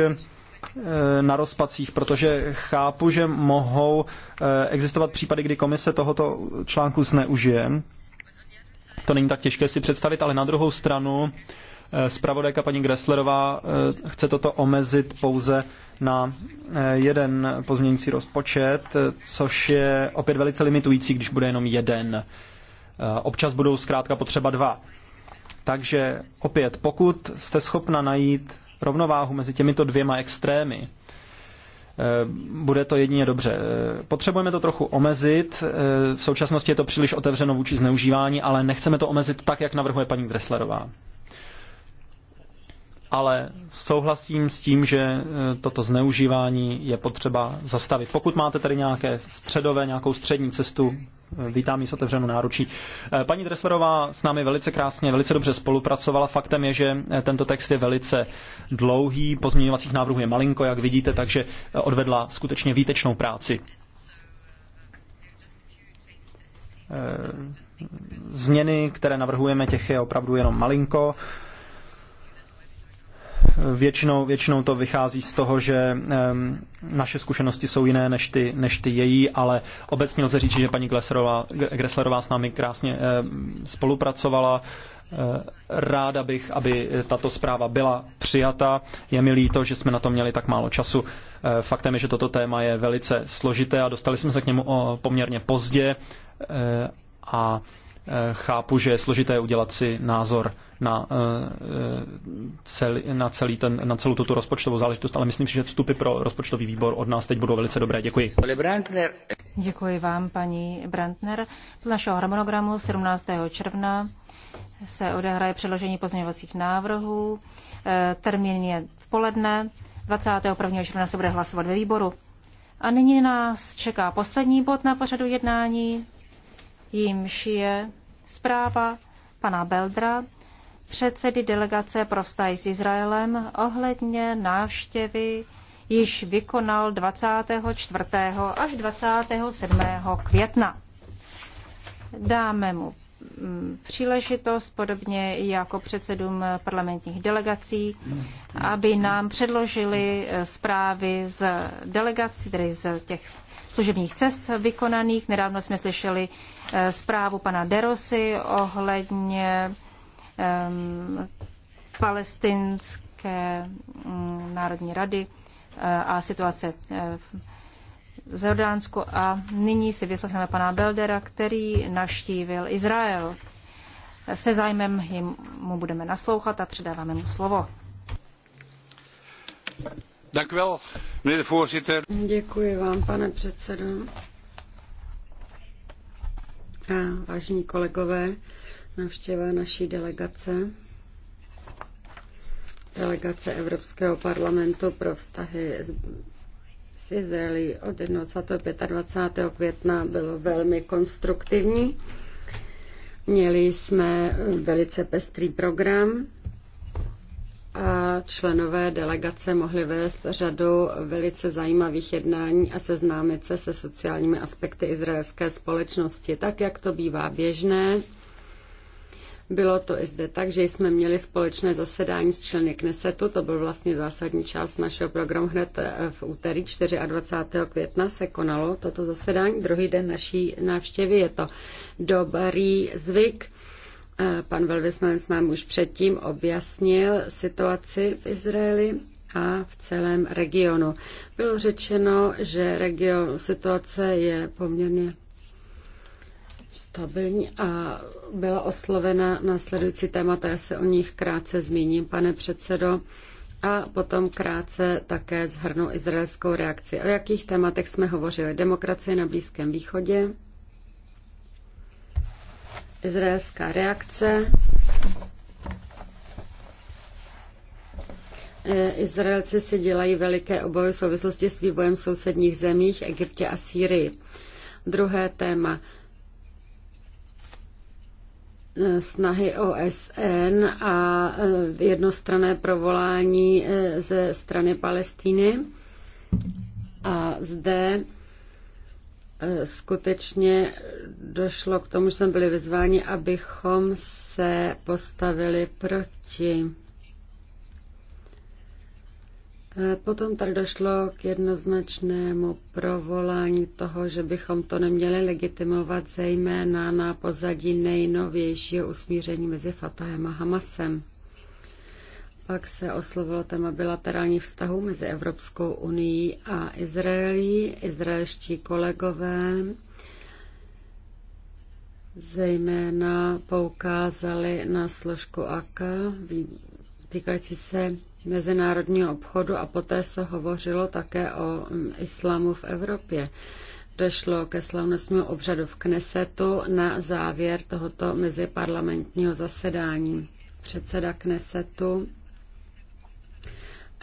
na rozpacích, protože chápu, že mohou existovat případy, kdy komise tohoto článku zneužije to není tak těžké si představit, ale na druhou stranu eh, zpravodajka paní Gresslerová eh, chce toto omezit pouze na eh, jeden pozměňující rozpočet, což je opět velice limitující, když bude jenom jeden. Občas budou zkrátka potřeba dva. Takže opět, pokud jste schopna najít rovnováhu mezi těmito dvěma extrémy, Eh, bude to jedině dobře. Eh, potřebujeme to trochu omezit, eh, v současnosti je to příliš otevřeno vůči zneužívání, ale nechceme to omezit tak, jak navrhuje paní Dresslerová. Ale souhlasím s tím, že toto zneužívání je potřeba zastavit. Pokud máte tady nějaké středové, nějakou střední cestu, vítám ji s otevřenou náručí. Eh, paní Dreslerová s námi velice krásně, velice dobře spolupracovala. Faktem je, že eh, tento text je velice dlouhý, pozměňovacích návrhů je malinko, jak vidíte, takže eh, odvedla skutečně výtečnou práci. Změny, které navrhujeme, těch je opravdu jenom malinko většinou, většinou to vychází z toho, že naše zkušenosti jsou jiné než ty, než ty její, ale obecně lze říct, že paní Gresslerová, Gresslerová s námi krásně spolupracovala. Eh, ráda bych, aby tato zpráva byla přijata. Je mi líto, že jsme na to měli tak málo času. Eh, faktem je, že toto téma je velice složité a dostali jsme se k němu poměrně pozdě eh, a Eh, chápu, že je složité udělat si názor na, eh, celý, na, celý ten, na celou tuto rozpočtovou záležitost, ale myslím si, že vstupy pro rozpočtový výbor od nás teď budou velice dobré. Děkuji. Děkuji vám, paní Brandner. Z našeho harmonogramu 17. června se odehraje předložení pozměňovacích návrhů. Eh, termín je v poledne. 21. června se bude hlasovat ve výboru. A nyní nás čeká poslední bod na pořadu jednání jímž je zpráva pana Beldra, předsedy delegace pro vztahy s Izraelem ohledně návštěvy již vykonal 24. až 27. května. Dáme mu mm, příležitost, podobně jako předsedům parlamentních delegací, aby nám předložili eh, zprávy z delegací, tedy z těch služebních cest vykonaných. Nedávno jsme slyšeli eh, zprávu pana Derosy ohledně um, palestinské um, národní rady uh, a situace eh, v Zordánsku. A nyní si vyslechneme pana Beldera, který navštívil Izrael. Se zájmem jim mu budeme naslouchat a předáváme mu slovo voorzitter vám, pane předsedo. A vážení kolegové, navštěva naší delegace, delegace Evropského parlamentu pro vztahy s izraelem od 21. 25. května bylo velmi konstruktivní. Měli jsme velice pestrý program, a členové delegace mohli vést řadu velice zajímavých jednání a seznámit se se sociálními aspekty izraelské společnosti, tak jak to bývá běžné. Bylo to i zde tak, že jsme měli společné zasedání s členy Knesetu, to byl vlastně zásadní část našeho programu hned eh, v úterý 24. května se konalo toto zasedání, druhý den naší návštěvy je to dobrý zvyk Pan velvyslanec nám už předtím objasnil situaci v Izraeli a v celém regionu. Bylo řečeno, že region, situace je poměrně stabilní a byla oslovena následující témata. Já se o nich krátce zmíním, pane předsedo, a potom krátce také zhrnu izraelskou reakci. O jakých tématech jsme hovořili? Demokracie na Blízkém východě, izraelská reakce. E, Izraelci si dělají veliké obavy v souvislosti s vývojem v sousedních zemích, Egyptě a Sýrii. Druhé téma e, snahy OSN a e, jednostrané provolání ze strany Palestíny. A zde Eh, skutečně došlo k tomu, že jsme byli vyzváni, abychom se postavili proti. Eh, potom tady došlo k jednoznačnému provolání toho, že bychom to neměli legitimovat zejména na pozadí nejnovějšího usmíření mezi Fatahem a Hamasem. Pak se oslovilo téma bilaterální vztahů mezi Evropskou unii a Izraelí. Izraelští kolegové zejména poukázali na složku AK týkající se mezinárodního obchodu a poté se hovořilo také o mm, islámu v Evropě. Došlo ke slavnostnímu obřadu v Knesetu na závěr tohoto meziparlamentního zasedání. Předseda Knesetu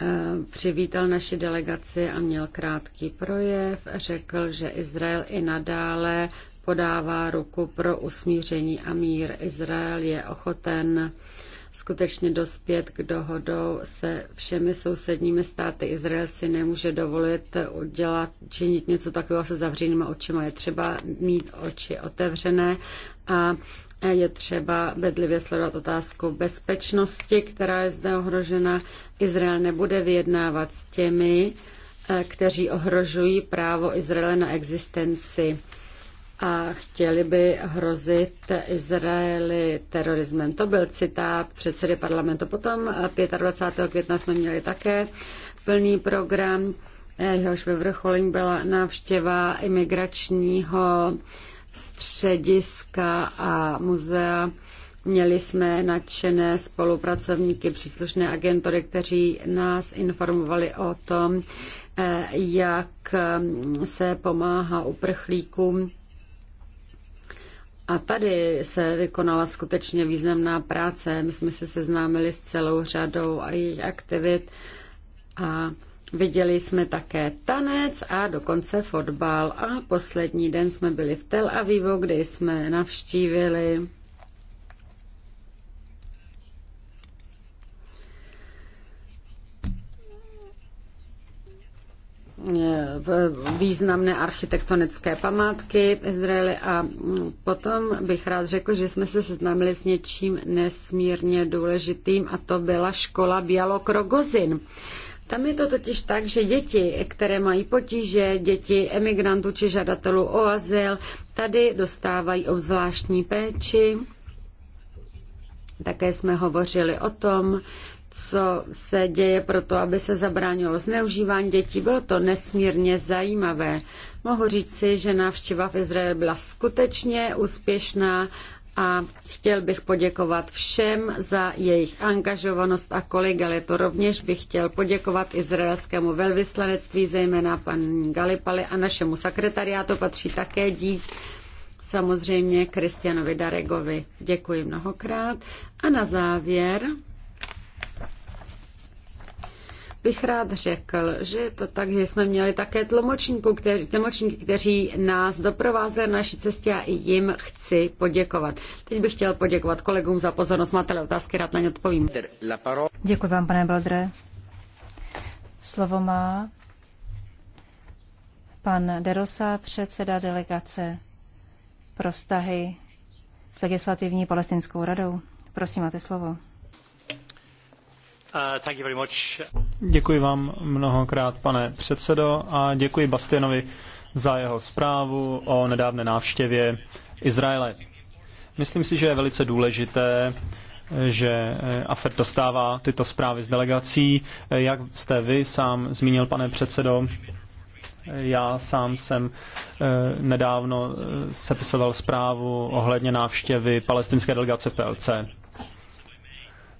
Eh, přivítal naši delegaci a měl krátký projev. Řekl, že Izrael i nadále podává ruku pro usmíření a mír. Izrael je ochoten skutečně dospět k dohodou se všemi sousedními státy. Izrael si nemůže dovolit udělat, činit něco takového se zavřenýma očima. Je třeba mít oči otevřené a je třeba bedlivě sledovat otázku bezpečnosti, která je zde ohrožena. Izrael nebude vyjednávat s těmi, eh, kteří ohrožují právo Izraele na existenci a chtěli by hrozit Izraeli terorismem. To byl citát předsedy parlamentu. Potom eh, 25. května jsme měli také plný program. Eh, jehož vyvrcholení byla návštěva imigračního střediska a muzea. Měli jsme nadšené spolupracovníky příslušné agentury, kteří nás informovali o tom, eh, jak mm, se pomáhá uprchlíkům. A tady se vykonala skutečně významná práce. My jsme se seznámili s celou řadou jejich aktivit a Viděli jsme také tanec a dokonce fotbal. A poslední den jsme byli v Tel Avivu, kde jsme navštívili významné architektonické památky v Izraeli a potom bych rád řekl, že jsme se seznámili s něčím nesmírně důležitým a to byla škola Bialok Rogozin. Tam je to totiž tak, že děti, které mají potíže, děti emigrantů či žadatelů o azyl, tady dostávají obzvláštní péči. Také jsme hovořili o tom, co se děje pro to, aby se zabránilo zneužívání dětí. Bylo to nesmírně zajímavé. Mohu říci, že návštěva v Izraeli byla skutečně úspěšná a chtěl bych poděkovat všem za jejich angažovanost a kolegalitu. Rovněž bych chtěl poděkovat izraelskému velvyslanectví, zejména paní Galipali a našemu sekretariátu patří také dík samozřejmě Kristianovi Daregovi. Děkuji mnohokrát. A na závěr bych rád řekl, že je to tak, že jsme měli také tlumočníku, kteří, tlumočníky, kteří nás doprovázeli na naší cestě a i jim chci poděkovat. Teď bych chtěl poděkovat kolegům za pozornost. máte otázky, rád na ně odpovím. Děkuji vám, pane Baldre. Slovo má pan Derosa, předseda delegace pro vztahy s legislativní palestinskou radou. Prosím, máte slovo. Uh, děkuji vám mnohokrát, pane předsedo, a děkuji Bastianovi za jeho zprávu o nedávné návštěvě Izraele. Myslím si, že je velice důležité, že eh, AFED dostává tyto zprávy z delegací. Eh, jak jste vy sám zmínil, pane předsedo, eh, já sám jsem nedávno sepisoval zprávu ohledně návštěvy palestinské delegace v PLC.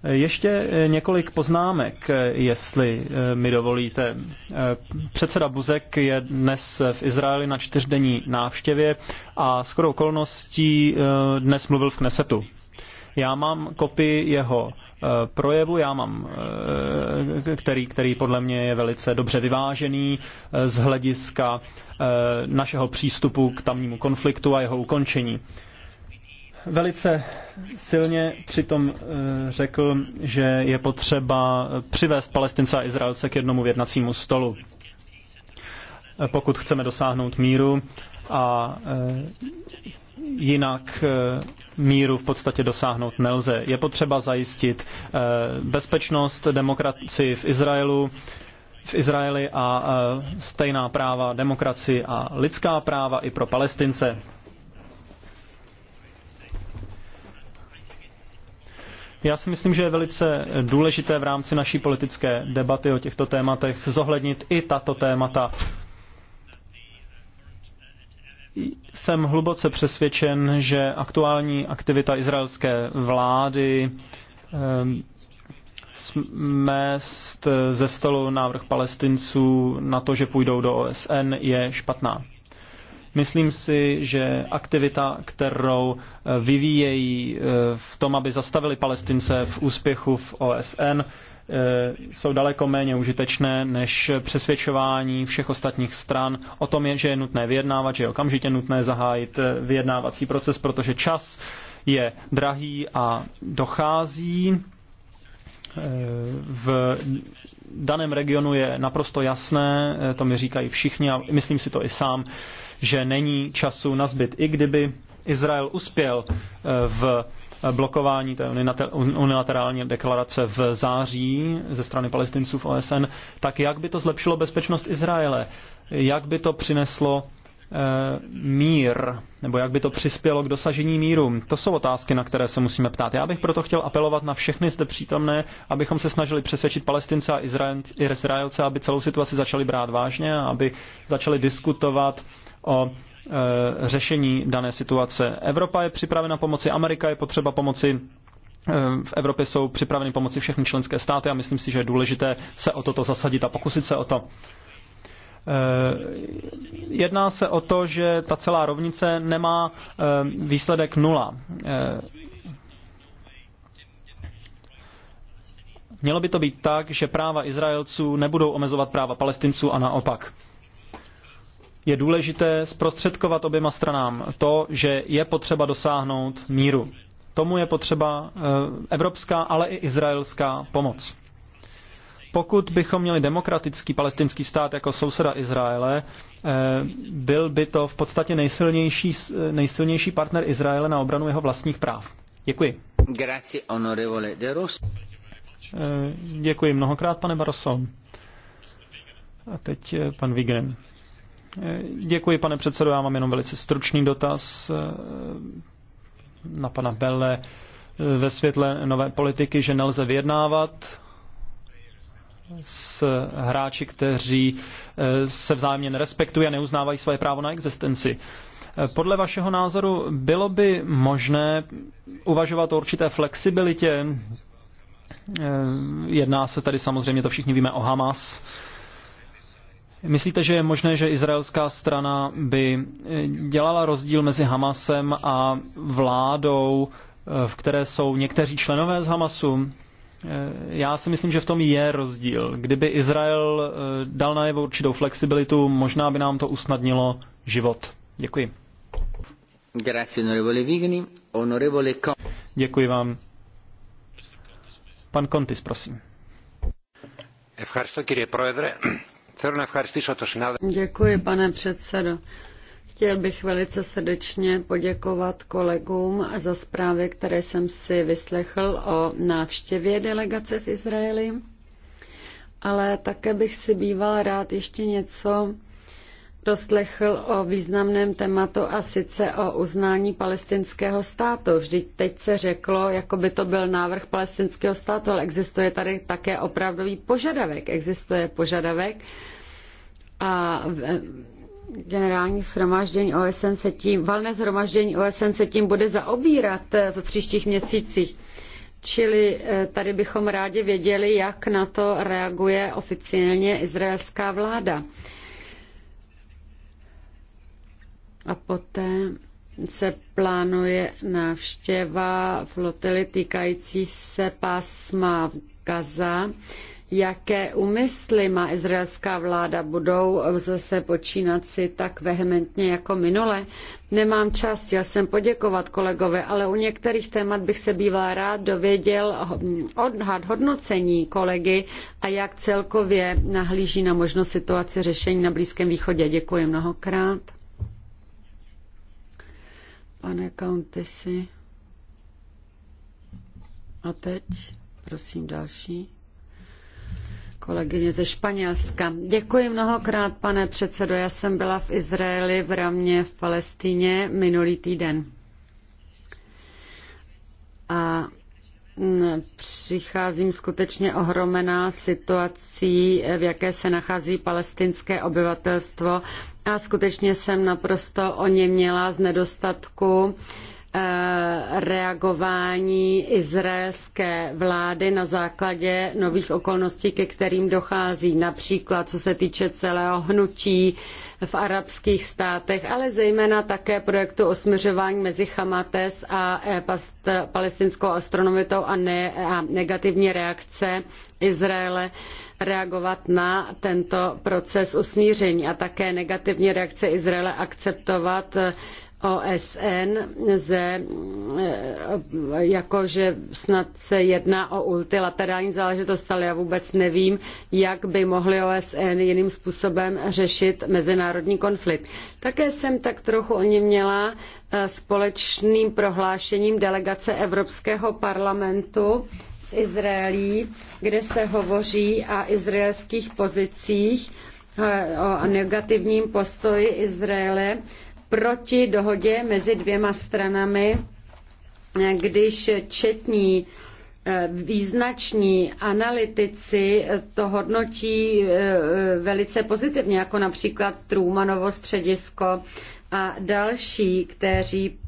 Ještě eh, několik poznámek, eh, jestli eh, mi dovolíte. Předseda Buzek je dnes v Izraeli na čtyřdenní návštěvě a skoro okolností dnes mluvil v Knesetu. Já mám kopii jeho projevu, já mám, který, který podle mě je velice dobře vyvážený z hlediska našeho přístupu k tamnímu konfliktu a jeho ukončení velice silně přitom eh, řekl, že je potřeba přivést Palestince a Izraelce k jednomu jednacímu stolu, eh, pokud chceme dosáhnout míru a eh, jinak míru v podstatě dosáhnout nelze. Je potřeba zajistit bezpečnost, demokracii v Izraelu, v Izraeli a stejná práva, demokracii a lidská práva i pro Palestince. Já si myslím, že je velice důležité v rámci naší politické debaty o těchto tématech zohlednit i tato témata. Jsem hluboce přesvědčen, že aktuální aktivita izraelské vlády ehm, smést ze stolu návrh palestinců na to, že půjdou do OSN, je špatná. Myslím si, že aktivita, kterou eh, vyvíjejí eh, v tom, aby zastavili Palestince v úspěchu v OSN, eh, jsou daleko méně užitečné než přesvědčování všech ostatních stran o tom, že je nutné vyjednávat, že je okamžitě nutné zahájit vyjednávací proces, protože čas je drahý a dochází. V daném regionu je naprosto jasné, to mi říkají všichni a myslím si to i sám, že není času na zbyt. I kdyby Izrael uspěl eh, v blokování té unilaterální deklarace v září ze strany palestinců v OSN, tak jak by to zlepšilo bezpečnost Izraele? Jak by to přineslo eh, mír, nebo jak by to přispělo k dosažení míru? To jsou otázky, na které se musíme ptát. Já bych proto chtěl apelovat na všechny zde přítomné, abychom se snažili přesvědčit Palestince a Izraelce, aby celou situaci začali brát vážně a aby začali diskutovat o e, řešení dané situace. Evropa je připravena pomoci, Amerika je potřeba pomoci, e, v Evropě jsou připraveny pomoci všechny členské státy a myslím si, že je důležité se o toto zasadit a pokusit se o to. E, jedná se o to, že ta celá rovnice nemá výsledek nula. Mělo by to být tak, že práva Izraelců nebudou omezovat práva Palestinců a naopak je důležité zprostředkovat oběma stranám to, že je potřeba dosáhnout míru. Tomu je potřeba eh, evropská, ale i izraelská pomoc. Pokud bychom měli demokratický palestinský stát jako souseda Izraele, eh, byl by to v podstatě nejsilnější, eh, nejsilnější partner Izraele na obranu jeho vlastních práv. Děkuji. Grazie, onorevole De Děkuji mnohokrát, pane Barroso. A teď pan Vigren. Děkuji, pane předsedo. Já mám jenom velice stručný dotaz eh, na pana Belle eh, ve světle nové politiky, že nelze vyjednávat s hráči, kteří eh, se vzájemně nerespektují a neuznávají své právo na existenci. Podle vašeho názoru bylo by možné uvažovat o určité flexibilitě? Jedná se tady samozřejmě, to všichni víme, o Hamas Myslíte, že je možné, že izraelská strana by eh, dělala rozdíl mezi Hamasem a vládou, eh, v které jsou někteří členové z Hamasu? Eh, já si myslím, že v tom je rozdíl. Kdyby Izrael dal najevo určitou flexibilitu, možná by nám to usnadnilo život. Děkuji. Děkuji vám. Pan Kontis, prosím. Děkuji, pane předsedající Chtěl bych velice srdečně poděkovat kolegům za zprávy, které jsem si vyslechl o návštěvě delegace v Izraeli, ale také bych si býval rád ještě něco doslechl o významném tématu a sice o uznání palestinského státu. Vždyť teď se řeklo, jako by to byl návrh palestinského státu, ale existuje tady také opravdový požadavek. Existuje požadavek a eh, generální shromáždění OSN se tím, valné shromáždění OSN se tím bude zaobírat eh, v příštích měsících. Čili eh, tady bychom rádi věděli, jak na to reaguje oficiálně izraelská vláda. A poté se plánuje návštěva flotily týkající se pásma v Gaza. Jaké úmysly má izraelská vláda? Budou zase počínat si tak vehementně jako minule? Nemám čas, chtěl jsem poděkovat kolegové, ale u některých témat bych se býval rád dověděl odhad hodnocení kolegy a jak celkově nahlíží na možnost situace řešení na Blízkém východě. Děkuji mnohokrát pane Countessy. A teď, prosím, další. Kolegyně ze Španělska. Děkuji mnohokrát, pane předsedo. Já jsem byla v Izraeli, v Ramě, v Palestíně minulý týden. A Přicházím skutečně ohromená situací, v jaké se nachází palestinské obyvatelstvo a skutečně jsem naprosto o ně měla z nedostatku reagování izraelské vlády na základě nových okolností, ke kterým dochází, například co se týče celého hnutí v arabských státech, ale zejména také projektu osměřování mezi hamates a eh, palestinskou astronomitou a, ne, a negativní reakce Izraele reagovat na tento proces usmíření a také negativní reakce Izraele akceptovat eh, OSN, ze, eh, jakože snad se jedná o multilaterální záležitost, ale já vůbec nevím, jak by mohly OSN jiným způsobem řešit mezinárodní konflikt. Také jsem tak trochu o ně měla eh, společným prohlášením delegace Evropského parlamentu s Izraelí, kde se hovoří o izraelských pozicích, eh, o negativním postoji Izraele proti dohodě mezi dvěma stranami, když četní eh, význační analytici to hodnotí eh, velice pozitivně, jako například Trumanovo středisko a další, kteří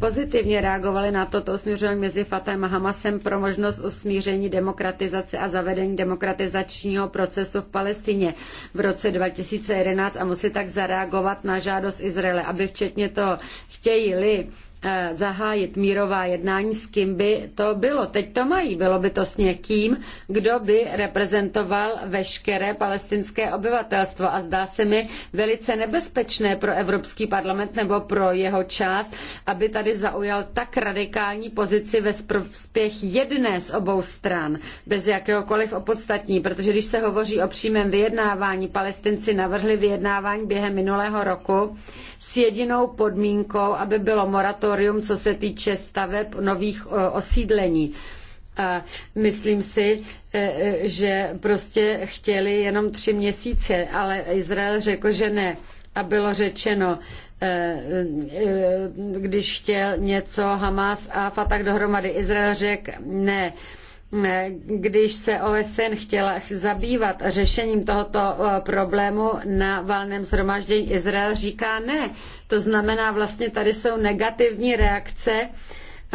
pozitivně reagovali na toto usmířování mezi Fatem a Hamasem pro možnost usmíření demokratizace a zavedení demokratizačního procesu v Palestině v roce 2011 a musí tak zareagovat na žádost Izraele, aby včetně toho chtějí-li Eh, zahájit mírová jednání, s kým by to bylo. Teď to mají, bylo by to s někým, kdo by reprezentoval veškeré palestinské obyvatelstvo a zdá se mi velice nebezpečné pro Evropský parlament nebo pro jeho část, aby tady zaujal tak radikální pozici ve prospěch jedné z obou stran, bez jakéhokoliv opodstatní, protože když se hovoří o přímém vyjednávání, palestinci navrhli vyjednávání během minulého roku, s jedinou podmínkou, aby bylo moratorium, co se týče staveb nových e, osídlení. A myslím si, e, e, že prostě chtěli jenom tři měsíce, ale Izrael řekl, že ne. A bylo řečeno, když chtěl něco Hamas a Fatah dohromady, Izrael řekl ne když se OSN chtěla zabývat řešením tohoto eh, problému na valném zhromaždění Izrael, říká ne. To znamená, vlastně tady jsou negativní reakce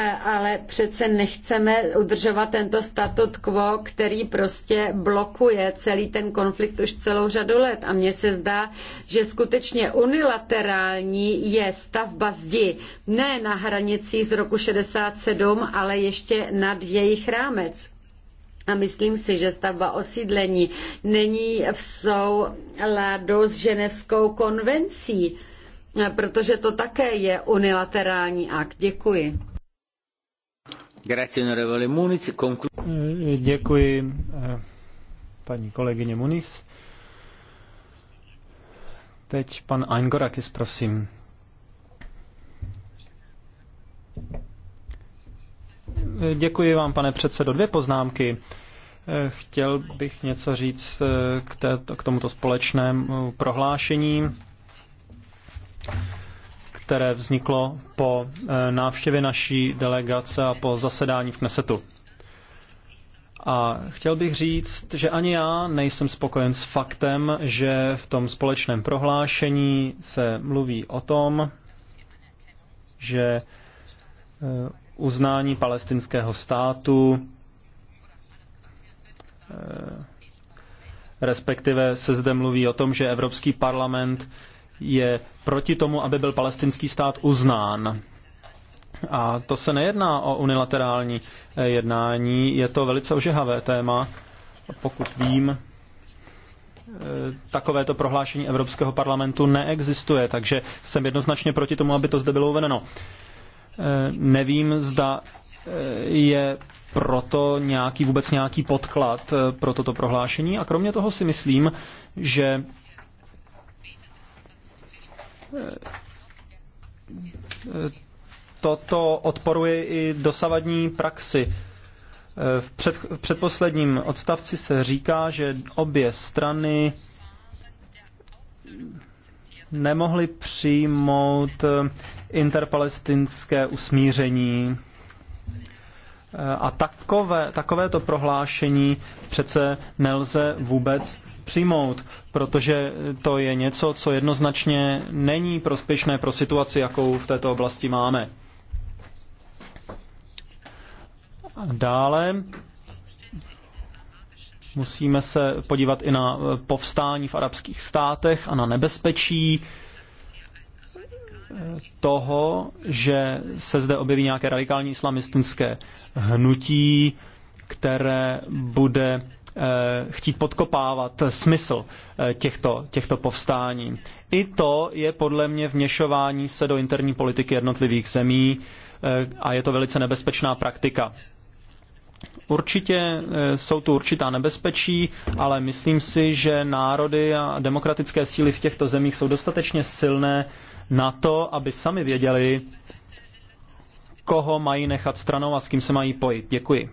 ale přece nechceme udržovat tento statut quo, který prostě blokuje celý ten konflikt už celou řadu let. A mně se zdá, že skutečně unilaterální je stavba zdi ne na hranicích z roku 67, ale ještě nad jejich rámec. A myslím si, že stavba osídlení není v souladu s ženevskou konvencí, protože to také je unilaterální akt. Děkuji. Eh, děkuji eh, paní kolegyně Muniz. Teď pan Eingorakis, prosím. Eh, děkuji vám, pane předsedo. Dvě poznámky. Chtěl bych něco říct k, této, k tomuto společnému prohlášení které vzniklo po eh, návštěvě naší delegace a po zasedání v Knesetu. A chtěl bych říct, že ani já nejsem spokojen s faktem, že v tom společném prohlášení se mluví o tom, že eh, uznání palestinského státu eh, respektive se zde mluví o tom, že Evropský parlament je proti tomu, aby byl palestinský stát uznán. A to se nejedná o unilaterální eh, jednání, je to velice ožehavé téma. Pokud vím, eh, takovéto prohlášení Evropského parlamentu neexistuje, takže jsem jednoznačně proti tomu, aby to zde bylo uvedeno. Eh, nevím, zda je proto nějaký, vůbec nějaký podklad pro toto prohlášení a kromě toho si myslím, že Toto odporuje i dosavadní praxi. V, před, v předposledním odstavci se říká, že obě strany nemohly přijmout interpalestinské usmíření. A takové, takovéto prohlášení přece nelze vůbec přijmout, protože to je něco, co jednoznačně není prospěšné pro situaci, jakou v této oblasti máme. Dále musíme se podívat i na povstání v arabských státech a na nebezpečí toho, že se zde objeví nějaké radikální islamistické hnutí, které bude Eh, chtít podkopávat smysl eh, těchto, těchto povstání. I to je podle mě vněšování se do interní politiky jednotlivých zemí eh, a je to velice nebezpečná praktika. Určitě jsou tu určitá nebezpečí, ale myslím si, že národy a demokratické síly v těchto zemích jsou dostatečně silné na to, aby sami věděli, koho mají nechat stranou a s kým se mají pojit. Děkuji.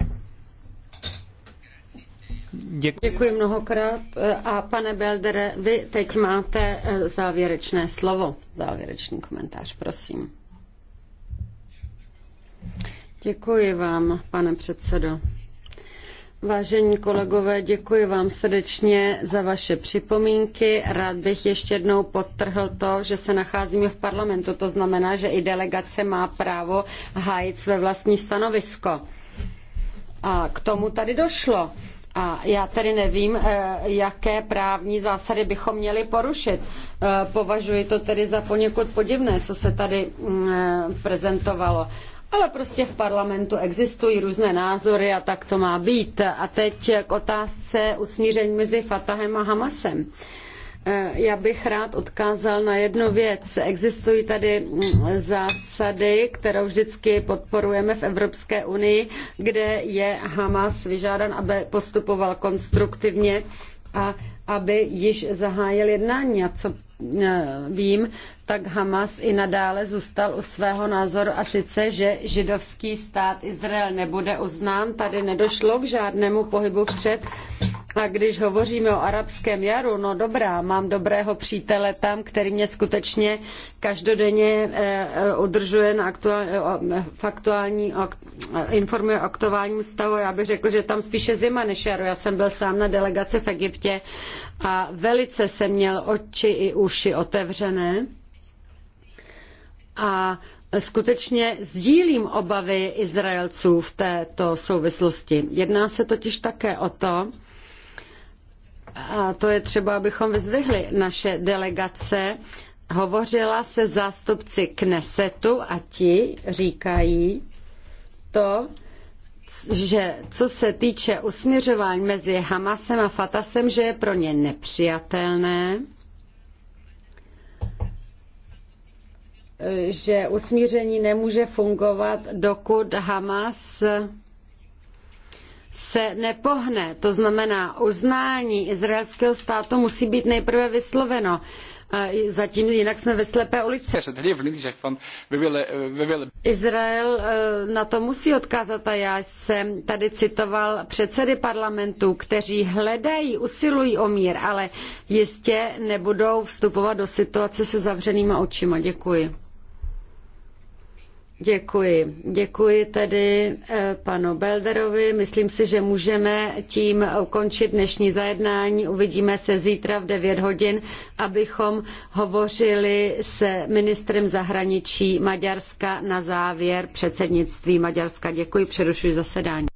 Děkuji. Děkuji mnohokrát. A pane Beldere, vy teď máte eh, závěrečné slovo, závěrečný komentář, prosím. Děkuji vám, pane předsedo. Vážení kolegové, děkuji vám srdečně za vaše připomínky. Rád bych ještě jednou podtrhl to, že se nacházíme v parlamentu. To znamená, že i delegace má právo hájit své vlastní stanovisko. A k tomu tady došlo. A já tedy nevím, eh, jaké právní zásady bychom měli porušit. Eh, považuji to tedy za poněkud podivné, co se tady mm, eh, prezentovalo. Ale prostě v parlamentu existují různé názory a tak to má být. A teď k otázce usmíření mezi Fatahem a Hamasem. Eh, já bych rád odkázal na jednu věc. Existují tady mm, zásady, kterou vždycky podporujeme v Evropské unii, kde je Hamas vyžádan, aby postupoval konstruktivně a aby již zahájil jednání. A co eh, vím, tak Hamas i nadále zůstal u svého názoru a sice, že židovský stát Izrael nebude uznán. Tady nedošlo k žádnému pohybu vpřed a když hovoříme o arabském jaru, no dobrá, mám dobrého přítele tam, který mě skutečně každodenně eh, eh, udržuje na aktuál, eh, faktuální, informuje o aktuálním stavu. Já bych řekl, že tam spíše zima než jaro. Já jsem byl sám na delegaci v Egyptě a velice jsem měl oči i uši otevřené. A skutečně sdílím obavy Izraelců v této souvislosti. Jedná se totiž také o to, a to je třeba, abychom vyzdvihli naše delegace. Hovořila se zástupci Knesetu a ti říkají to, že co se týče usměřování mezi Hamasem a Fatasem, že je pro ně nepřijatelné, že usmíření nemůže fungovat, dokud Hamas se nepohne. To znamená, uznání izraelského státu musí být nejprve vysloveno. Zatím jinak jsme ve slepé uličce. Izrael e, na to musí odkázat a já jsem tady citoval předsedy parlamentů, kteří hledají, usilují o mír, ale jistě nebudou vstupovat do situace se zavřenýma očima. Děkuji. Děkuji. Děkuji tedy eh, panu Belderovi. Myslím si, že můžeme tím ukončit dnešní zajednání. Uvidíme se zítra v 9 hodin, abychom hovořili s ministrem zahraničí Maďarska na závěr předsednictví Maďarska. Děkuji, přerušuji zasedání.